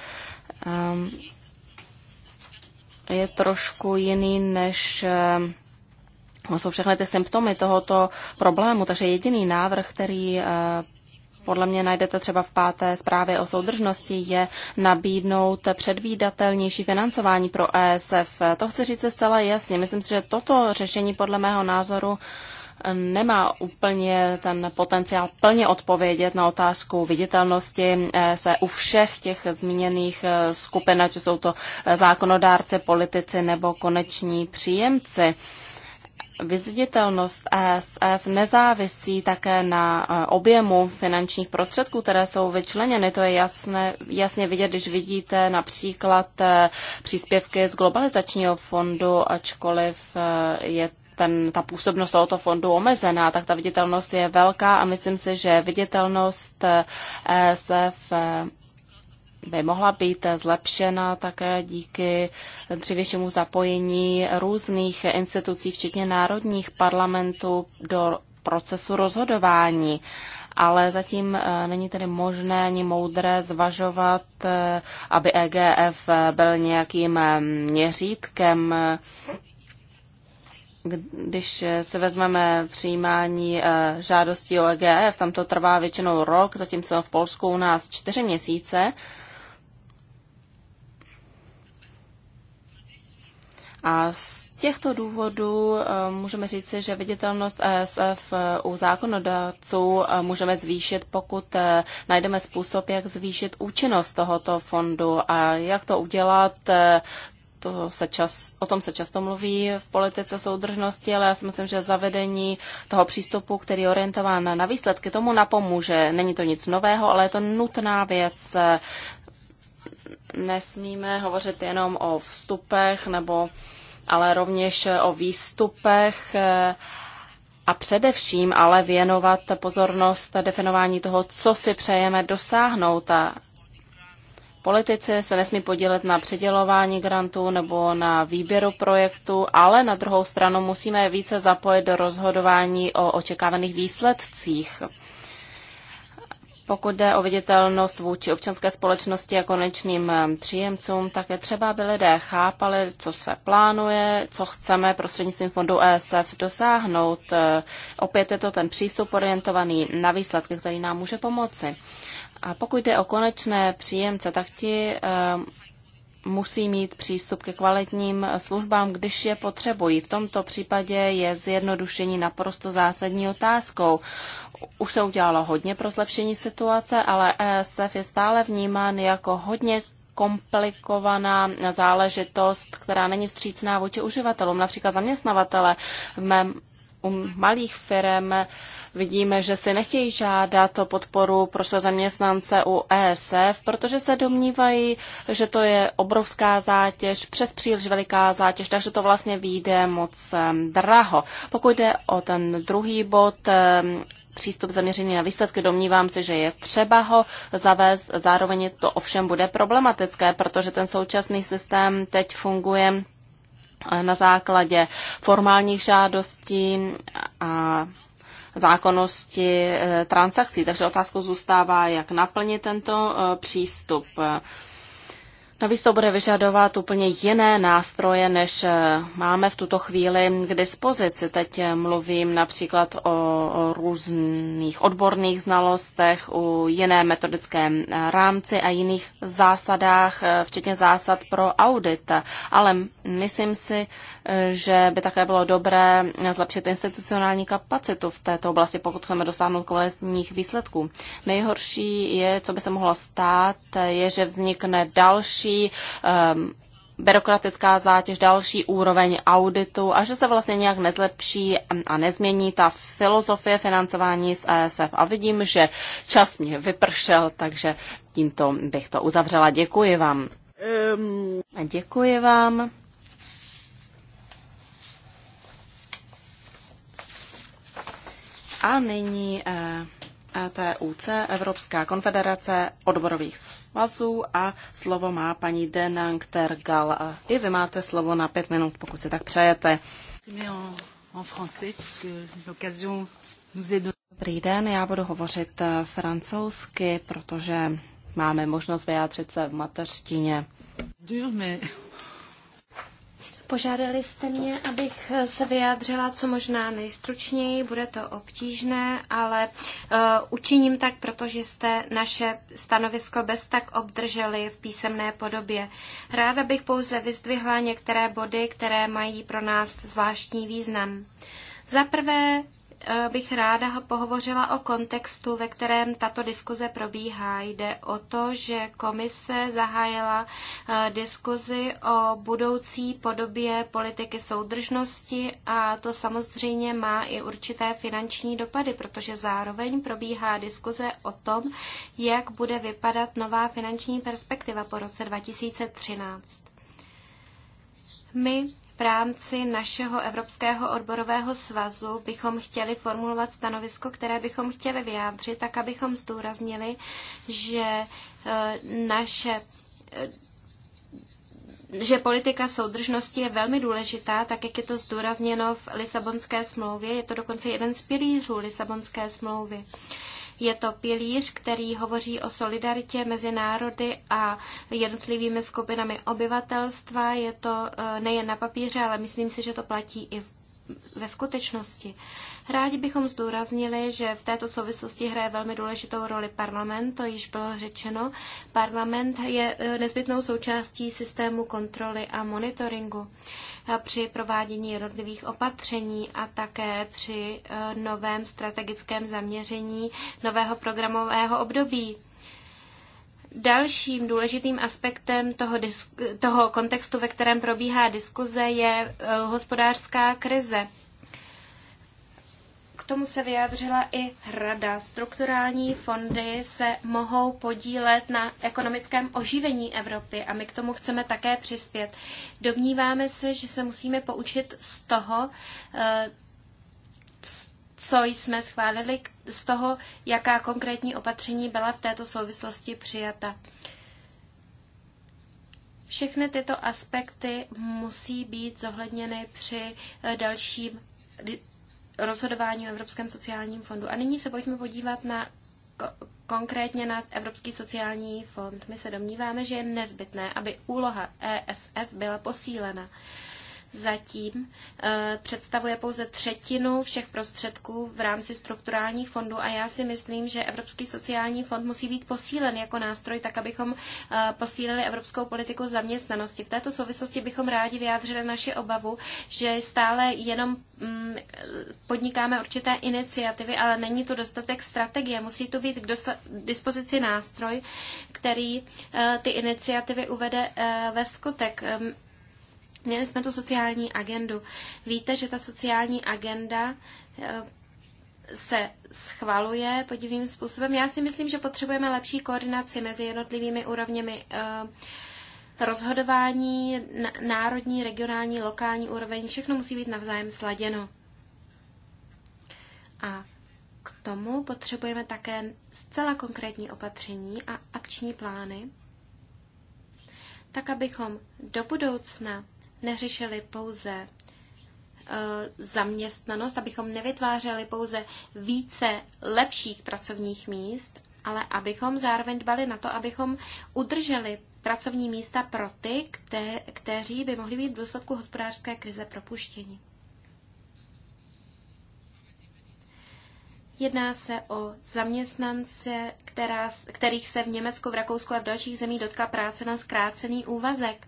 ehm, je trošku jiný než eh, jsou všechny ty symptomy tohoto problému, takže jediný návrh, který eh, podle mě najdete třeba v páté zprávě o soudržnosti, je nabídnout předvídatelnější financování pro ESF. To chci říct zcela jasně. Myslím si, že toto řešení podle mého názoru nemá úplně ten potenciál plně odpovědět na otázku viditelnosti eh, se u všech těch zmíněných eh, skupin, ať jsou to eh, zákonodárci, politici nebo koneční příjemci. Viditelnost ESF nezávisí také na objemu finančních prostředků, které jsou vyčleněny. To je jasné, jasně vidět, když vidíte například příspěvky z globalizačního fondu, ačkoliv je ten, ta působnost tohoto fondu omezená, tak ta viditelnost je velká a myslím si, že viditelnost ESF eh, eh, by mohla být zlepšena také díky dřívějšímu zapojení různých institucí, včetně národních parlamentů, do procesu rozhodování. Ale zatím eh, není tedy možné ani moudré zvažovat, aby EGF byl nějakým měřítkem když se vezmeme přijímání eh, žádostí o EGF, tam to trvá většinou rok, zatímco v Polsku u nás čtyři měsíce. A z těchto důvodů eh, můžeme říci, že viditelnost ESF eh, u zákonodáců můžeme zvýšit, pokud najdeme způsob, jak zvýšit účinnost tohoto fondu a jak to udělat to se čas, o tom se často mluví v politice soudržnosti, ale já si myslím, že zavedení toho přístupu, který je orientován na výsledky, tomu napomůže. Není to nic nového, ale je to nutná věc. Nesmíme hovořit jenom o vstupech, nebo, ale rovněž o výstupech a především ale věnovat pozornost definování toho, co si přejeme dosáhnout a Politici se nesmí podílet na předělování grantů nebo na výběru projektu, ale na druhou stranu musíme více zapojit do rozhodování o očekávaných výsledcích. Pokud jde o viditelnost vůči občanské společnosti a konečným eh, příjemcům, tak je třeba, aby lidé chápali, co se plánuje, co chceme prostřednictvím fondu ESF dosáhnout. Eh, Opět je to ten přístup orientovaný na výsledky, který nám může pomoci. A pokud jde o konečné příjemce, tak ti eh, musí mít přístup ke kvalitním službám, když je potřebují. V tomto případě je zjednodušení naprosto zásadní otázkou. Už se udělalo hodně pro zlepšení situace, ale ESF je stále vnímán jako hodně komplikovaná záležitost, která není vstřícná vůči uživatelům. Například zaměstnavatele v mém, u malých firm Vidíme, že si nechtějí žádat o podporu pro své zaměstnance u ESF, protože se domnívají, že to je obrovská zátěž, přes příliš veliká zátěž, takže to vlastně vyjde moc draho. Pokud jde o ten druhý bod, přístup zaměřený na výsledky, domnívám se, že je třeba ho zavést. Zároveň to ovšem bude problematické, protože ten současný systém teď funguje eh, na základě formálních žádostí a zákonnosti eh, transakcí. Takže otázkou zůstává, jak naplnit tento eh, přístup. Navíc to bude vyžadovat úplně jiné nástroje, než eh, máme v tuto chvíli k dispozici. Teď mluvím například o různých odborných znalostech, o jiné metodickém rámci a jiných zásadách, včetně zásad pro audit. Ale myslím si, že by také bylo dobré zlepšit institucionální kapacitu v této oblasti, pokud chceme dosáhnout kvalitních výsledků. Nejhorší je, co by se mohlo stát, je, že vznikne další um, byrokratická zátěž, další úroveň auditu a že se vlastně nějak nezlepší a nezmění ta filozofie financování z ESF. A vidím, že čas mě vypršel, takže tímto bych to uzavřela. Děkuji vám. Um... Děkuji vám. A nyní ETUC, eh, e Evropská konfederace odborových svazů a slovo má paní Denang Tergal. I vy máte slovo na pět minut, pokud si tak přejete. Dobrý den, já budu hovořit eh, francouzsky, protože máme možnost vyjádřit se v mateřtině.
Požádali jste mě, abych se vyjádřila co možná nejstručněji, bude to obtížné, ale uh, učiním tak, protože jste naše stanovisko bez tak obdrželi v písemné podobě. Ráda bych pouze vyzdvihla některé body, které mají pro nás zvláštní význam. Za prvé Eh, bych ráda pohovořila o kontextu, ve kterém tato diskuze probíhá. Jde o to, že komise zahájila eh, diskuzi o budoucí podobě politiky soudržnosti a to samozřejmě má i určité finanční dopady, protože zároveň probíhá diskuze o tom, jak bude vypadat nová finanční perspektiva po roce 2013. My v rámci našeho Evropského odborového svazu bychom chtěli formulovat stanovisko, které bychom chtěli vyjádřit, tak abychom zdůraznili, že eh, naše eh, že politika soudržnosti je velmi důležitá, tak jak je to zdůrazněno v Lisabonské smlouvě. Je to dokonce jeden z pilířů Lisabonské smlouvy. Uh, je to pilíř, který hovoří o solidaritě mezi národy a jednotlivými skupinami obyvatelstva. Je to eh, nejen na papíře, ale myslím si, že to platí i ve skutečnosti. Uh, Rádi bychom zdůraznili, že v této souvislosti hraje velmi důležitou roli parlament, to již bylo řečeno. Parlament je e, nezbytnou součástí systému kontroly a monitoringu při provádění jednotlivých opatření a také při e, novém strategickém zaměření nového programového období. Dalším důležitým aspektem toho, toho kontextu, ve kterém probíhá diskuze, je e, hospodářská krize. K tomu se vyjádřila i rada. Strukturální fondy se mohou podílet na ekonomickém oživení Evropy a my k tomu chceme také přispět. Domníváme se, že se musíme poučit z toho, eh, co jsme schválili, z toho, jaká konkrétní opatření byla v této souvislosti přijata. Všechny tyto aspekty musí být zohledněny při eh, dalším rozhodování o Evropském sociálním fondu. A nyní se pojďme podívat na konkrétně na Evropský sociální fond. My se domníváme, že je nezbytné, aby úloha ESF byla posílena zatím eh, představuje pouze třetinu všech prostředků v rámci strukturálních fondů a já si myslím, že Evropský sociální fond musí být posílen jako nástroj, tak abychom eh, posílili evropskou politiku zaměstnanosti. V této souvislosti bychom rádi vyjádřili naši obavu, že stále jenom mm, podnikáme určité iniciativy, ale není tu dostatek strategie. Musí tu být k dispozici nástroj, který eh, ty iniciativy uvede ve skutek. Ehm, Měli jsme tu sociální agendu. Víte, že ta sociální agenda eh, se schvaluje podivným způsobem. Já si myslím, že potřebujeme lepší koordinaci mezi jednotlivými úrovněmi eh, rozhodování, národní, regionální, lokální úroveň. Všechno musí být navzájem sladěno. A k tomu potřebujeme také zcela konkrétní opatření a akční plány, tak abychom do budoucna neřešili pouze e, zaměstnanost, abychom nevytvářeli pouze více lepších pracovních míst, ale abychom zároveň dbali na to, abychom udrželi pracovní místa pro ty, kte, kteří by mohli být v důsledku hospodářské krize propuštěni. Jedná se o zaměstnance, která, kterých se v Německu, v Rakousku a v dalších zemích dotkla práce na zkrácený úvazek.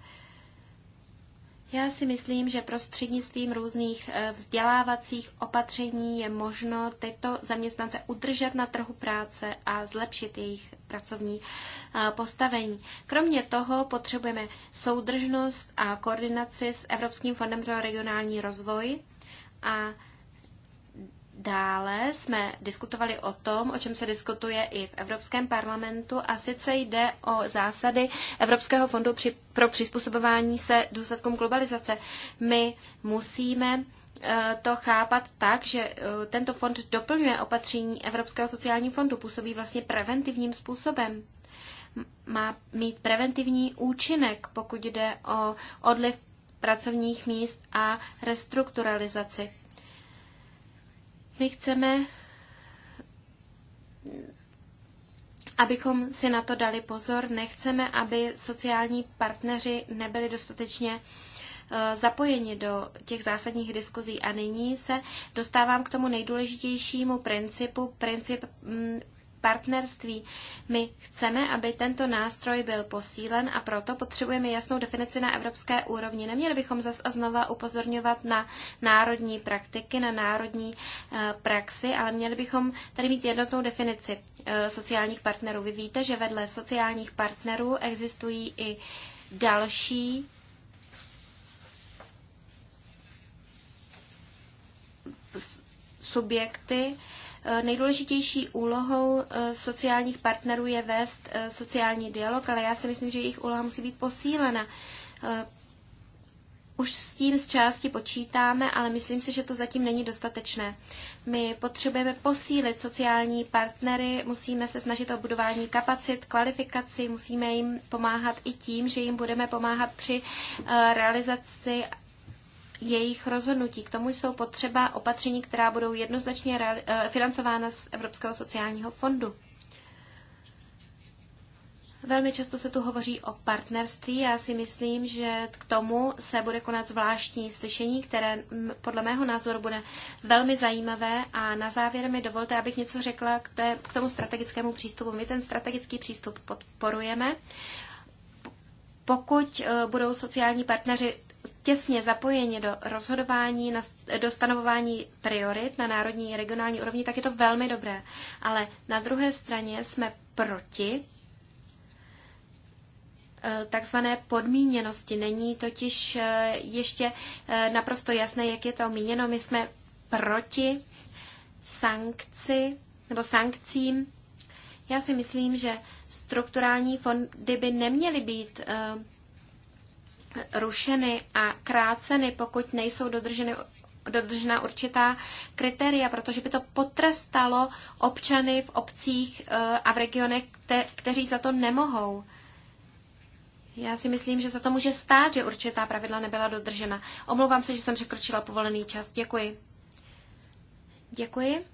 Já si myslím, že prostřednictvím různých eh, vzdělávacích opatření je možno tyto zaměstnance udržet na trhu práce a zlepšit jejich pracovní eh, postavení. Kromě toho potřebujeme soudržnost a koordinaci s Evropským fondem pro regionální rozvoj a Dále jsme diskutovali o tom, o čem se diskutuje i v Evropském parlamentu, a sice jde o zásady Evropského fondu při, pro přizpůsobování se důsledkům globalizace. My musíme eh, to chápat tak, že eh, tento fond doplňuje opatření Evropského sociálního fondu, působí vlastně preventivním způsobem. Má mít preventivní účinek, pokud jde o odliv pracovních míst a restrukturalizaci. My chceme, abychom si na to dali pozor. Nechceme, aby sociální partneři nebyli dostatečně eh, zapojeni do těch zásadních diskuzí. A nyní se dostávám k tomu nejdůležitějšímu principu, princip mm, partnerství. My chceme, aby tento nástroj byl posílen a proto potřebujeme jasnou definici na evropské úrovni. Neměli bychom zas a znova upozorňovat na národní praktiky, na národní eh, praxi, ale měli bychom tady mít jednotnou definici eh, sociálních partnerů. Vy víte, že vedle sociálních partnerů existují i další subjekty, Nejdůležitější úlohou eh, sociálních partnerů je vést eh, sociální dialog, ale já si myslím, že jejich úloha musí být posílena. Eh, už s tím z části počítáme, ale myslím si, že to zatím není dostatečné. My potřebujeme posílit sociální partnery, musíme se snažit o budování kapacit, kvalifikaci, musíme jim pomáhat i tím, že jim budeme pomáhat při realizaci jejich rozhodnutí. K tomu jsou potřeba opatření, která budou jednoznačně eh, financována z Evropského sociálního fondu. Velmi často se tu hovoří o partnerství. Já si myslím, že k tomu se bude konat zvláštní slyšení, které podle mého názoru bude velmi zajímavé. A na závěr mi dovolte, abych něco řekla k, tomu strategickému přístupu. My ten strategický přístup podporujeme. Pokud eh, budou sociální partneři těsně zapojeni do rozhodování, na, do stanovování priorit na národní regionální úrovni, tak je to velmi dobré. Ale na druhé straně jsme proti eh, takzvané podmíněnosti. Není totiž eh, ještě eh, naprosto jasné, jak je to míněno. My jsme proti sankci nebo sankcím. Já si myslím, že strukturální fondy by neměly být rušeny a kráceny, pokud nejsou dodrženy dodržena určitá kritéria, protože by to potrestalo občany v obcích eh, a v regionech, kteří za to nemohou. Já si myslím, že za to může stát, že určitá pravidla nebyla dodržena. Omlouvám se, že jsem překročila povolený čas. Děkuji. Děkuji.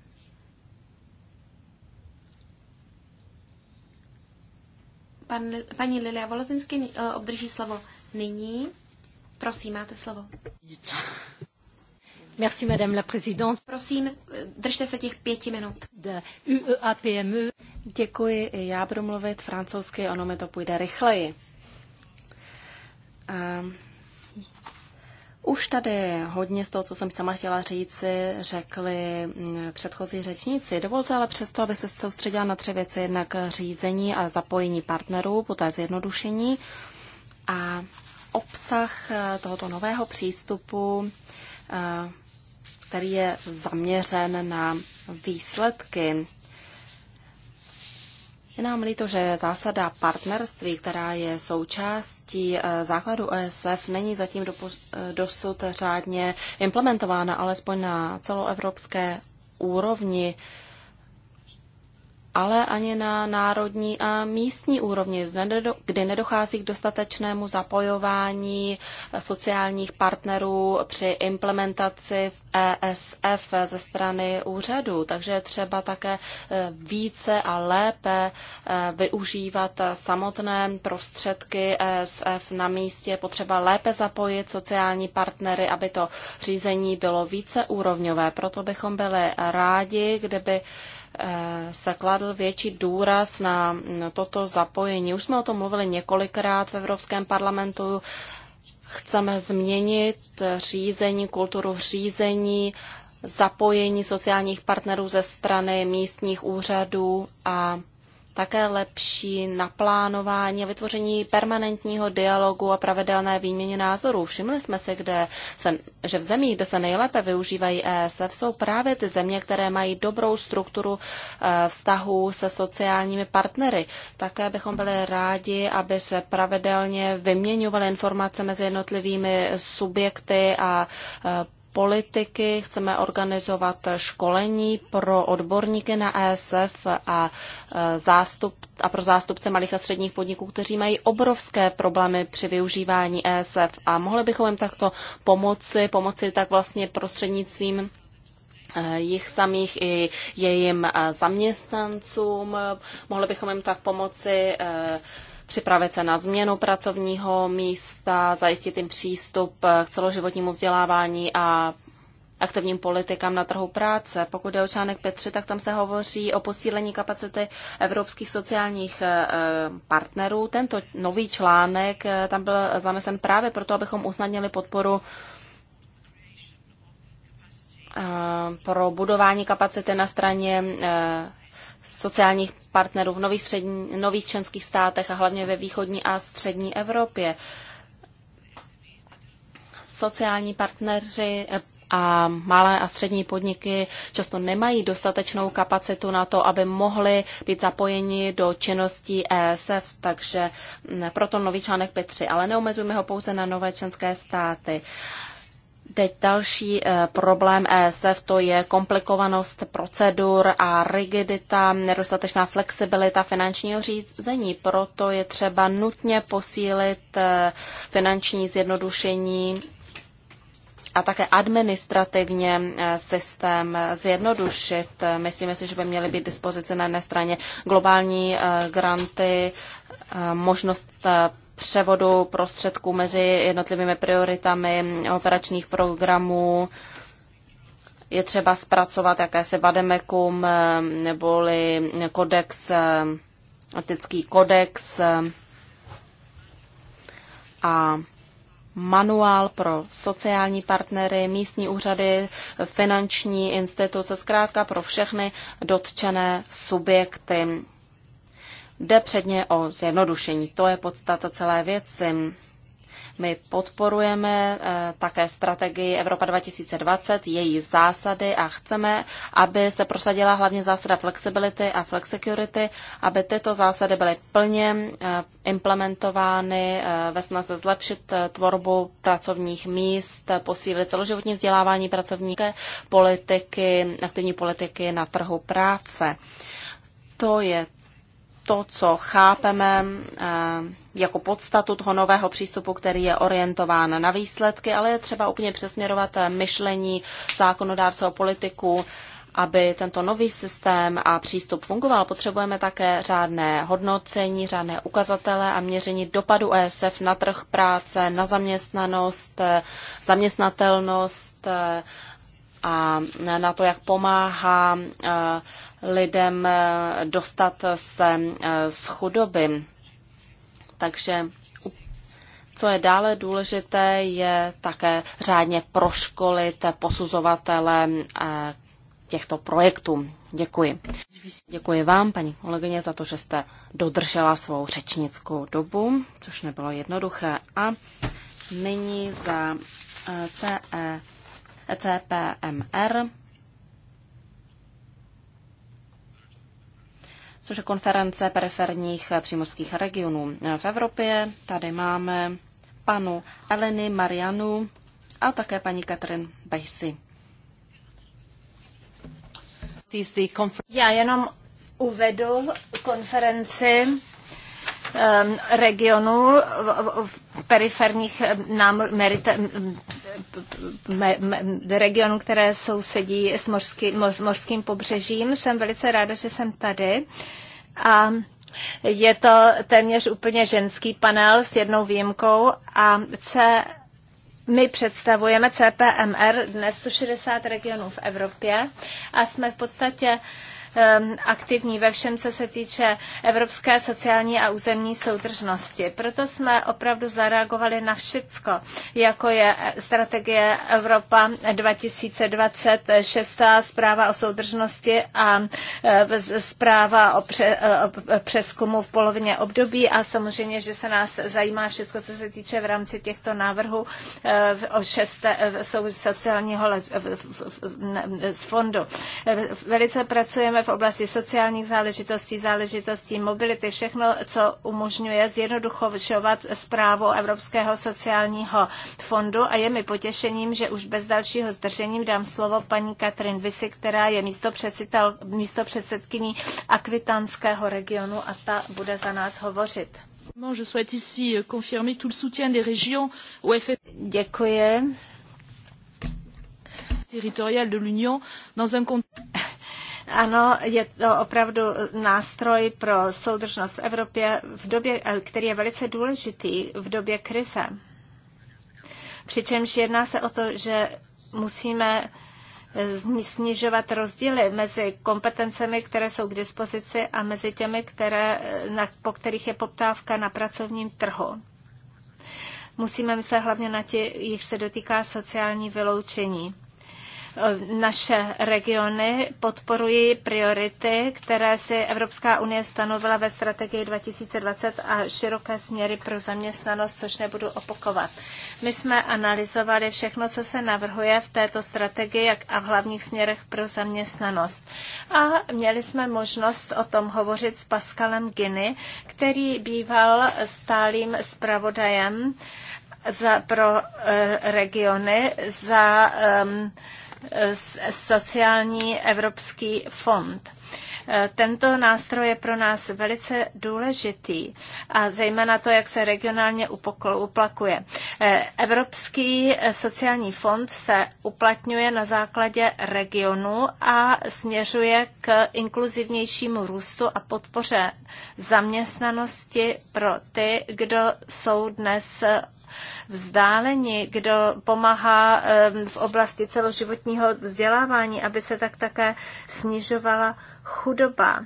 Pan, paní Lilia Volozinsky eh, obdrží slovo nyní. Prosím, máte slovo. Merci, madame la présidente. Prosím, držte se těch pěti minut.
De UEAPME. E. Děkuji, já budu mluvit francouzsky, ono mi to půjde rychleji. Um. Už tady hodně z toho, co jsem sama chtěla říci, řekli mm, předchozí řečníci. Dovolte ale přesto, aby se soustředila na tři věci, jednak řízení a zapojení partnerů, poté zjednodušení a obsah eh, tohoto nového přístupu, eh, který je zaměřen na výsledky. Je nám líto, že zásada partnerství, která je součástí eh, základu ESF, není zatím dosud řádně implementována, alespoň na celoevropské úrovni ale ani na národní a místní úrovni, kde nedochází k dostatečnému zapojování sociálních partnerů při implementaci v ESF ze strany úřadu. Takže je třeba také e, více a lépe e, využívat samotné prostředky ESF na místě. Potřeba lépe zapojit sociální partnery, aby to řízení bylo více úrovňové. Proto bychom byli rádi, kdyby Eh, se kladl větší důraz na toto zapojení. Už jsme o tom mluvili několikrát v Evropském parlamentu. Chceme změnit řízení, kulturu řízení, zapojení sociálních partnerů ze strany místních úřadů a také lepší naplánování a vytvoření permanentního dialogu a pravidelné výměny názorů. Všimli jsme si, kde se, že v zemích, kde se nejlépe využívají ESF, jsou právě ty země, které mají dobrou strukturu eh, vztahů se sociálními partnery. Také bychom byli rádi, aby se pravidelně vyměňovaly informace mezi jednotlivými subjekty a eh, politiky, chceme organizovat školení pro odborníky na ESF a, e, zástup, a pro zástupce malých a středních podniků, kteří mají obrovské problémy při využívání ESF a mohli bychom jim takto pomoci, pomoci tak vlastně prostřednictvím e, jich samých i jejím e, zaměstnancům. Mohli bychom jim tak pomoci připravit se na změnu pracovního místa, zajistit jim přístup k celoživotnímu vzdělávání a aktivním politikám na trhu práce. Pokud je o článek 5.3, tak tam se hovoří o posílení kapacity evropských sociálních eh, partnerů. Tento nový článek eh, tam byl zanesen právě proto, abychom usnadnili podporu eh, pro budování kapacity na straně sociálních partnerů v nových, střední, nových členských státech a hlavně ve východní a střední Evropě. Sociální partneři eh, a malé a střední podniky často nemají dostatečnou kapacitu na to, aby mohli být zapojeni do činností ESF, takže mm, proto nový článek 5.3, ale neomezujeme ho pouze na nové členské státy. Teď další eh, problém ESF to je komplikovanost procedur a rigidita, nedostatečná flexibilita finančního řízení. Proto je třeba nutně posílit eh, finanční zjednodušení a také administrativně eh, systém zjednodušit. Myslíme si, že by měly být dispozice na jedné straně globální granty, možnost převodu prostředků mezi jednotlivými prioritami operačních programů. Je třeba zpracovat jakési vademekum neboli kodex, etický kodex a manuál pro sociální partnery, místní úřady, finanční instituce, zkrátka pro všechny dotčené subjekty Jde předně o zjednodušení. To je podstata celé věci. My podporujeme eh, také strategii Evropa 2020, její zásady a chceme, aby se prosadila hlavně zásada flexibility a flexicurity, aby tyto zásady byly plně eh, implementovány eh, ve snaze zlepšit tvorbu pracovních míst, posílit celoživotní vzdělávání pracovníků, politiky, aktivní politiky na trhu práce. To je to, co chápeme eh, jako podstatu toho nového přístupu, který je orientován na výsledky, ale je třeba úplně přesměrovat eh, myšlení zákonodárce o politiku, aby tento nový systém a přístup fungoval, potřebujeme také řádné hodnocení, řádné ukazatele a měření dopadu ESF na trh práce, na zaměstnanost, eh, zaměstnatelnost, a na to, jak pomáhá eh, lidem eh, dostat se eh, z chudoby. Takže co je dále důležité, je také řádně proškolit posuzovatele těchto projektů. Děkuji. Děkuji vám, paní kolegyně, za to, že jste dodržela svou řečnickou dobu, což nebylo jednoduché. A nyní za CE E CPMR, což je konference periferních přímořských regionů v Evropě. Tady máme panu Eleny Marianu
a také paní Katrin Bejsi. Já jenom uvedu konferenci Ehm, regionů, v periferních ehm, námor, merite, me, me, regionů, které sousedí s, mořský, mořským pobřežím. Jsem velice ráda, že jsem tady. A je to téměř úplně ženský panel s jednou výjimkou a C, my představujeme CPMR dnes 160 regionů v Evropě a jsme v podstatě uh, Um, aktivní ve všem, co se týče evropské sociální a územní soudržnosti. Proto jsme opravdu zareagovali na všecko, jako je strategie Evropa 2020, šestá zpráva o soudržnosti a e, zpráva o, pře, e, o přeskumu v polovině období a samozřejmě, že se nás zajímá všechno, co se týče v rámci těchto návrhů e, o šesté, sociálního z fondu. Velice pracujeme v oblasti sociálních záležitostí, záležitostí mobility, všechno, co umožňuje zjednodušovat zprávu Evropského sociálního fondu a je mi potěšením, že už bez dalšího zdržení dám slovo paní Katrin Visi, která je místo, předsedkyní akvitanského Akvitánského regionu a ta bude za nás hovořit. Děkuji de l'Union dans un contexte ano, je to opravdu nástroj pro soudržnost v Evropě, v době, eh, který je velice důležitý v době krize. Přičemž jedná se o to, že musíme eh, snižovat rozdíly mezi kompetencemi, které jsou k dispozici a mezi těmi, které, eh, na, po kterých je poptávka na pracovním trhu. Musíme myslet hlavně na ti, jich se dotýká sociální vyloučení naše regiony, podporuji priority, které si Evropská unie stanovila ve strategii 2020 a široké směry pro zaměstnanost, což nebudu opakovat. My jsme analyzovali všechno, co se navrhuje v této strategii jak a v hlavních směrech pro zaměstnanost. A měli jsme možnost o tom hovořit s Pascalem Giny, který býval stálým zpravodajem za, pro e, regiony za e, sociální evropský fond. E, tento nástroj je pro nás velice důležitý a zejména to, jak se regionálně uplakuje. E, evropský sociální fond se uplatňuje na základě regionu a směřuje k inkluzivnějšímu růstu a podpoře zaměstnanosti pro ty, kdo jsou dnes vzdáleni, kdo pomáhá eh, v oblasti celoživotního vzdělávání, aby se tak také snižovala chudoba.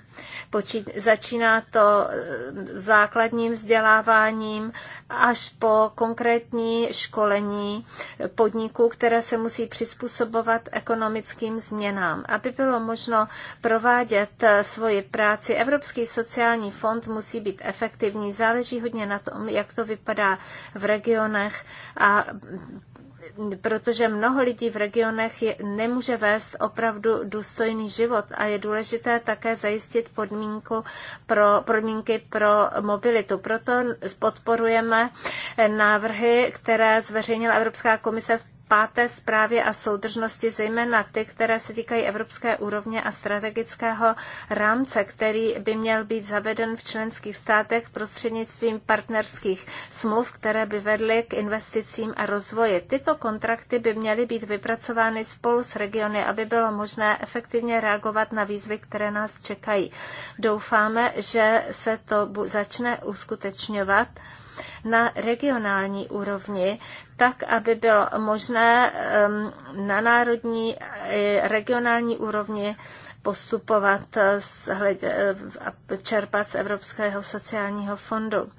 Počít, začíná to eh, základním vzděláváním až po konkrétní školení podniků, které se musí přizpůsobovat ekonomickým změnám. Aby bylo možno provádět eh, svoji práci, Evropský sociální fond musí být efektivní. Záleží hodně na tom, jak to vypadá v regionech a protože mnoho lidí v regionech je, nemůže vést opravdu důstojný život a je důležité také zajistit podmínku pro, podmínky pro mobilitu. Proto podporujeme návrhy, které zveřejnila Evropská komise v páté zprávě a soudržnosti, zejména ty, které se týkají evropské úrovně a strategického rámce, který by měl být zaveden v členských státech prostřednictvím partnerských smluv, které by vedly k investicím a rozvoji. Tyto kontrakty by měly být vypracovány spolu s regiony, aby bylo možné efektivně reagovat na výzvy, které nás čekají. Doufáme, že se to začne uskutečňovat na regionální úrovni, tak, aby bylo možné na národní eh, regionální úrovni postupovat eh, a čerpat z Evropského sociálního fondu.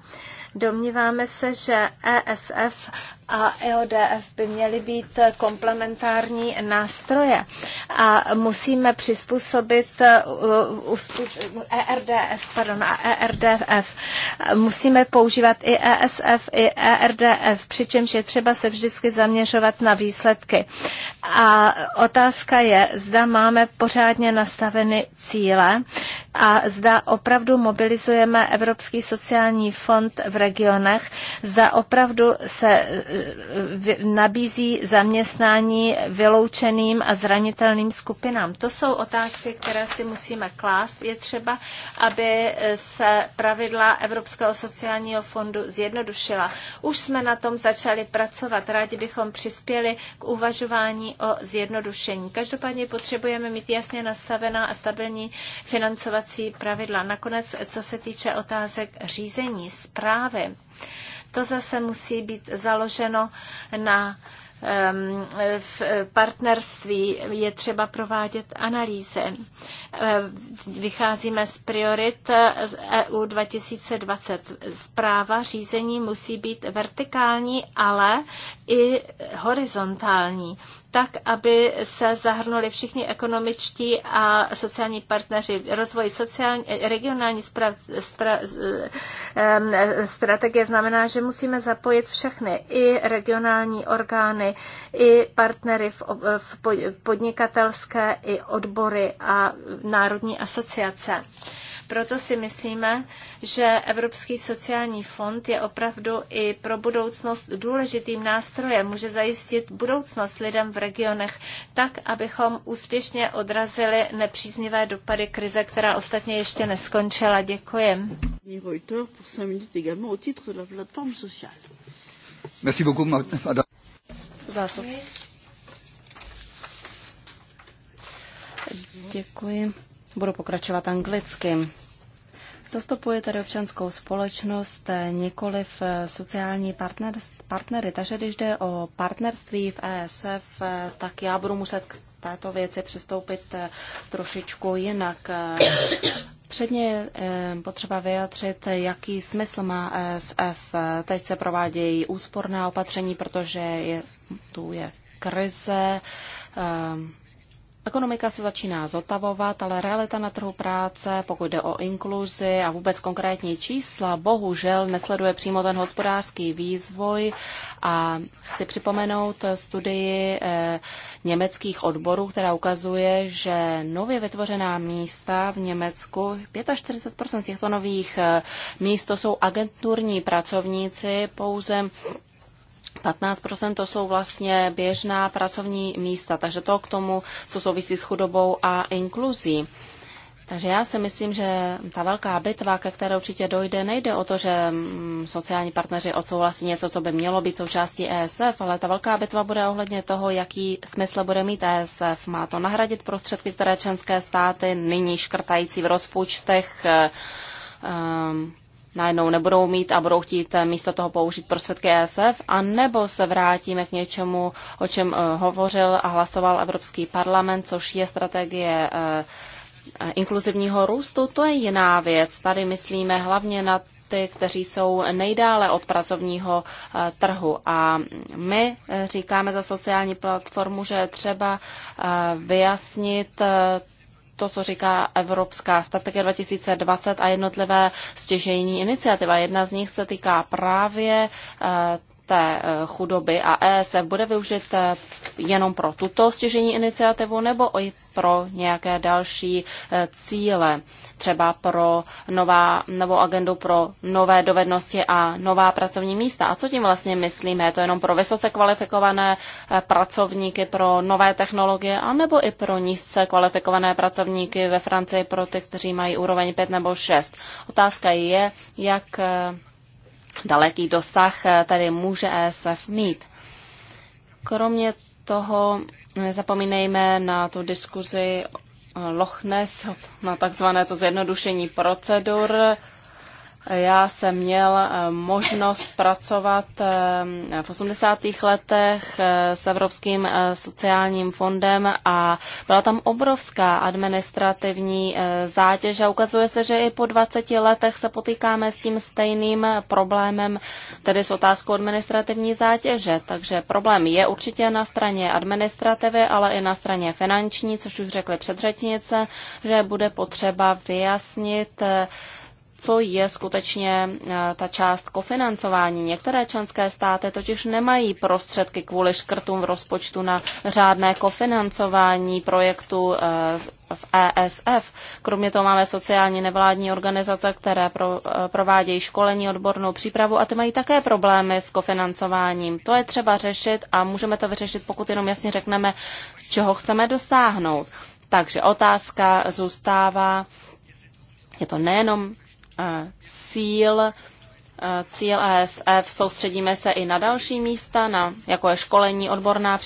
Domníváme se, že ESF a EODF by měly být komplementární nástroje a musíme přizpůsobit uh, ERDF, pardon, a ERDF. Musíme používat i ESF, i ERDF, přičemž je třeba se vždycky zaměřovat na výsledky. A otázka je, zda máme pořádně nastaveny cíle a zda opravdu mobilizujeme Evropský sociální fond v regionech, zda opravdu se nabízí zaměstnání vyloučeným a zranitelným skupinám. To jsou otázky, které si musíme klást. Je třeba, aby se pravidla Evropského sociálního fondu zjednodušila. Už jsme na tom začali pracovat. Rádi bychom přispěli k uvažování o zjednodušení. Každopádně potřebujeme mít jasně nastavená a stabilní financovací pravidla. Nakonec, co se týče otázek řízení, zprávy, to zase musí být založeno na v partnerství je třeba provádět analýzy. Vycházíme z priorit EU 2020. Zpráva řízení musí být vertikální, ale i horizontální tak, aby se zahrnuli všichni ekonomičtí a sociální partneři. Rozvoj sociální, regionální spra, spra, strategie znamená, že musíme zapojit všechny, i regionální orgány, i partnery v, v podnikatelské, i odbory a národní asociace. Proto si myslíme, že Evropský sociální fond je opravdu i pro budoucnost důležitým nástrojem. Může zajistit budoucnost lidem v regionech tak, abychom úspěšně odrazili nepříznivé dopady krize, která ostatně ještě neskončila. Děkuji.
Merci beaucoup, madame.
Děkuji. Budu pokračovat anglicky. Zastupuje tedy občanskou společnost, eh, v eh, sociální partner, partnery. Takže když jde o partnerství v ESF, eh, tak já budu muset k této věci přistoupit trošičku jinak. Předně potřeba vyjadřit, jaký smysl má ESF. Teď se provádějí úsporná opatření, protože je, tu je krize, Ekonomika se začíná zotavovat, ale realita na trhu práce, pokud jde o inkluzi a vůbec konkrétní čísla, bohužel nesleduje přímo ten hospodářský výzvoj a chci připomenout studii eh, německých odborů, která ukazuje, že nově vytvořená místa v Německu, 45% z těchto nových eh, míst to jsou agenturní pracovníci, pouze 15% to jsou vlastně běžná pracovní místa, takže to k tomu, co souvisí s chudobou a inkluzí. Takže já si myslím, že ta velká bitva, ke které určitě dojde, nejde o to, že mm, sociální partneři odsouhlasí něco, co by mělo být součástí ESF, ale ta velká bitva bude ohledně toho, jaký smysl bude mít ESF. Má to nahradit prostředky, které členské státy nyní škrtající v rozpočtech um, najednou nebudou mít a budou chtít eh, místo toho použít prostředky ESF, a nebo se vrátíme k něčemu, o čem eh, hovořil a hlasoval Evropský parlament, což je strategie eh, inkluzivního růstu, to je jiná věc. Tady myslíme hlavně na ty, kteří jsou nejdále od pracovního trhu. A my říkáme za sociální platformu, že třeba vyjasnit to, co říká Evropská strategie 2020 a jednotlivé stěžejní iniciativa. Jedna z nich se týká právě eh, té eh, chudoby a ESF bude využit eh, jenom pro tuto stěžení iniciativu nebo i pro nějaké další eh, cíle, třeba pro nová, novou agendu pro nové dovednosti a nová pracovní místa. A co tím vlastně myslíme? Je to jenom pro vysoce kvalifikované pracovníky pro nové technologie a nebo i pro nízce kvalifikované pracovníky ve Francii pro ty, kteří mají úroveň 5 nebo 6? Otázka je, jak daleký dosah eh, tady může ESF mít. Kromě toho nezapomínejme eh, na tu diskuzi Loch Ness, na takzvané to zjednodušení procedur. Já jsem měl eh, možnost pracovat eh, v 80. letech eh, s Evropským sociálním fondem a byla tam obrovská administrativní zátěž a ukazuje se, že i po 20 letech se potýkáme s tím stejným problémem, tedy s otázkou administrativní zátěže. Takže problém je určitě na straně administrativy, ale i na straně finanční, což už řekli předřetnice, že bude potřeba vyjasnit, co je skutečně eh, ta část kofinancování. Některé členské státy totiž nemají prostředky kvůli škrtům v rozpočtu na řádné kofinancování projektu eh, v ESF. Kromě toho máme sociální nevládní organizace, které pro, eh, provádějí školení, odbornou přípravu a ty mají také problémy s kofinancováním. To je třeba řešit a můžeme to vyřešit, pokud jenom jasně řekneme, čeho chceme dosáhnout. Takže otázka zůstává, je to nejenom Eh, cíl, eh, cíl ESF, soustředíme se i na další místa, na, jako je školení, odborná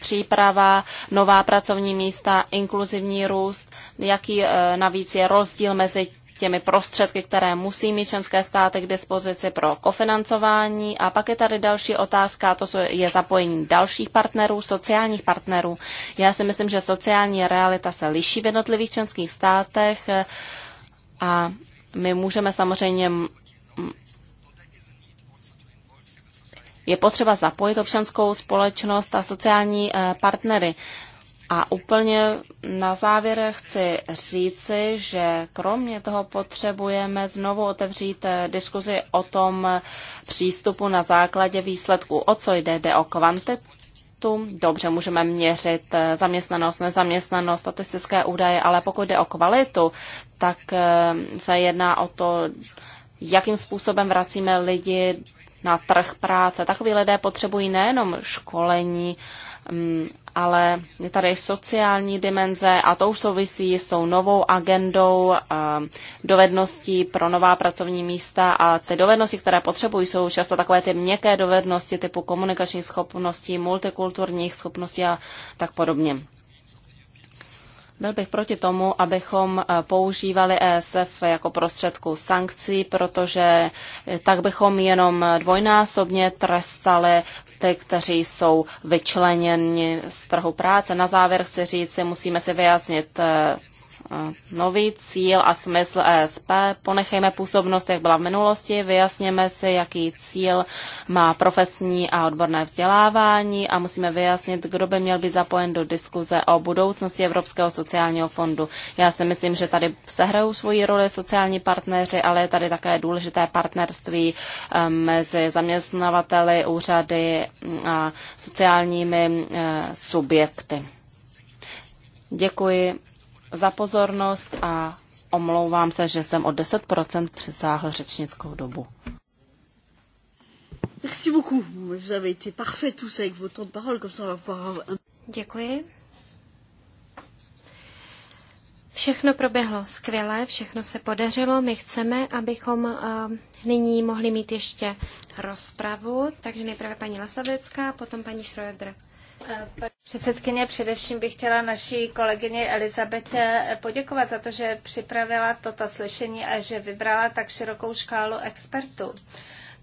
příprava, nová pracovní místa, inkluzivní růst, jaký eh, navíc je rozdíl mezi těmi prostředky, které musí mít členské státy k dispozici pro kofinancování. A pak je tady další otázka, to je zapojení dalších partnerů, sociálních partnerů. Já si myslím, že sociální realita se liší v jednotlivých členských státech a my můžeme samozřejmě je potřeba zapojit občanskou společnost a sociální eh, partnery. A úplně na závěr chci říci, že kromě toho potřebujeme znovu otevřít eh, diskuzi o tom eh, přístupu na základě výsledků. O co jde? Jde o kvantitu. Dobře, můžeme měřit zaměstnanost, nezaměstnanost, statistické údaje, ale pokud jde o kvalitu, tak eh, se jedná o to, jakým způsobem vracíme lidi na trh práce. Takový lidé potřebují nejenom školení, mm, ale je tady sociální dimenze a to už souvisí s tou novou agendou eh, dovedností pro nová pracovní místa a ty dovednosti, které potřebují, jsou často takové ty měkké dovednosti typu komunikačních schopností, multikulturních schopností a tak podobně. Byl bych proti tomu, abychom eh, používali ESF jako prostředku sankcí, protože eh, tak bychom jenom dvojnásobně trestali ty, kteří jsou vyčleněni z trhu práce. Na závěr chci říct, musíme si vyjasnit eh, Eh, nový cíl a smysl ESP. Ponechejme působnost, jak byla v minulosti, vyjasněme si, jaký cíl má profesní a odborné vzdělávání a musíme vyjasnit, kdo by měl být zapojen do diskuze o budoucnosti Evropského sociálního fondu. Já si myslím, že tady sehrajou svoji roli sociální partneři, ale je tady také důležité partnerství eh, mezi zaměstnavateli, úřady mm, a sociálními eh, subjekty. Děkuji za pozornost a omlouvám se, že jsem o 10% přesáhl řečnickou dobu.
Merci beaucoup. Vous avez été parfait tous avec vos temps de parole, comme ça on va pouvoir... Děkuji.
Všechno proběhlo skvěle, všechno se podařilo. My chceme, abychom uh, nyní mohli mít ještě rozpravu. Takže nejprve paní Lasavecká, potom paní Schroeder.
Předsedkyně, především bych chtěla naší kolegyni Elizabetě poděkovat za to, že připravila toto slyšení a že vybrala tak širokou škálu expertů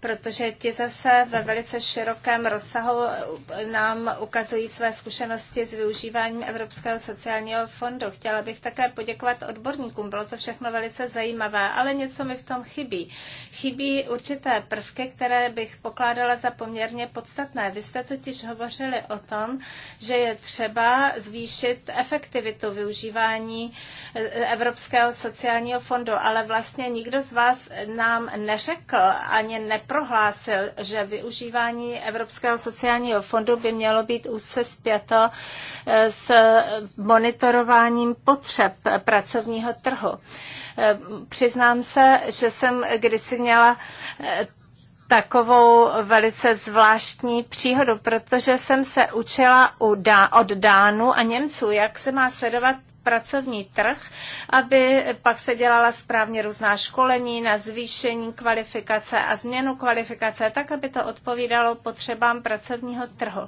protože ti zase ve velice širokém rozsahu eh, nám ukazují své zkušenosti s využíváním Evropského sociálního fondu. Chtěla bych také poděkovat odborníkům, bylo to všechno velice zajímavé, ale něco mi v tom chybí. Chybí určité prvky, které bych pokládala za poměrně podstatné. Vy jste totiž hovořili o tom, že je třeba zvýšit efektivitu využívání eh, Evropského sociálního fondu, ale vlastně nikdo z vás nám neřekl ani nepro prohlásil, že využívání Evropského sociálního fondu by mělo být úzce zpěto eh, s monitorováním potřeb pracovního trhu. Eh, přiznám se, že jsem kdysi měla eh, takovou velice zvláštní příhodu, protože jsem se učila u Dá- od Dánu a Němců, jak se má sledovat pracovní trh, aby pak se dělala správně různá školení na zvýšení kvalifikace a změnu kvalifikace, tak, aby to odpovídalo potřebám pracovního trhu.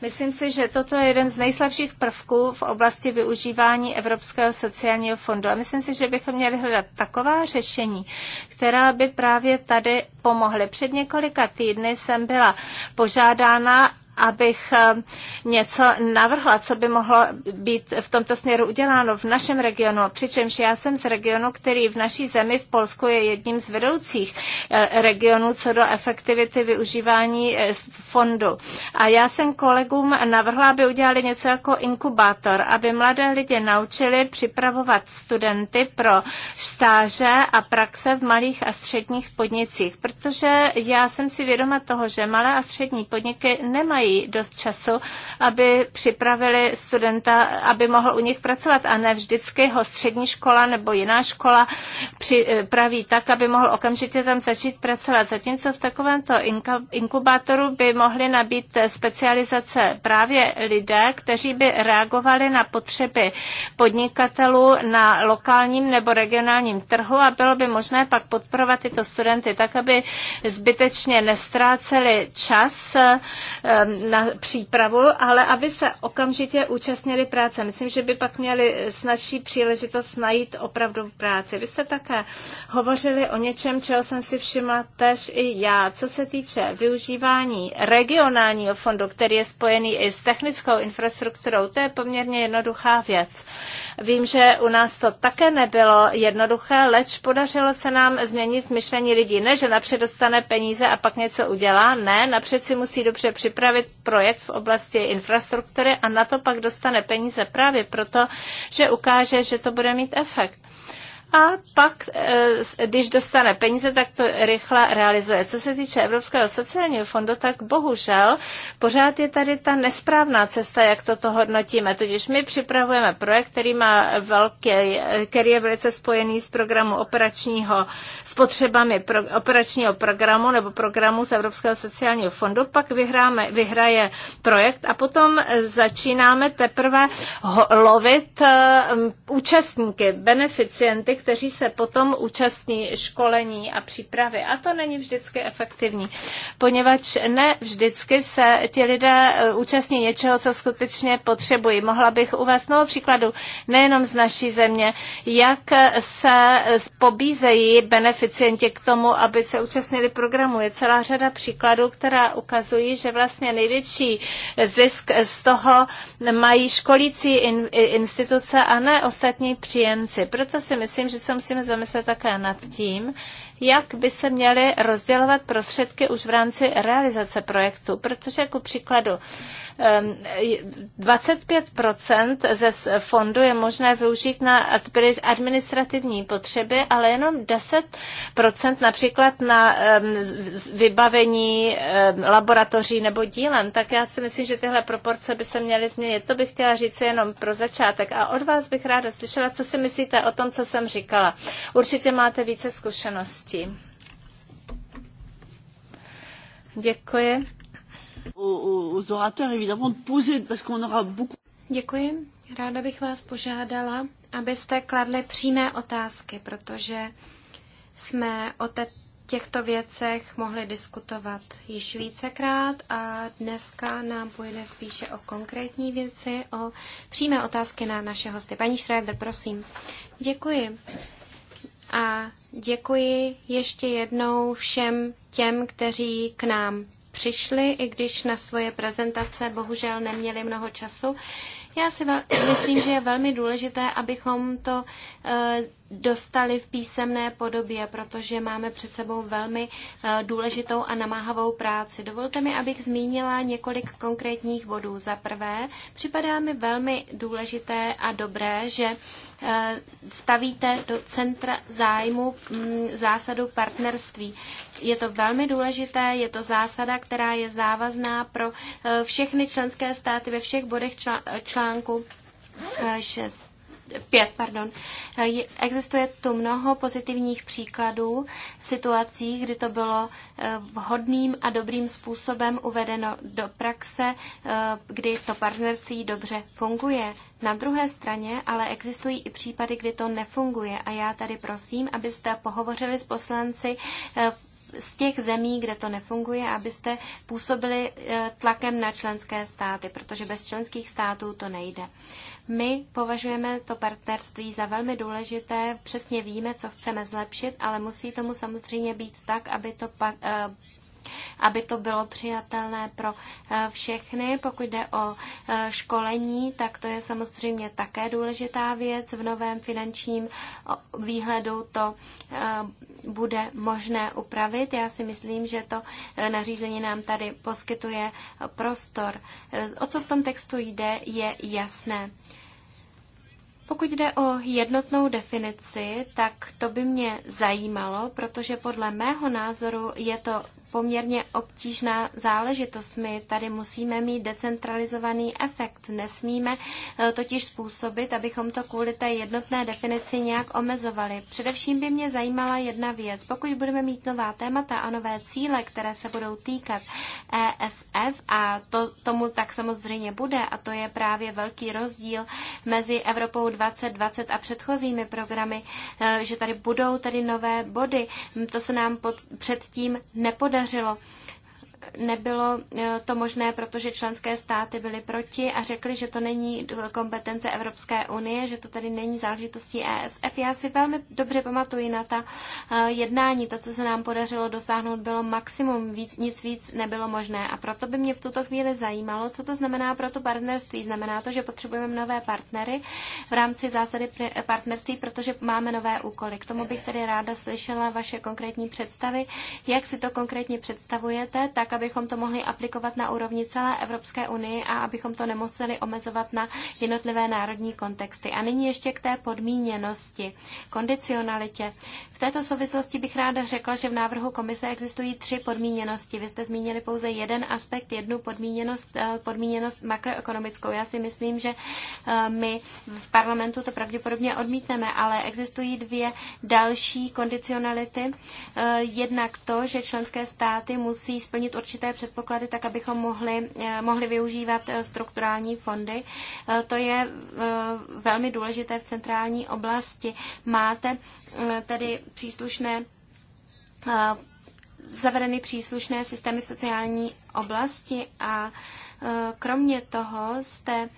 Myslím si, že toto je jeden z nejslabších prvků v oblasti využívání Evropského sociálního fondu. A myslím si, že bychom měli hledat taková řešení, která by právě tady pomohly. Před několika týdny jsem byla požádána, abych eh, něco navrhla, co by mohlo být v tomto směru uděláno v našem regionu. Přičemž já jsem z regionu, který v naší zemi v Polsku je jedním z vedoucích eh, regionů co do efektivity využívání eh, fondu. A já jsem kolegům navrhla, aby udělali něco jako inkubátor, aby mladé lidi naučili připravovat studenty pro stáže a praxe v malých a středních podnicích. Protože já jsem si vědoma toho, že malé a střední podniky nemají nemají dost času, aby připravili studenta, aby mohl u nich pracovat a ne vždycky ho střední škola nebo jiná škola připraví eh, tak, aby mohl okamžitě tam začít pracovat. Zatímco v takovémto inkubátoru by mohli nabít eh, specializace právě lidé, kteří by reagovali na potřeby podnikatelů na lokálním nebo regionálním trhu a bylo by možné pak podporovat tyto studenty tak, aby zbytečně nestráceli čas eh, na přípravu, ale aby se okamžitě účastnili práce. Myslím, že by pak měli snažší příležitost najít opravdu práci. Vy jste také hovořili o něčem, čeho jsem si všimla tež i já, co se týče využívání regionálního fondu, který je spojený i s technickou infrastrukturou. To je poměrně jednoduchá věc. Vím, že u nás to také nebylo jednoduché, leč podařilo se nám změnit myšlení lidí. Ne, že napřed dostane peníze a pak něco udělá, ne, napřed si musí dobře připravit projekt v oblasti infrastruktury a na to pak dostane peníze právě proto, že ukáže, že to bude mít efekt a pak, e, když dostane peníze, tak to rychle realizuje. Co se týče Evropského sociálního fondu, tak bohužel pořád je tady ta nesprávná cesta, jak toto hodnotíme. Totiž my připravujeme projekt, který, má velký, který je velice spojený s programu operačního, s potřebami pro, operačního programu nebo programu z Evropského sociálního fondu. Pak vyhráme, vyhraje projekt a potom začínáme teprve ho, lovit e, účastníky, beneficienty, kteří se potom účastní školení a přípravy. A to není vždycky efektivní, poněvadž ne vždycky se ti lidé eh, účastní něčeho, co skutečně potřebují. Mohla bych uvést mnoho příkladů, nejenom z naší země, jak se pobízejí beneficienti k tomu, aby se účastnili programu. Je celá řada příkladů, která ukazují, že vlastně největší zisk z toho mají školící instituce a ne ostatní příjemci. Proto si myslím, že se musíme zamyslet také nad tím, jak by se měly rozdělovat prostředky už v rámci realizace projektu. Protože jako příkladu 25 ze fondu je možné využít na administrativní potřeby, ale jenom 10 například na vybavení laboratoří nebo dílem. Tak já si myslím, že tyhle proporce by se měly změnit. To bych chtěla říct jenom pro začátek. A od vás bych ráda slyšela, co si myslíte o tom, co jsem říkala. Určitě máte více zkušeností oblasti. Děkuji.
Děkuji. Ráda bych vás požádala, abyste kladli přímé otázky, protože jsme o te- těchto věcech mohli diskutovat již vícekrát a dneska nám půjde spíše o konkrétní věci, o přímé otázky na naše hosty. Paní Schroeder, prosím. Děkuji. A Děkuji ještě jednou všem těm, kteří k nám přišli, i když na svoje prezentace bohužel neměli mnoho času. Já si myslím, že je velmi důležité, abychom to eh, dostali v písemné podobě, protože máme před sebou velmi eh, důležitou a namáhavou práci. Dovolte mi, abych zmínila několik konkrétních bodů. Za prvé, připadá mi velmi důležité a dobré, že Eh, stavíte do centra zájmu mm, zásadu partnerství. Je to velmi důležité, je to zásada, která je závazná pro eh, všechny členské státy ve všech bodech eh, článku 6 pět, pardon. Existuje tu mnoho pozitivních příkladů situací, kdy to bylo eh, vhodným a dobrým způsobem uvedeno do praxe, eh, kdy to partnerství dobře funguje. Na druhé straně ale existují i případy, kdy to nefunguje a já tady prosím, abyste pohovořili s poslanci eh, z těch zemí, kde to nefunguje, abyste působili tlakem na členské státy, protože bez členských států to nejde. My považujeme to partnerství za velmi důležité, přesně víme, co chceme zlepšit, ale musí tomu samozřejmě být tak, aby to pak, eh, aby to bylo přijatelné pro eh, všechny. Pokud jde o eh, školení, tak to je samozřejmě také důležitá věc. V novém finančním výhledu to bude možné upravit. Já si myslím, že to nařízení nám tady poskytuje prostor. O co v tom textu jde, je jasné. Pokud jde o jednotnou definici, tak to by mě zajímalo, protože podle mého názoru je to poměrně obtížná záležitost. My tady musíme mít decentralizovaný efekt. Nesmíme eh, totiž způsobit, abychom to kvůli té jednotné definici nějak omezovali. Především by mě zajímala jedna věc. Pokud budeme mít nová témata a nové cíle, které se budou týkat ESF, a to, tomu tak samozřejmě bude, a to je právě velký rozdíl mezi Evropou 2020 a předchozími programy, eh, že tady budou tady nové body. To se nám pod, předtím nepodařilo podařilo nebylo e, to možné, protože členské státy byly proti a řekly, že to není kompetence Evropské unie, že to tady není záležitostí ESF. Já si velmi dobře pamatuji na ta e, jednání. To, co se nám podařilo dosáhnout, bylo maximum, nic víc nebylo možné. A proto by mě v tuto chvíli zajímalo, co to znamená pro to partnerství. Znamená to, že potřebujeme nové partnery v rámci zásady partnerství, protože máme nové úkoly. K tomu bych tedy ráda slyšela vaše konkrétní představy, jak si to konkrétně představujete, tak abychom to mohli aplikovat na úrovni celé Evropské unie a abychom to nemuseli omezovat na jednotlivé národní kontexty. A nyní ještě k té podmíněnosti, kondicionalitě. V této souvislosti bych ráda řekla, že v návrhu komise existují tři podmíněnosti. Vy jste zmínili pouze jeden aspekt, jednu podmíněnost, eh, podmíněnost makroekonomickou. Já si myslím, že eh, my v parlamentu to pravděpodobně odmítneme, ale existují dvě další kondicionality. Eh, jednak to, že členské státy musí splnit určité předpoklady, tak abychom mohli, eh, mohli využívat eh, strukturální fondy. Eh, to je velmi důležité v centrální oblasti. Máte tedy příslušné zavedeny příslušné systémy v sociální oblasti a kromě toho jste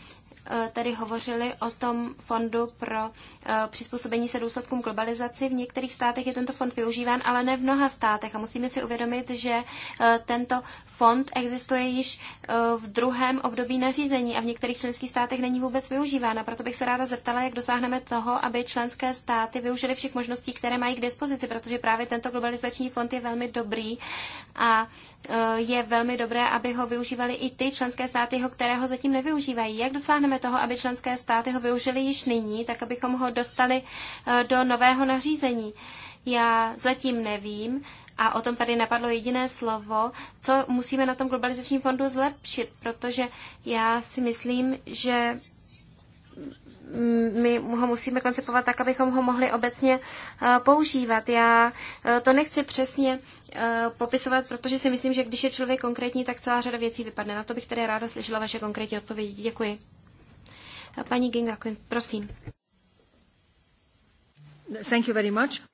Eh, tady hovořili o tom fondu pro eh, přizpůsobení se důsledkům globalizaci. V některých státech je tento fond využíván, ale ne v mnoha státech. A musíme si uvědomit, že eh, tento fond existuje již e, v druhém období nařízení a v některých členských státech není vůbec využívána. Proto bych se ráda zeptala, jak dosáhneme toho, aby členské státy využily všech možností, které mají k dispozici, protože právě tento globalizační fond je velmi dobrý a e, je velmi dobré, aby ho využívali i ty členské státy, které ho zatím nevyužívají. Jak dosáhneme toho, aby členské státy ho využili již nyní, tak abychom ho dostali e, do nového nařízení? Já zatím nevím, a o tom tady napadlo jediné slovo, co musíme na tom globalizačním fondu zlepšit, protože já si myslím, že my ho musíme koncipovat tak, abychom ho mohli obecně eh, používat. Já eh, to nechci přesně eh, popisovat, protože si myslím, že když je člověk konkrétní, tak celá řada věcí vypadne. Na to bych tedy ráda slyšela vaše konkrétní odpovědi. Děkuji. Paní Ginga, prosím.
Thank you very much.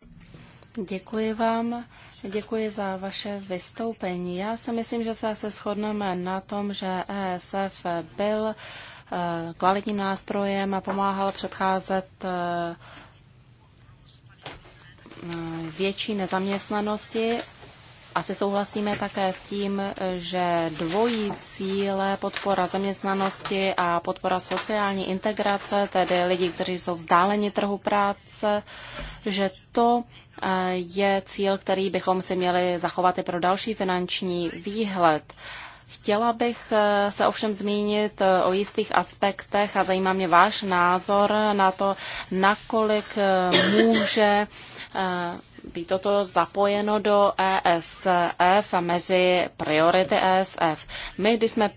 Děkuji vám. Děkuji za vaše vystoupení. Já si myslím, že se se shodneme na tom, že ESF byl eh, kvalitním nástrojem a pomáhal předcházet eh, eh, větší nezaměstnanosti asi souhlasíme také s tím, že dvojí cíle podpora zaměstnanosti a podpora sociální integrace, tedy lidi, kteří jsou vzdáleni trhu práce, že to eh, je cíl, který bychom si měli zachovat i pro další finanční výhled. Chtěla bych eh, se ovšem zmínit eh, o jistých aspektech a zajímá mě váš názor na to, nakolik může být toto zapojeno do ESF a mezi priority ESF. My, když jsme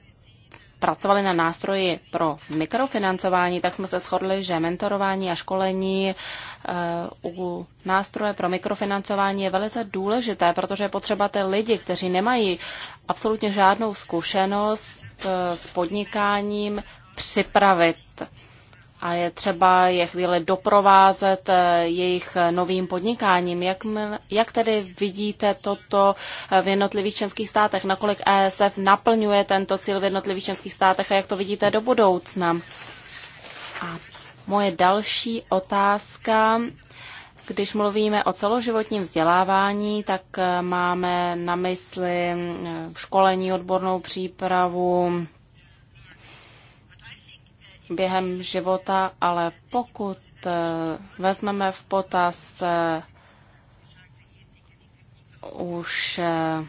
pracovali na nástroji pro mikrofinancování, tak jsme se shodli, že mentorování a školení eh, u nástroje pro mikrofinancování je velice důležité, protože je potřeba ty lidi, kteří nemají absolutně žádnou zkušenost eh, s podnikáním, připravit a je třeba je chvíli doprovázet eh, jejich eh, novým podnikáním. Jak, jak tedy vidíte toto eh, v jednotlivých členských státech? Nakolik ESF naplňuje tento cíl v jednotlivých členských státech a jak to vidíte do budoucna? A moje další otázka. Když mluvíme o celoživotním vzdělávání, tak máme na mysli mm, školení, odbornou přípravu, během života, ale pokud eh, vezmeme v potaz eh, už eh,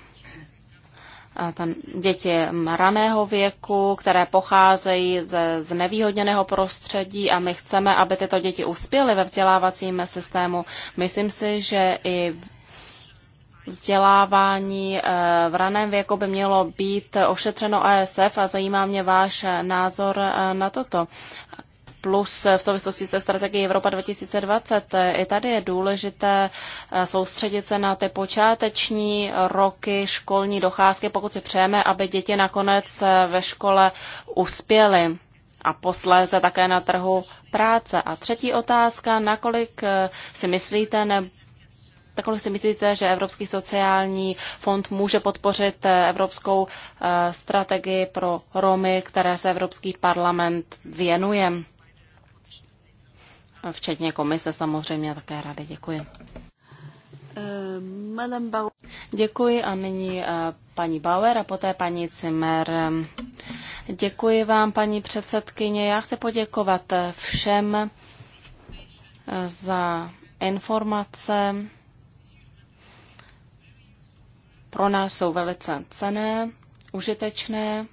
tam děti raného věku, které pocházejí ze znevýhodněného prostředí a my chceme, aby tyto děti uspěly ve vzdělávacím systému. Myslím si, že i vzdělávání eh, v raném věku by mělo být ošetřeno ASF a zajímá mě váš eh, názor eh, na toto. Plus v souvislosti se strategií Evropa 2020, i tady je důležité soustředit se na ty počáteční roky školní docházky, pokud si přejeme, aby děti nakonec ve škole uspěly a posléze také na trhu práce. A třetí otázka, nakolik si myslíte, nebo Takhle si myslíte, že Evropský sociální fond může podpořit eh, evropskou eh, strategii pro Romy, které se Evropský parlament věnuje? Včetně komise samozřejmě a také rady. Děkuji. Eh, Děkuji a nyní paní Bauer a poté paní Cimer. Děkuji vám, paní předsedkyně. Já chci poděkovat všem za informace pro nás jsou velice cené, užitečné,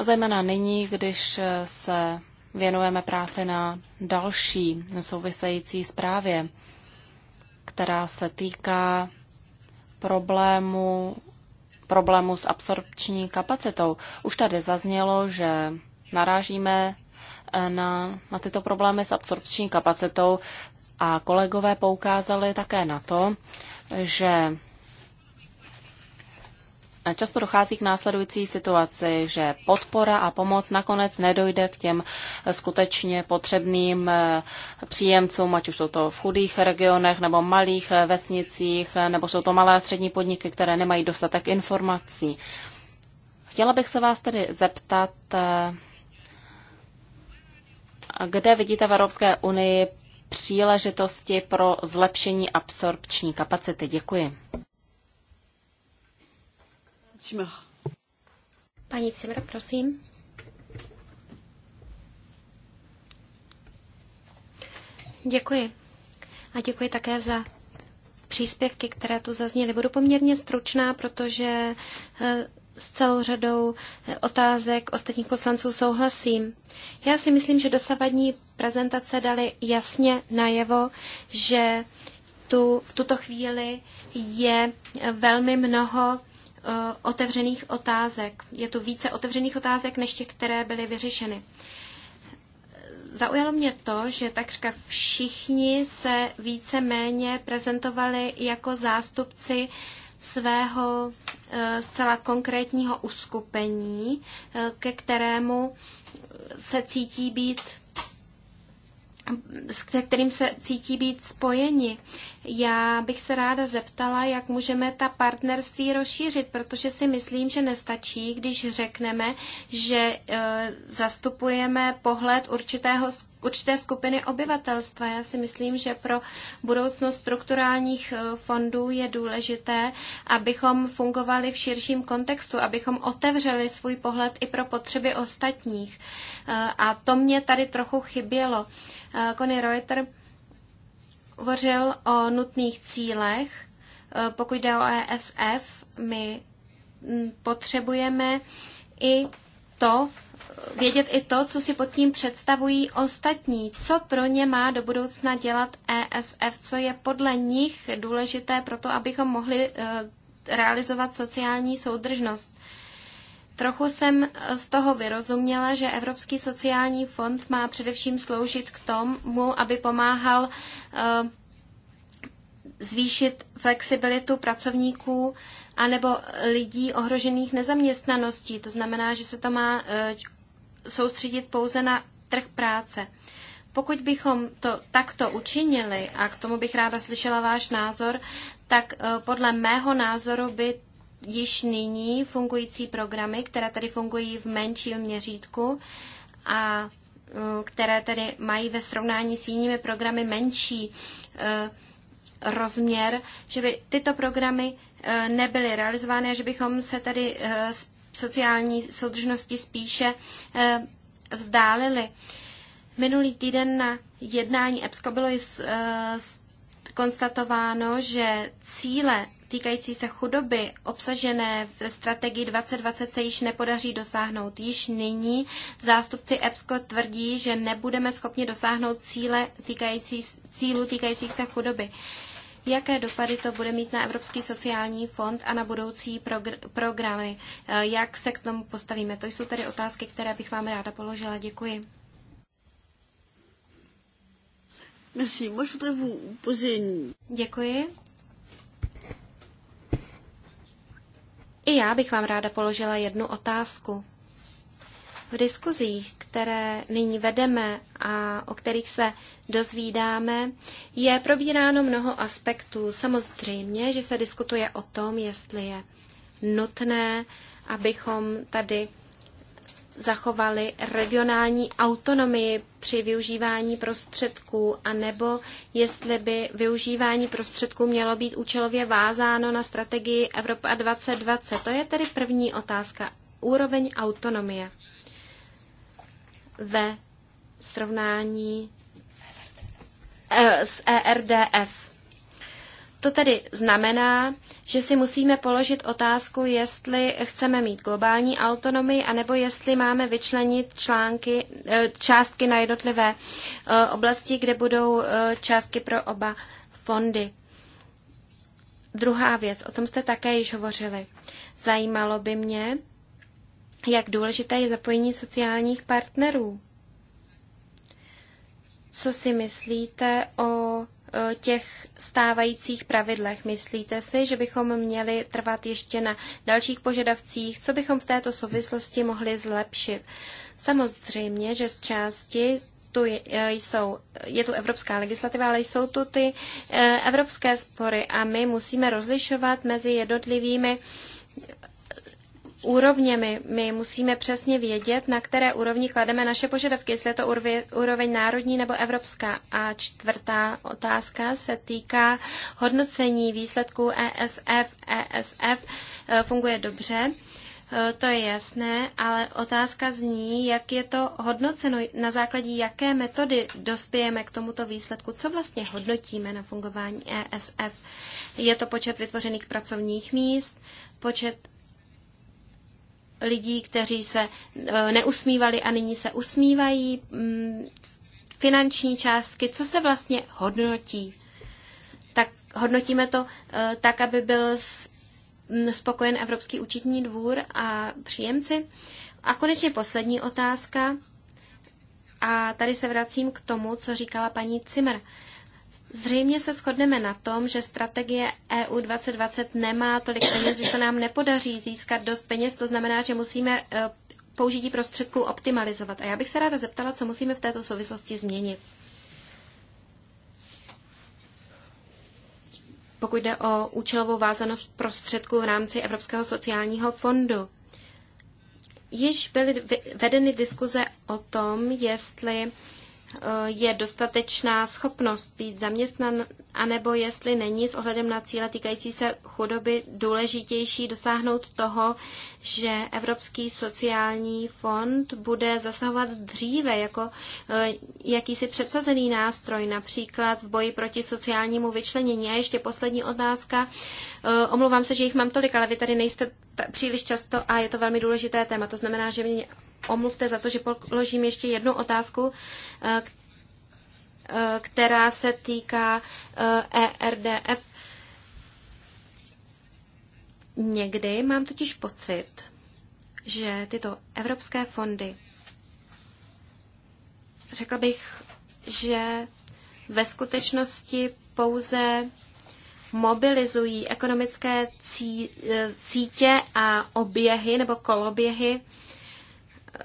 zejména nyní, když se věnujeme práci na další související zprávě, která se týká problému, problému s absorpční kapacitou. Už tady zaznělo, že narážíme na, na tyto problémy s absorpční kapacitou, a kolegové poukázali také na to, že Často dochází k následující situaci, že podpora a pomoc nakonec nedojde k těm skutečně potřebným eh, příjemcům, ať už jsou to v chudých regionech nebo malých eh, vesnicích, eh, nebo jsou to malé a střední podniky, které nemají dostatek informací. Chtěla bych se vás tedy zeptat, kde vidíte v Evropské unii příležitosti pro zlepšení absorpční kapacity. Děkuji.
Paní Cimr, prosím. Děkuji. A děkuji také za příspěvky, které tu zazněly. Budu poměrně stručná, protože eh, s celou řadou eh, otázek ostatních poslanců souhlasím. Já si myslím, že dosavadní prezentace dali jasně najevo, že tu, v tuto chvíli je velmi mnoho eh, otevřených otázek. Je tu více otevřených otázek, než těch, které byly vyřešeny. Zaujalo mě to, že takřka všichni se více méně prezentovali jako zástupci uh, svého eh, zcela konkrétního uskupení, eh, ke kterému se cítí být s kterým se cítí být spojeni. Já bych se ráda zeptala, jak můžeme ta partnerství rozšířit, protože si myslím, že nestačí, když řekneme, že eh, zastupujeme pohled určitého určité skupiny obyvatelstva. Já si myslím, že pro budoucnost strukturálních eh, fondů je důležité, abychom fungovali v širším kontextu, abychom otevřeli svůj pohled i pro potřeby ostatních. Eh, a to mě tady trochu chybělo. Eh, Connie Reuter hovořil o nutných cílech. Pokud jde o ESF, my hm, potřebujeme i to, vědět i to, co si pod tím představují ostatní, co pro ně má do budoucna dělat ESF, co je podle nich důležité pro to, abychom mohli eh, realizovat sociální soudržnost. Trochu jsem eh, z toho vyrozuměla, že Evropský sociální fond má především sloužit k tomu, aby pomáhal eh, zvýšit flexibilitu pracovníků anebo lidí ohrožených nezaměstnaností. To znamená, že se to má soustředit pouze na trh práce. Pokud bychom to takto učinili, a k tomu bych ráda slyšela váš názor, tak eh, podle mého názoru by již nyní fungující programy, které tady fungují v menším měřítku a eh, které tedy mají ve srovnání s jinými programy menší eh, rozměr, že by tyto programy nebyly realizovány a že bychom se tedy sociální soudržnosti spíše eh, vzdálili. Minulý týden na jednání EPSCO bylo eh, konstatováno, že cíle týkající se chudoby obsažené v strategii 2020 se již nepodaří dosáhnout. Již nyní zástupci EPSCO tvrdí, že nebudeme schopni dosáhnout cíle týkající, cílu týkajících se chudoby. Uh, jaké dopady to bude mít na Evropský sociální fond a na budoucí progr- programy. Eh, jak se k tomu postavíme? To jsou tedy otázky, které bych vám ráda položila. Děkuji. Merci. Moi, je voudrais vous poser une... Děkuji. I já bych vám ráda položila jednu otázku v diskuzích, které nyní vedeme a o kterých se dozvídáme, je probíráno mnoho aspektů. Samozřejmě, že se diskutuje o tom, jestli je nutné, abychom tady zachovali regionální autonomii při využívání prostředků, anebo jestli by využívání prostředků mělo být účelově vázáno na strategii Evropa 2020. To je tedy první otázka. Úroveň autonomie ve srovnání eh, s ERDF. To tedy znamená, že si musíme položit otázku, jestli chceme mít globální autonomii, anebo jestli máme vyčlenit články, eh, částky na jednotlivé eh, oblasti, kde budou částky pro oba fondy. Druhá věc, o tom jste také již hovořili. Zajímalo by mě, jak důležité je zapojení sociálních partnerů. Co si myslíte o e, těch stávajících pravidlech? Myslíte si, že bychom měli trvat ještě na dalších požadavcích? Co bychom v této souvislosti mohli zlepšit? Samozřejmě, že z části tu e, jsou, je tu evropská legislativa, ale jsou tu ty e, evropské spory a my musíme rozlišovat mezi jednotlivými úrovněmi. My musíme přesně vědět, na které úrovni klademe naše požadavky, jestli je to úroveň národní nebo evropská. A čtvrtá otázka se týká hodnocení výsledků ESF. ESF eh, funguje dobře. Eh, to je jasné, ale otázka zní, jak je to hodnoceno, na základě jaké metody dospějeme k tomuto výsledku, co vlastně hodnotíme na fungování ESF. Je to počet vytvořených pracovních míst, počet lidí, kteří se e, neusmívali a nyní se usmívají, mm, finanční částky, co se vlastně hodnotí. Tak hodnotíme to e, tak, aby byl mm, spokojen Evropský účetní dvůr a příjemci. A konečně poslední otázka. A tady se vracím k tomu, co říkala paní Cimr. Zřejmě se shodneme na tom, že strategie EU 2020 nemá tolik peněz, že se nám nepodaří získat dost peněz, to znamená, že musíme eh, použití prostředků optimalizovat. A já bych se ráda zeptala, co musíme v této souvislosti změnit. Pokud jde o účelovou vázanost prostředků v rámci Evropského sociálního fondu, již byly vedeny diskuze o tom, jestli je dostatečná schopnost být zaměstnan, anebo jestli není s ohledem na cíle týkající se chudoby důležitější dosáhnout toho, že Evropský sociální fond bude zasahovat dříve jako e, jakýsi předsazený nástroj, například v boji proti sociálnímu vyčlenění. A ještě poslední otázka. E, omlouvám se, že jich mám tolik, ale vy tady nejste příliš často a je to velmi důležité téma. To znamená, že mě omluvte za to, že položím ještě jednu otázku, eh, eh, která se týká ERDF. Eh, e Někdy mám totiž pocit, že tyto evropské fondy, řekla bych, že ve skutečnosti pouze mobilizují ekonomické cí, sítě a oběhy nebo koloběhy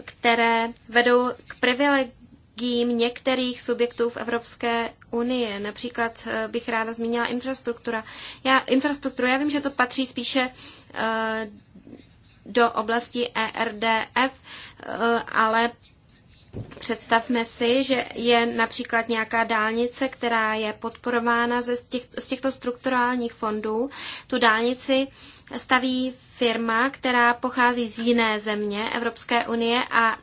které vedou k privilegím některých subjektů v Evropské unie. Například eh, bych ráda zmínila infrastruktura. Já, infrastrukturu, já vím, že to patří spíše eh, do oblasti ERDF, eh, ale Představme si, že je například nějaká dálnice, která je podporována ze těch, z těchto strukturálních fondů. Tu dálnici staví firma, která pochází z jiné země Evropské unie a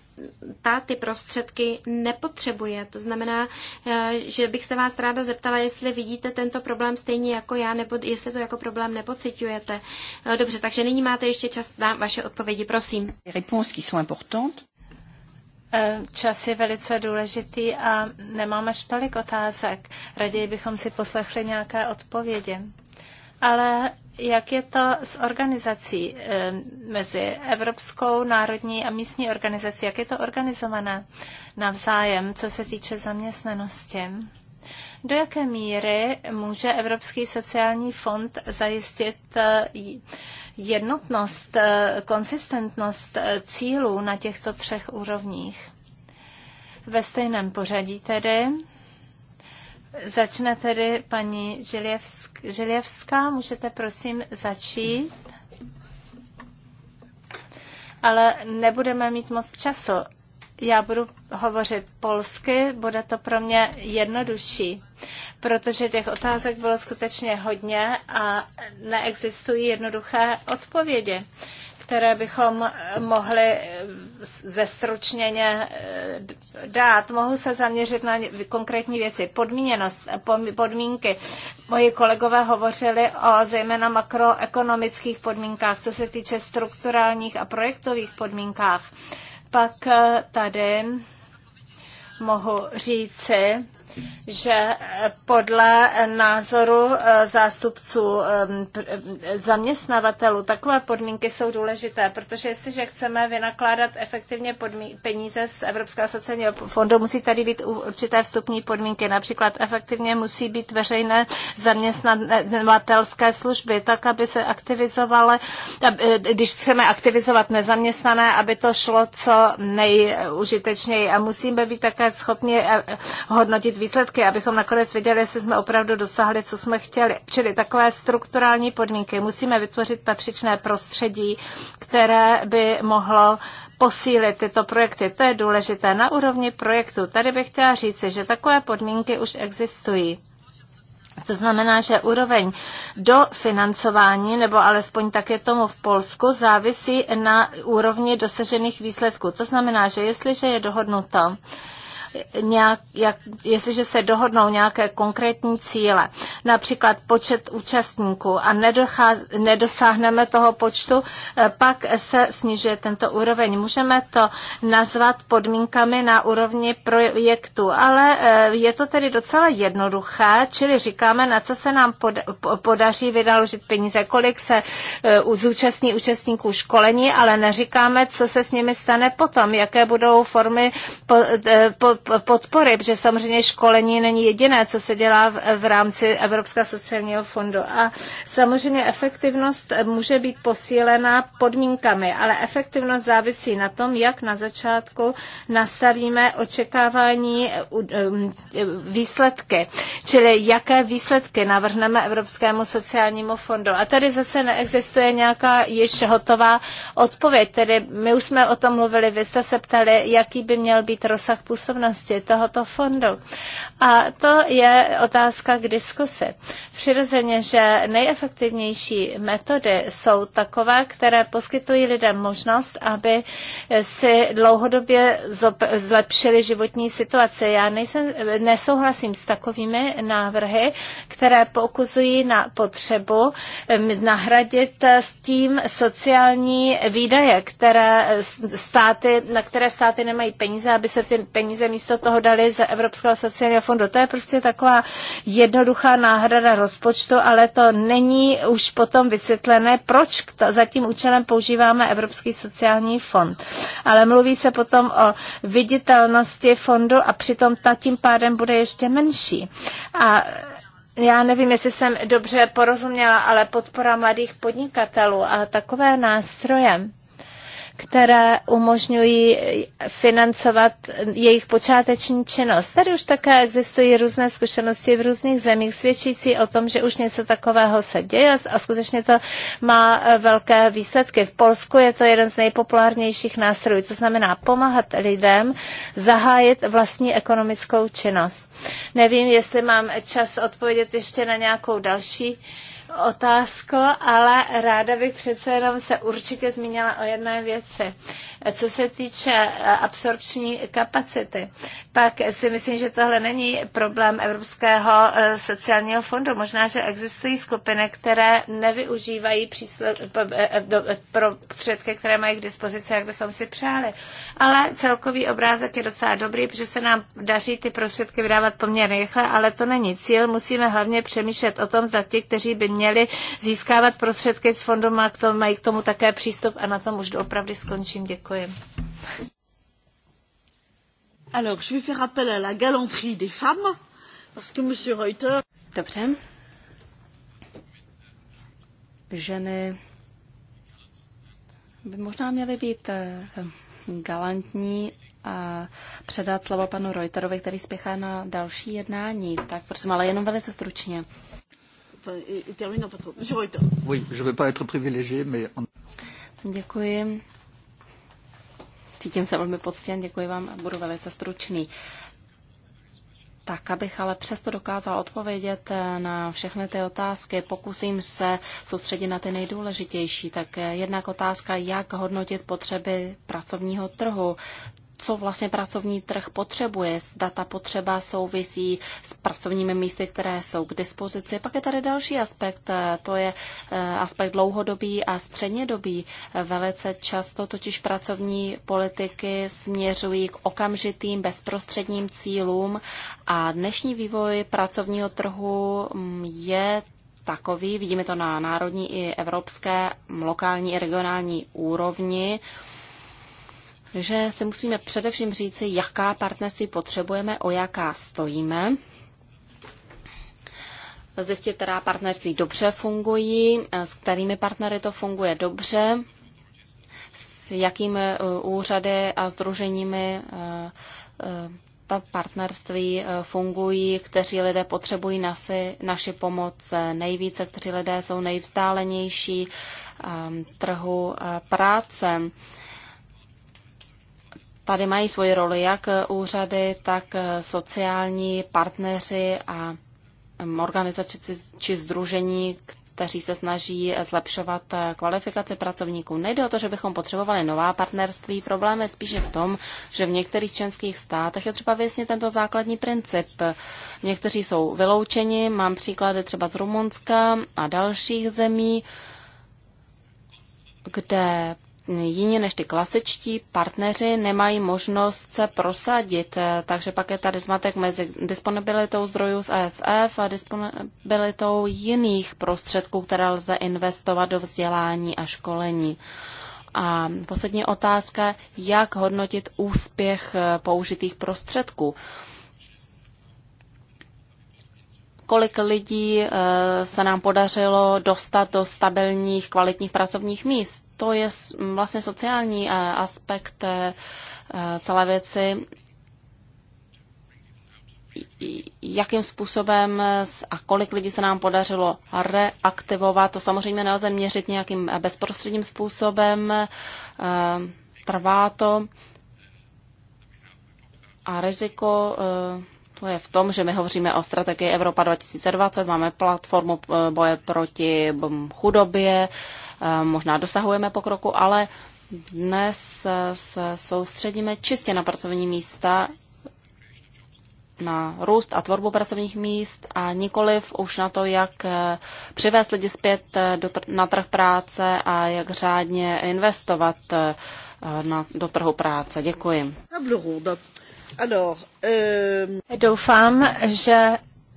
ta ty prostředky nepotřebuje. To znamená, eh, že bych se vás ráda zeptala, jestli vidíte tento problém stejně jako já, nebo jestli to jako problém nepociťujete. Eh, dobře, takže nyní máte ještě čas na vaše odpovědi, prosím.
E, čas je velice důležitý a nemáme až tolik otázek. Raději bychom si poslechli nějaké odpovědi. Ale jak je to s organizací e, mezi Evropskou národní a místní organizací? Jak je to organizované navzájem, co se týče zaměstnanosti? Do jaké míry může Evropský sociální fond zajistit e, jednotnost, eh, konsistentnost eh, cílů na těchto třech úrovních. Ve stejném pořadí tedy. Začne tedy paní Žilievsk, Můžete prosím začít. Ale nebudeme mít moc času já budu hovořit polsky, bude to pro mě jednodušší, protože těch otázek bylo skutečně hodně a neexistují jednoduché odpovědi které bychom mohli zestručněně eh, dát. Mohu se zaměřit na konkrétní věci. Podmíněnost, podmínky. Moji kolegové hovořili o zejména makroekonomických podmínkách, co se týče strukturálních a projektových podmínkách pak eh, tady mohu říci, že eh, podle názoru eh, zástupců eh, zaměstnavatelů takové podmínky jsou důležité, protože jestliže chceme vynakládat efektivně peníze z Evropského sociálního fondu, musí tady být určité vstupní podmínky. Například efektivně musí být veřejné zaměstnavatelské služby, tak, aby se aktivizovaly, když chceme aktivizovat nezaměstnané, aby to šlo co nejužitečněji. A musíme být také schopni hodnotit výsledky, abychom nakonec viděli, jestli jsme opravdu dosáhli, co jsme chtěli. Čili takové strukturální podmínky. Musíme vytvořit patřičné prostředí, které by mohlo posílit tyto projekty. To je důležité na úrovni projektu. Tady bych chtěla říci, že takové podmínky už existují. To znamená, že úroveň do financování, nebo alespoň tak je tomu v Polsku, závisí na úrovni dosažených výsledků. To znamená, že jestliže je dohodnuto, nějak, jak, jestliže se dohodnou nějaké konkrétní cíle, například počet účastníků a nedochá, nedosáhneme toho počtu, eh, pak se snižuje tento úroveň. Můžeme to nazvat podmínkami na úrovni projektu, ale eh, je to tedy docela jednoduché, čili říkáme, na co se nám podaří vynaložit peníze, kolik se eh, zúčastní účastníků školení, ale neříkáme, co se s nimi stane potom, jaké budou formy po, po, podpory, protože samozřejmě školení není jediné, co se dělá v rámci Evropského sociálního fondu. A samozřejmě efektivnost může být posílena podmínkami, ale efektivnost závisí na tom, jak na začátku nastavíme očekávání um, výsledky, čili jaké výsledky navrhneme Evropskému sociálnímu fondu. A tady zase neexistuje nějaká již hotová odpověď, tedy my už jsme o tom mluvili, vy jste se ptali, jaký by měl být rozsah působnosti budoucnosti tohoto fondu. A to je otázka k diskusi. Přirozeně, že nejefektivnější metody jsou takové, které poskytují lidem možnost, aby si dlouhodobě zlepšili životní situaci. Já nejsem, nesouhlasím s takovými návrhy, které poukazují na potřebu mm, nahradit s tím sociální výdaje, které státy, na které státy nemají peníze, aby se ty peníze místo místo toho dali ze Evropského sociálního fondu. To je prostě taková jednoduchá náhrada rozpočtu, ale to není už potom vysvětlené, proč to, za tím účelem používáme Evropský sociální fond. Ale mluví se potom o viditelnosti fondu a přitom ta tím pádem bude ještě menší. A já nevím, jestli jsem dobře porozuměla, ale podpora mladých podnikatelů a takové nástroje které umožňují financovat jejich počáteční činnost. Tady už také existují různé zkušenosti v různých zemích svědčící o tom, že už něco takového se děje a skutečně to má velké výsledky. V Polsku je to jeden z nejpopulárnějších nástrojů, to znamená pomáhat lidem zahájit vlastní ekonomickou činnost. Nevím, jestli mám čas odpovědět ještě na nějakou další otázku, ale ráda bych přece jenom se určitě zmínila o jedné věci. Co se týče eh, absorpční kapacity, pak si myslím, že tohle není problém Evropského eh, sociálního fondu. Možná, že existují skupiny, které nevyužívají eh, eh, prostředky, pro předky, které mají k dispozici, jak bychom si přáli. Ale celkový obrázek je docela dobrý, protože se nám daří ty prostředky vydávat poměrně rychle, ale to není cíl. Musíme hlavně přemýšlet o tom, zda ti, kteří by měli získávat prostředky z fondu, mají k tomu také přístup a na tom už opravdu skončím. Děkuji. Alors, je vais faire appel à la galanterie des femmes, parce que Monsieur Reuter... Dobře.
Ženy by možná měly být eh, galantní a předat slovo panu Reuterovi, který spěchá na další jednání. Tak prosím, ale jenom velice stručně. Děkuji. Cítím se velmi poctěn, děkuji vám a budu velice stručný. Tak, abych ale přesto dokázal odpovědět eh, na všechny ty otázky, pokusím se soustředit na ty nejdůležitější. Tak eh, jednak otázka, jak hodnotit potřeby pracovního trhu co vlastně pracovní trh potřebuje. Zda ta potřeba souvisí s pracovními místy, které jsou k dispozici. Pak je tady další aspekt, eh, to je eh, aspekt dlouhodobý a střednědobý. Velice často totiž pracovní politiky směřují k okamžitým bezprostředním cílům a dnešní vývoj pracovního trhu mm, je takový, vidíme to na národní i evropské, lokální i regionální úrovni, že si musíme především říci, jaká partnerství potřebujeme, o jaká stojíme, zjistit, která partnerství dobře fungují, s kterými partnery to funguje dobře, s jakými uh, úřady a združeními uh, uh, ta partnerství fungují, kteří lidé potřebují nasi, naši pomoc nejvíce, kteří lidé jsou nejvzdálenější um, trhu práce. Tady mají svoji roli jak eh, úřady, tak eh, sociální partneři a mm, organizace či združení, kteří se snaží eh, zlepšovat kvalifikaci pracovníků. Nejde o to, že bychom potřebovali nová partnerství, problém je spíše v tom, že v některých členských státech je třeba vyjasnit tento základní princip. Někteří jsou vyloučeni, mám příklady třeba z Rumunska a dalších zemí, kde jiní než ty klasičtí partneři nemají možnost se prosadit, eh, takže pak je tady zmatek mezi disponibilitou zdrojů z ESF a disponibilitou jiných prostředků, které lze investovat do vzdělání a školení. A poslední otázka, jak hodnotit úspěch eh, použitých prostředků kolik lidí eh, se nám podařilo dostat do stabilních, kvalitních pracovních míst. To je vlastně sociální eh, aspekt eh, celé věci. Jakým způsobem a kolik lidí se nám podařilo reaktivovat, to samozřejmě nelze měřit nějakým bezprostředním způsobem. Trvá to. A riziko to je v tom, že my hovoříme o strategii Evropa 2020, máme platformu eh, boje proti mm, chudobě, eh, možná dosahujeme pokroku, ale dnes eh, se soustředíme čistě na pracovní místa, na růst a tvorbu pracovních míst a nikoliv už na to, jak přivést lidi zpět do tr- na trh práce a jak řádně investovat na, do trhu práce. Děkuji.
Euh, Doufám, že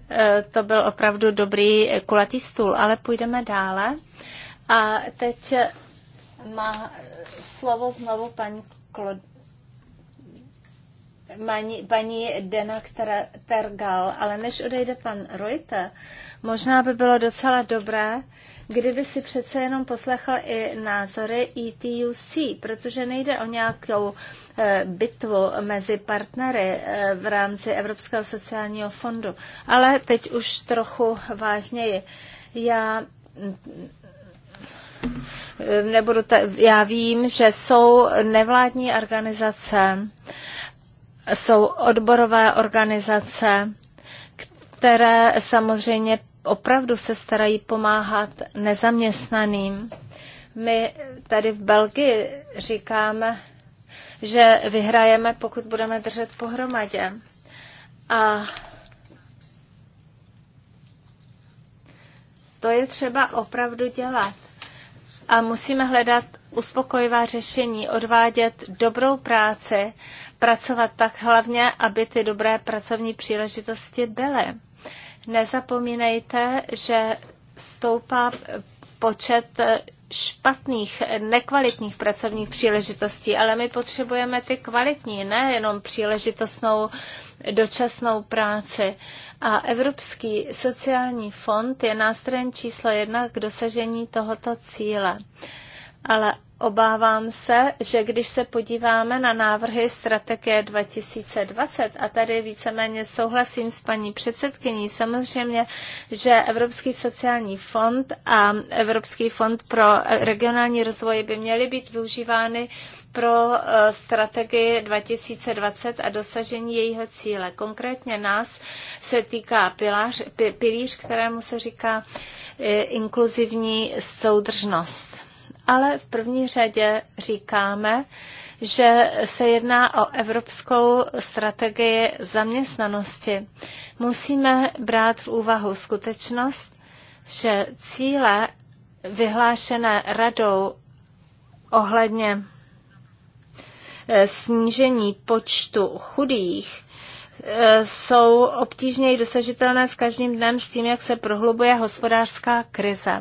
eh, to byl opravdu dobrý kulatý stůl, ale půjdeme dále. A teď má slovo znovu paní Klod... Mani, paní Dena Tergal, ale než odejde pan Rojte, možná by bylo docela dobré, kdyby si přece jenom poslechl i názory ETUC, protože nejde o nějakou eh, bitvu mezi partnery eh, v rámci Evropského sociálního fondu. Ale teď už trochu vážněji. Já mm, nebudu ta, já vím, že jsou nevládní organizace, jsou odborové organizace, které samozřejmě opravdu se starají pomáhat nezaměstnaným. My tady v Belgii říkáme, že vyhrajeme, pokud budeme držet pohromadě. A to je třeba opravdu dělat. A musíme hledat uspokojivá řešení, odvádět dobrou práci, pracovat tak hlavně, aby ty dobré pracovní příležitosti byly. Nezapomínejte, že stoupá počet špatných, nekvalitních pracovních příležitostí, ale my potřebujeme ty kvalitní, ne jenom příležitostnou dočasnou práci. A Evropský sociální fond je nástrojem číslo jedna k dosažení tohoto cíle. Ale Obávám se, že když se podíváme na návrhy strategie 2020, a tady víceméně souhlasím s paní předsedkyní, samozřejmě, že Evropský sociální fond a Evropský fond pro regionální rozvoj by měly být využívány pro eh, strategii 2020 a dosažení jejího cíle. Konkrétně nás se týká pilář, pilíř, kterému se říká eh, inkluzivní soudržnost ale v první řadě říkáme, že se jedná o evropskou strategii zaměstnanosti. Musíme brát v úvahu skutečnost, že cíle vyhlášené radou ohledně eh, snížení počtu chudých eh, jsou obtížněji dosažitelné s každým dnem s tím, jak se prohlubuje hospodářská krize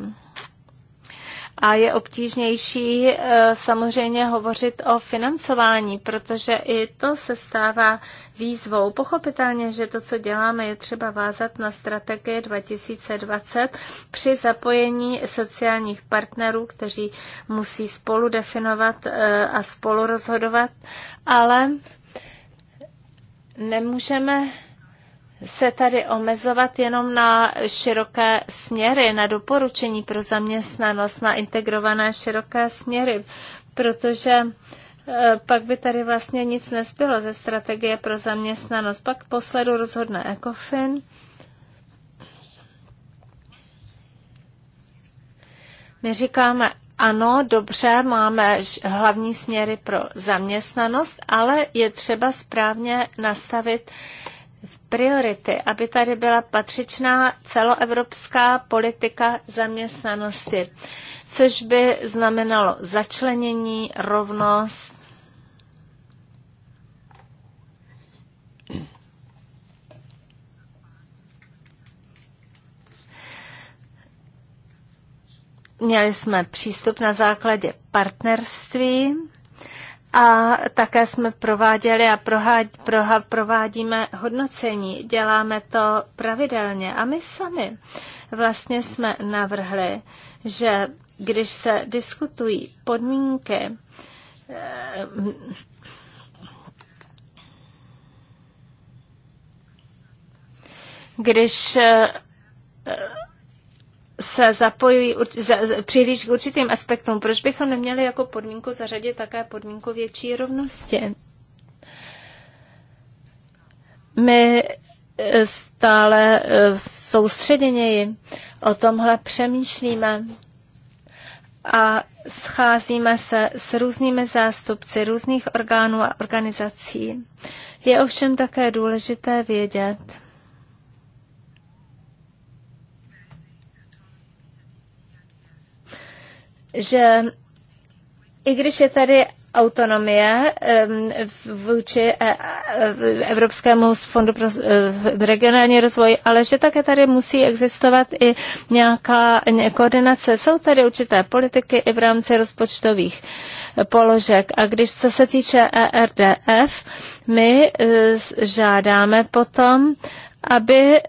a je obtížnější eh, samozřejmě hovořit o financování, protože i to se stává výzvou. Pochopitelně, že to, co děláme, je třeba vázat na strategii 2020 při zapojení sociálních partnerů, kteří musí spolu definovat eh, a spolu rozhodovat, ale nemůžeme se tady omezovat jenom na široké směry, na doporučení pro zaměstnanost, na integrované široké směry, protože eh, pak by tady vlastně nic nezbylo ze strategie pro zaměstnanost. Pak posledu rozhodne ECOFIN. My říkáme, ano, dobře, máme hlavní směry pro zaměstnanost, ale je třeba správně nastavit priority, aby tady byla patřičná celoevropská politika zaměstnanosti, což by znamenalo začlenění, rovnost, Měli jsme přístup na základě partnerství a také jsme prováděli a prohád, proha, provádíme hodnocení. Děláme to pravidelně a my sami vlastně jsme navrhli, že když se diskutují podmínky, eh, když eh, se zapojují příliš k určitým aspektům. Proč bychom neměli jako podmínku zařadit také podmínku větší rovnosti? My eh, stále eh, soustředěněji o tomhle přemýšlíme a scházíme se s různými zástupci různých orgánů a organizací. Je ovšem také důležité vědět, že i když je tady autonomie vůči e, e, Evropskému fondu pro regionální rozvoj, ale že také tady musí existovat i nějaká koordinace. Jsou tady určité politiky i v rámci rozpočtových e, položek. A když co se týče ERDF, my žádáme potom, aby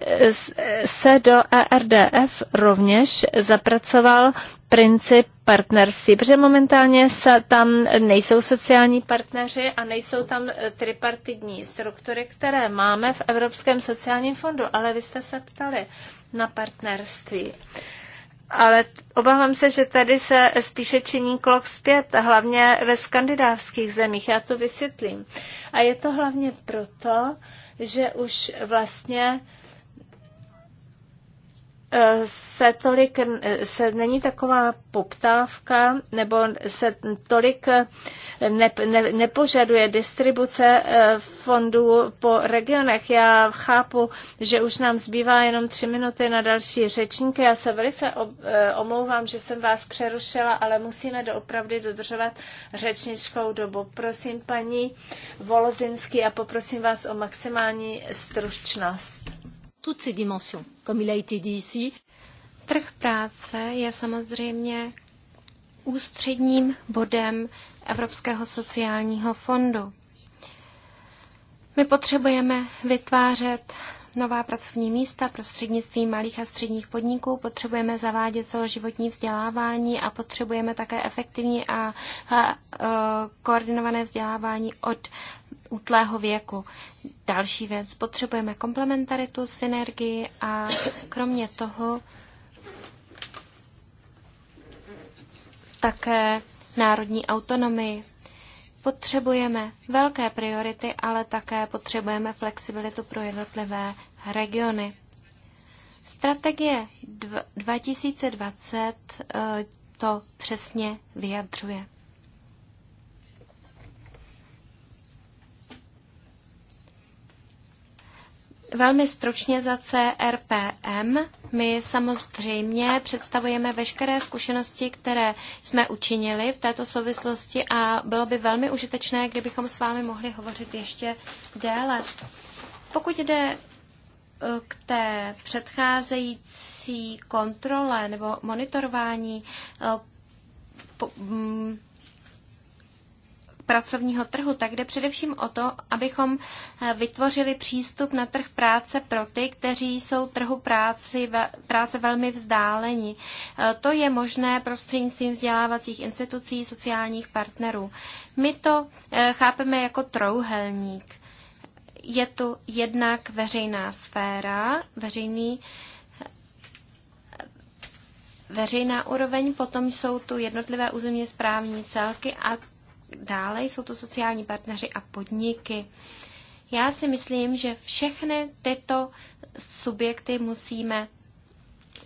se do ERDF rovněž zapracoval princip partnerství, protože momentálně se tam nejsou sociální partneři a nejsou tam e, tripartitní struktury, které máme v Evropském sociálním fondu, ale vy jste se ptali na partnerství. Ale obávám se, že tady se spíše činí klok zpět, hlavně ve skandinávských zemích. Já to vysvětlím. A je to hlavně proto, že už vlastně Eh, se tolik, eh, se není taková poptávka, nebo se tolik eh, ne, ne, nepožaduje distribuce fondů po regionech. Já chápu, že už nám zbývá jenom tři minuty na další řečníky. Já se velice omlouvám, že jsem vás přerušila, ale musíme doopravdy dodržovat řečnickou dobu. Prosím paní Volozinský a poprosím vás o maximální stručnost toutes ses dimensions, comme il a été dit ici. Trh práce je
samozřejmě ústředním bodem Evropského sociálního fondu. My potřebujeme vytvářet nová pracovní místa prostřednictvím malých a středních podniků, potřebujeme zavádět celoživotní vzdělávání a potřebujeme také efektivní a, a, a e, koordinované vzdělávání od útlého věku další věc. Potřebujeme komplementaritu, synergii a kromě toho také národní autonomii. Potřebujeme velké priority, ale také potřebujeme flexibilitu pro jednotlivé regiony. Strategie 2020 eh, to přesně vyjadřuje. Velmi stručně za CRPM. My samozřejmě představujeme veškeré zkušenosti, které jsme učinili v této souvislosti a bylo by velmi užitečné, kdybychom s vámi mohli hovořit ještě déle. Pokud jde eh, k té předcházející kontrole nebo monitorování, eh, pracovního trhu, tak jde především o to, abychom eh, vytvořili přístup na trh práce pro ty, kteří jsou trhu práci, práce velmi vzdáleni. Eh, to je možné prostřednictvím vzdělávacích institucí, sociálních partnerů. My to eh, chápeme jako trouhelník. Je tu jednak veřejná sféra, veřejný veřejná úroveň, potom jsou tu jednotlivé územně správní celky a dále jsou to sociální partneři a podniky. Já si myslím, že všechny tyto subjekty musíme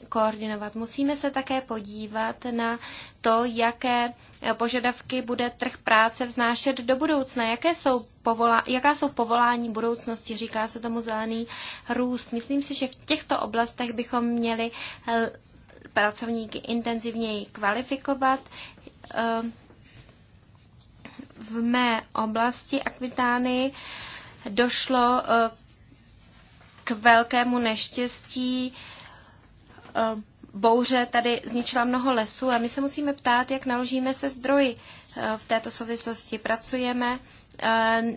koordinovat. Musíme se také podívat na to, jaké požadavky bude trh práce vznášet do budoucna, jaké jsou povolá, jaká jsou povolání budoucnosti, říká se tomu zelený růst. Myslím si, že v těchto oblastech bychom měli eh, pracovníky intenzivněji kvalifikovat, eh, v mé oblasti Akvitány došlo e, k velkému neštěstí. E, bouře tady zničila mnoho lesů a my se musíme ptát, jak naložíme se zdroji e, v této souvislosti. Pracujeme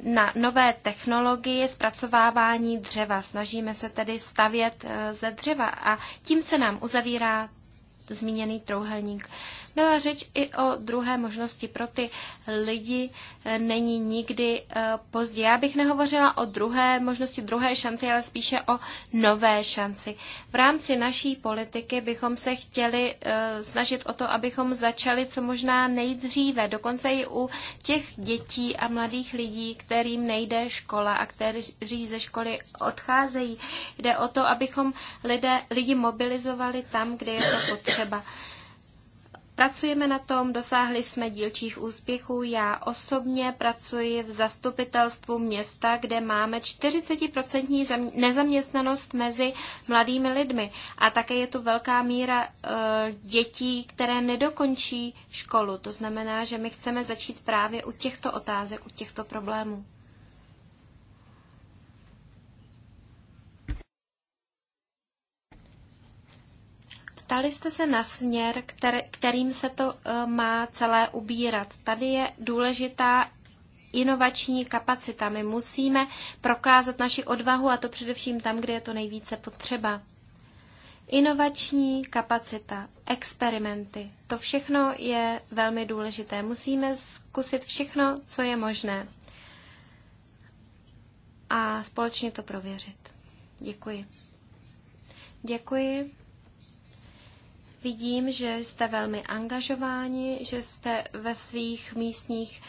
na nové technologie zpracovávání dřeva. Snažíme se tedy stavět ze dřeva a tím se nám uzavírá zmíněný trouhelník. Byla řeč i o druhé možnosti pro ty lidi, eh, není nikdy eh, pozdě. Já bych nehovořila o druhé možnosti, druhé šanci, ale spíše o nové šanci. V rámci naší politiky bychom se chtěli eh, snažit o to, abychom začali co možná nejdříve, dokonce i u těch dětí a mladých lidí, kterým nejde škola a kteří ze školy odcházejí. Jde o to, abychom lidé, lidi mobilizovali tam, kde je to potřeba. Pracujeme na tom, dosáhli jsme dílčích úspěchů. Já osobně pracuji v zastupitelstvu města, kde máme 40% nezaměstnanost mezi mladými lidmi. A také je tu velká míra eh, dětí, které nedokončí školu. To znamená, že my chceme začít právě u těchto otázek, u těchto problémů. Ptali jste se na směr, který, kterým se to eh, má celé ubírat. Tady je důležitá inovační kapacita. My musíme prokázat naši odvahu a to především tam, kde je to nejvíce potřeba. Inovační kapacita, experimenty, to všechno je velmi důležité. Musíme zkusit všechno, co je možné a společně to prověřit. Děkuji. Děkuji. Vidím, že jste velmi angažováni, že jste ve svých místních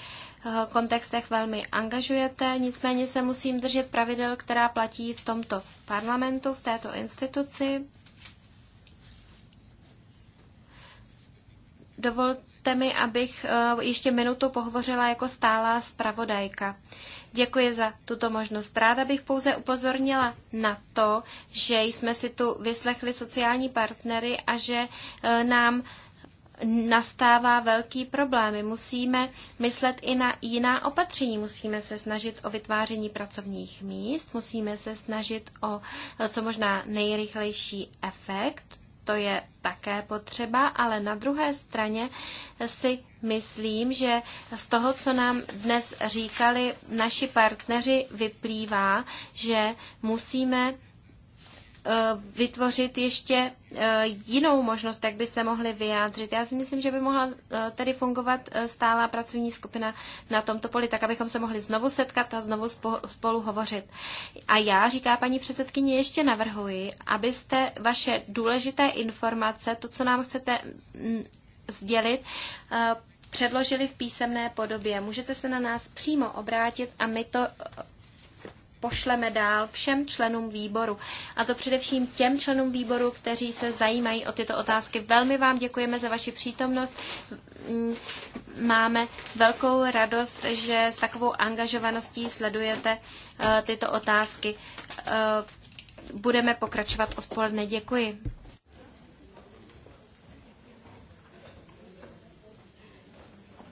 eh, kontextech velmi angažujete, nicméně se musím držet pravidel, která platí v tomto parlamentu, v této instituci. Dovolte mi, abych eh, ještě minutu pohovořila jako stálá zpravodajka. Děkuji za tuto možnost. Ráda bych pouze upozornila na to, že jsme si tu vyslechli sociální partnery a že e, nám nastává velký problém. My musíme myslet i na jiná opatření. Musíme se snažit o vytváření pracovních míst, musíme se snažit o e, co možná nejrychlejší efekt to je také potřeba, ale na druhé straně si myslím, že z toho, co nám dnes říkali naši partneři, vyplývá, že musíme Eh, vytvořit ještě eh, jinou možnost, jak by se mohli vyjádřit. Já si myslím, že by mohla eh, tady fungovat stálá pracovní skupina na tomto poli, tak abychom se mohli znovu setkat a znovu spolu hovořit. A já, říká paní předsedkyně, ještě navrhuji, abyste vaše důležité informace, to, co nám chcete mm, sdělit, předložili v písemné podobě. Můžete se na nás přímo obrátit a my to pošleme dál všem členům výboru. A to především těm členům výboru, kteří se zajímají o tyto otázky. Velmi vám děkujeme za vaši přítomnost. Mm, máme velkou radost, že s takovou angažovaností sledujete eh, tyto otázky. Eh, budeme pokračovat odpoledne. Děkuji.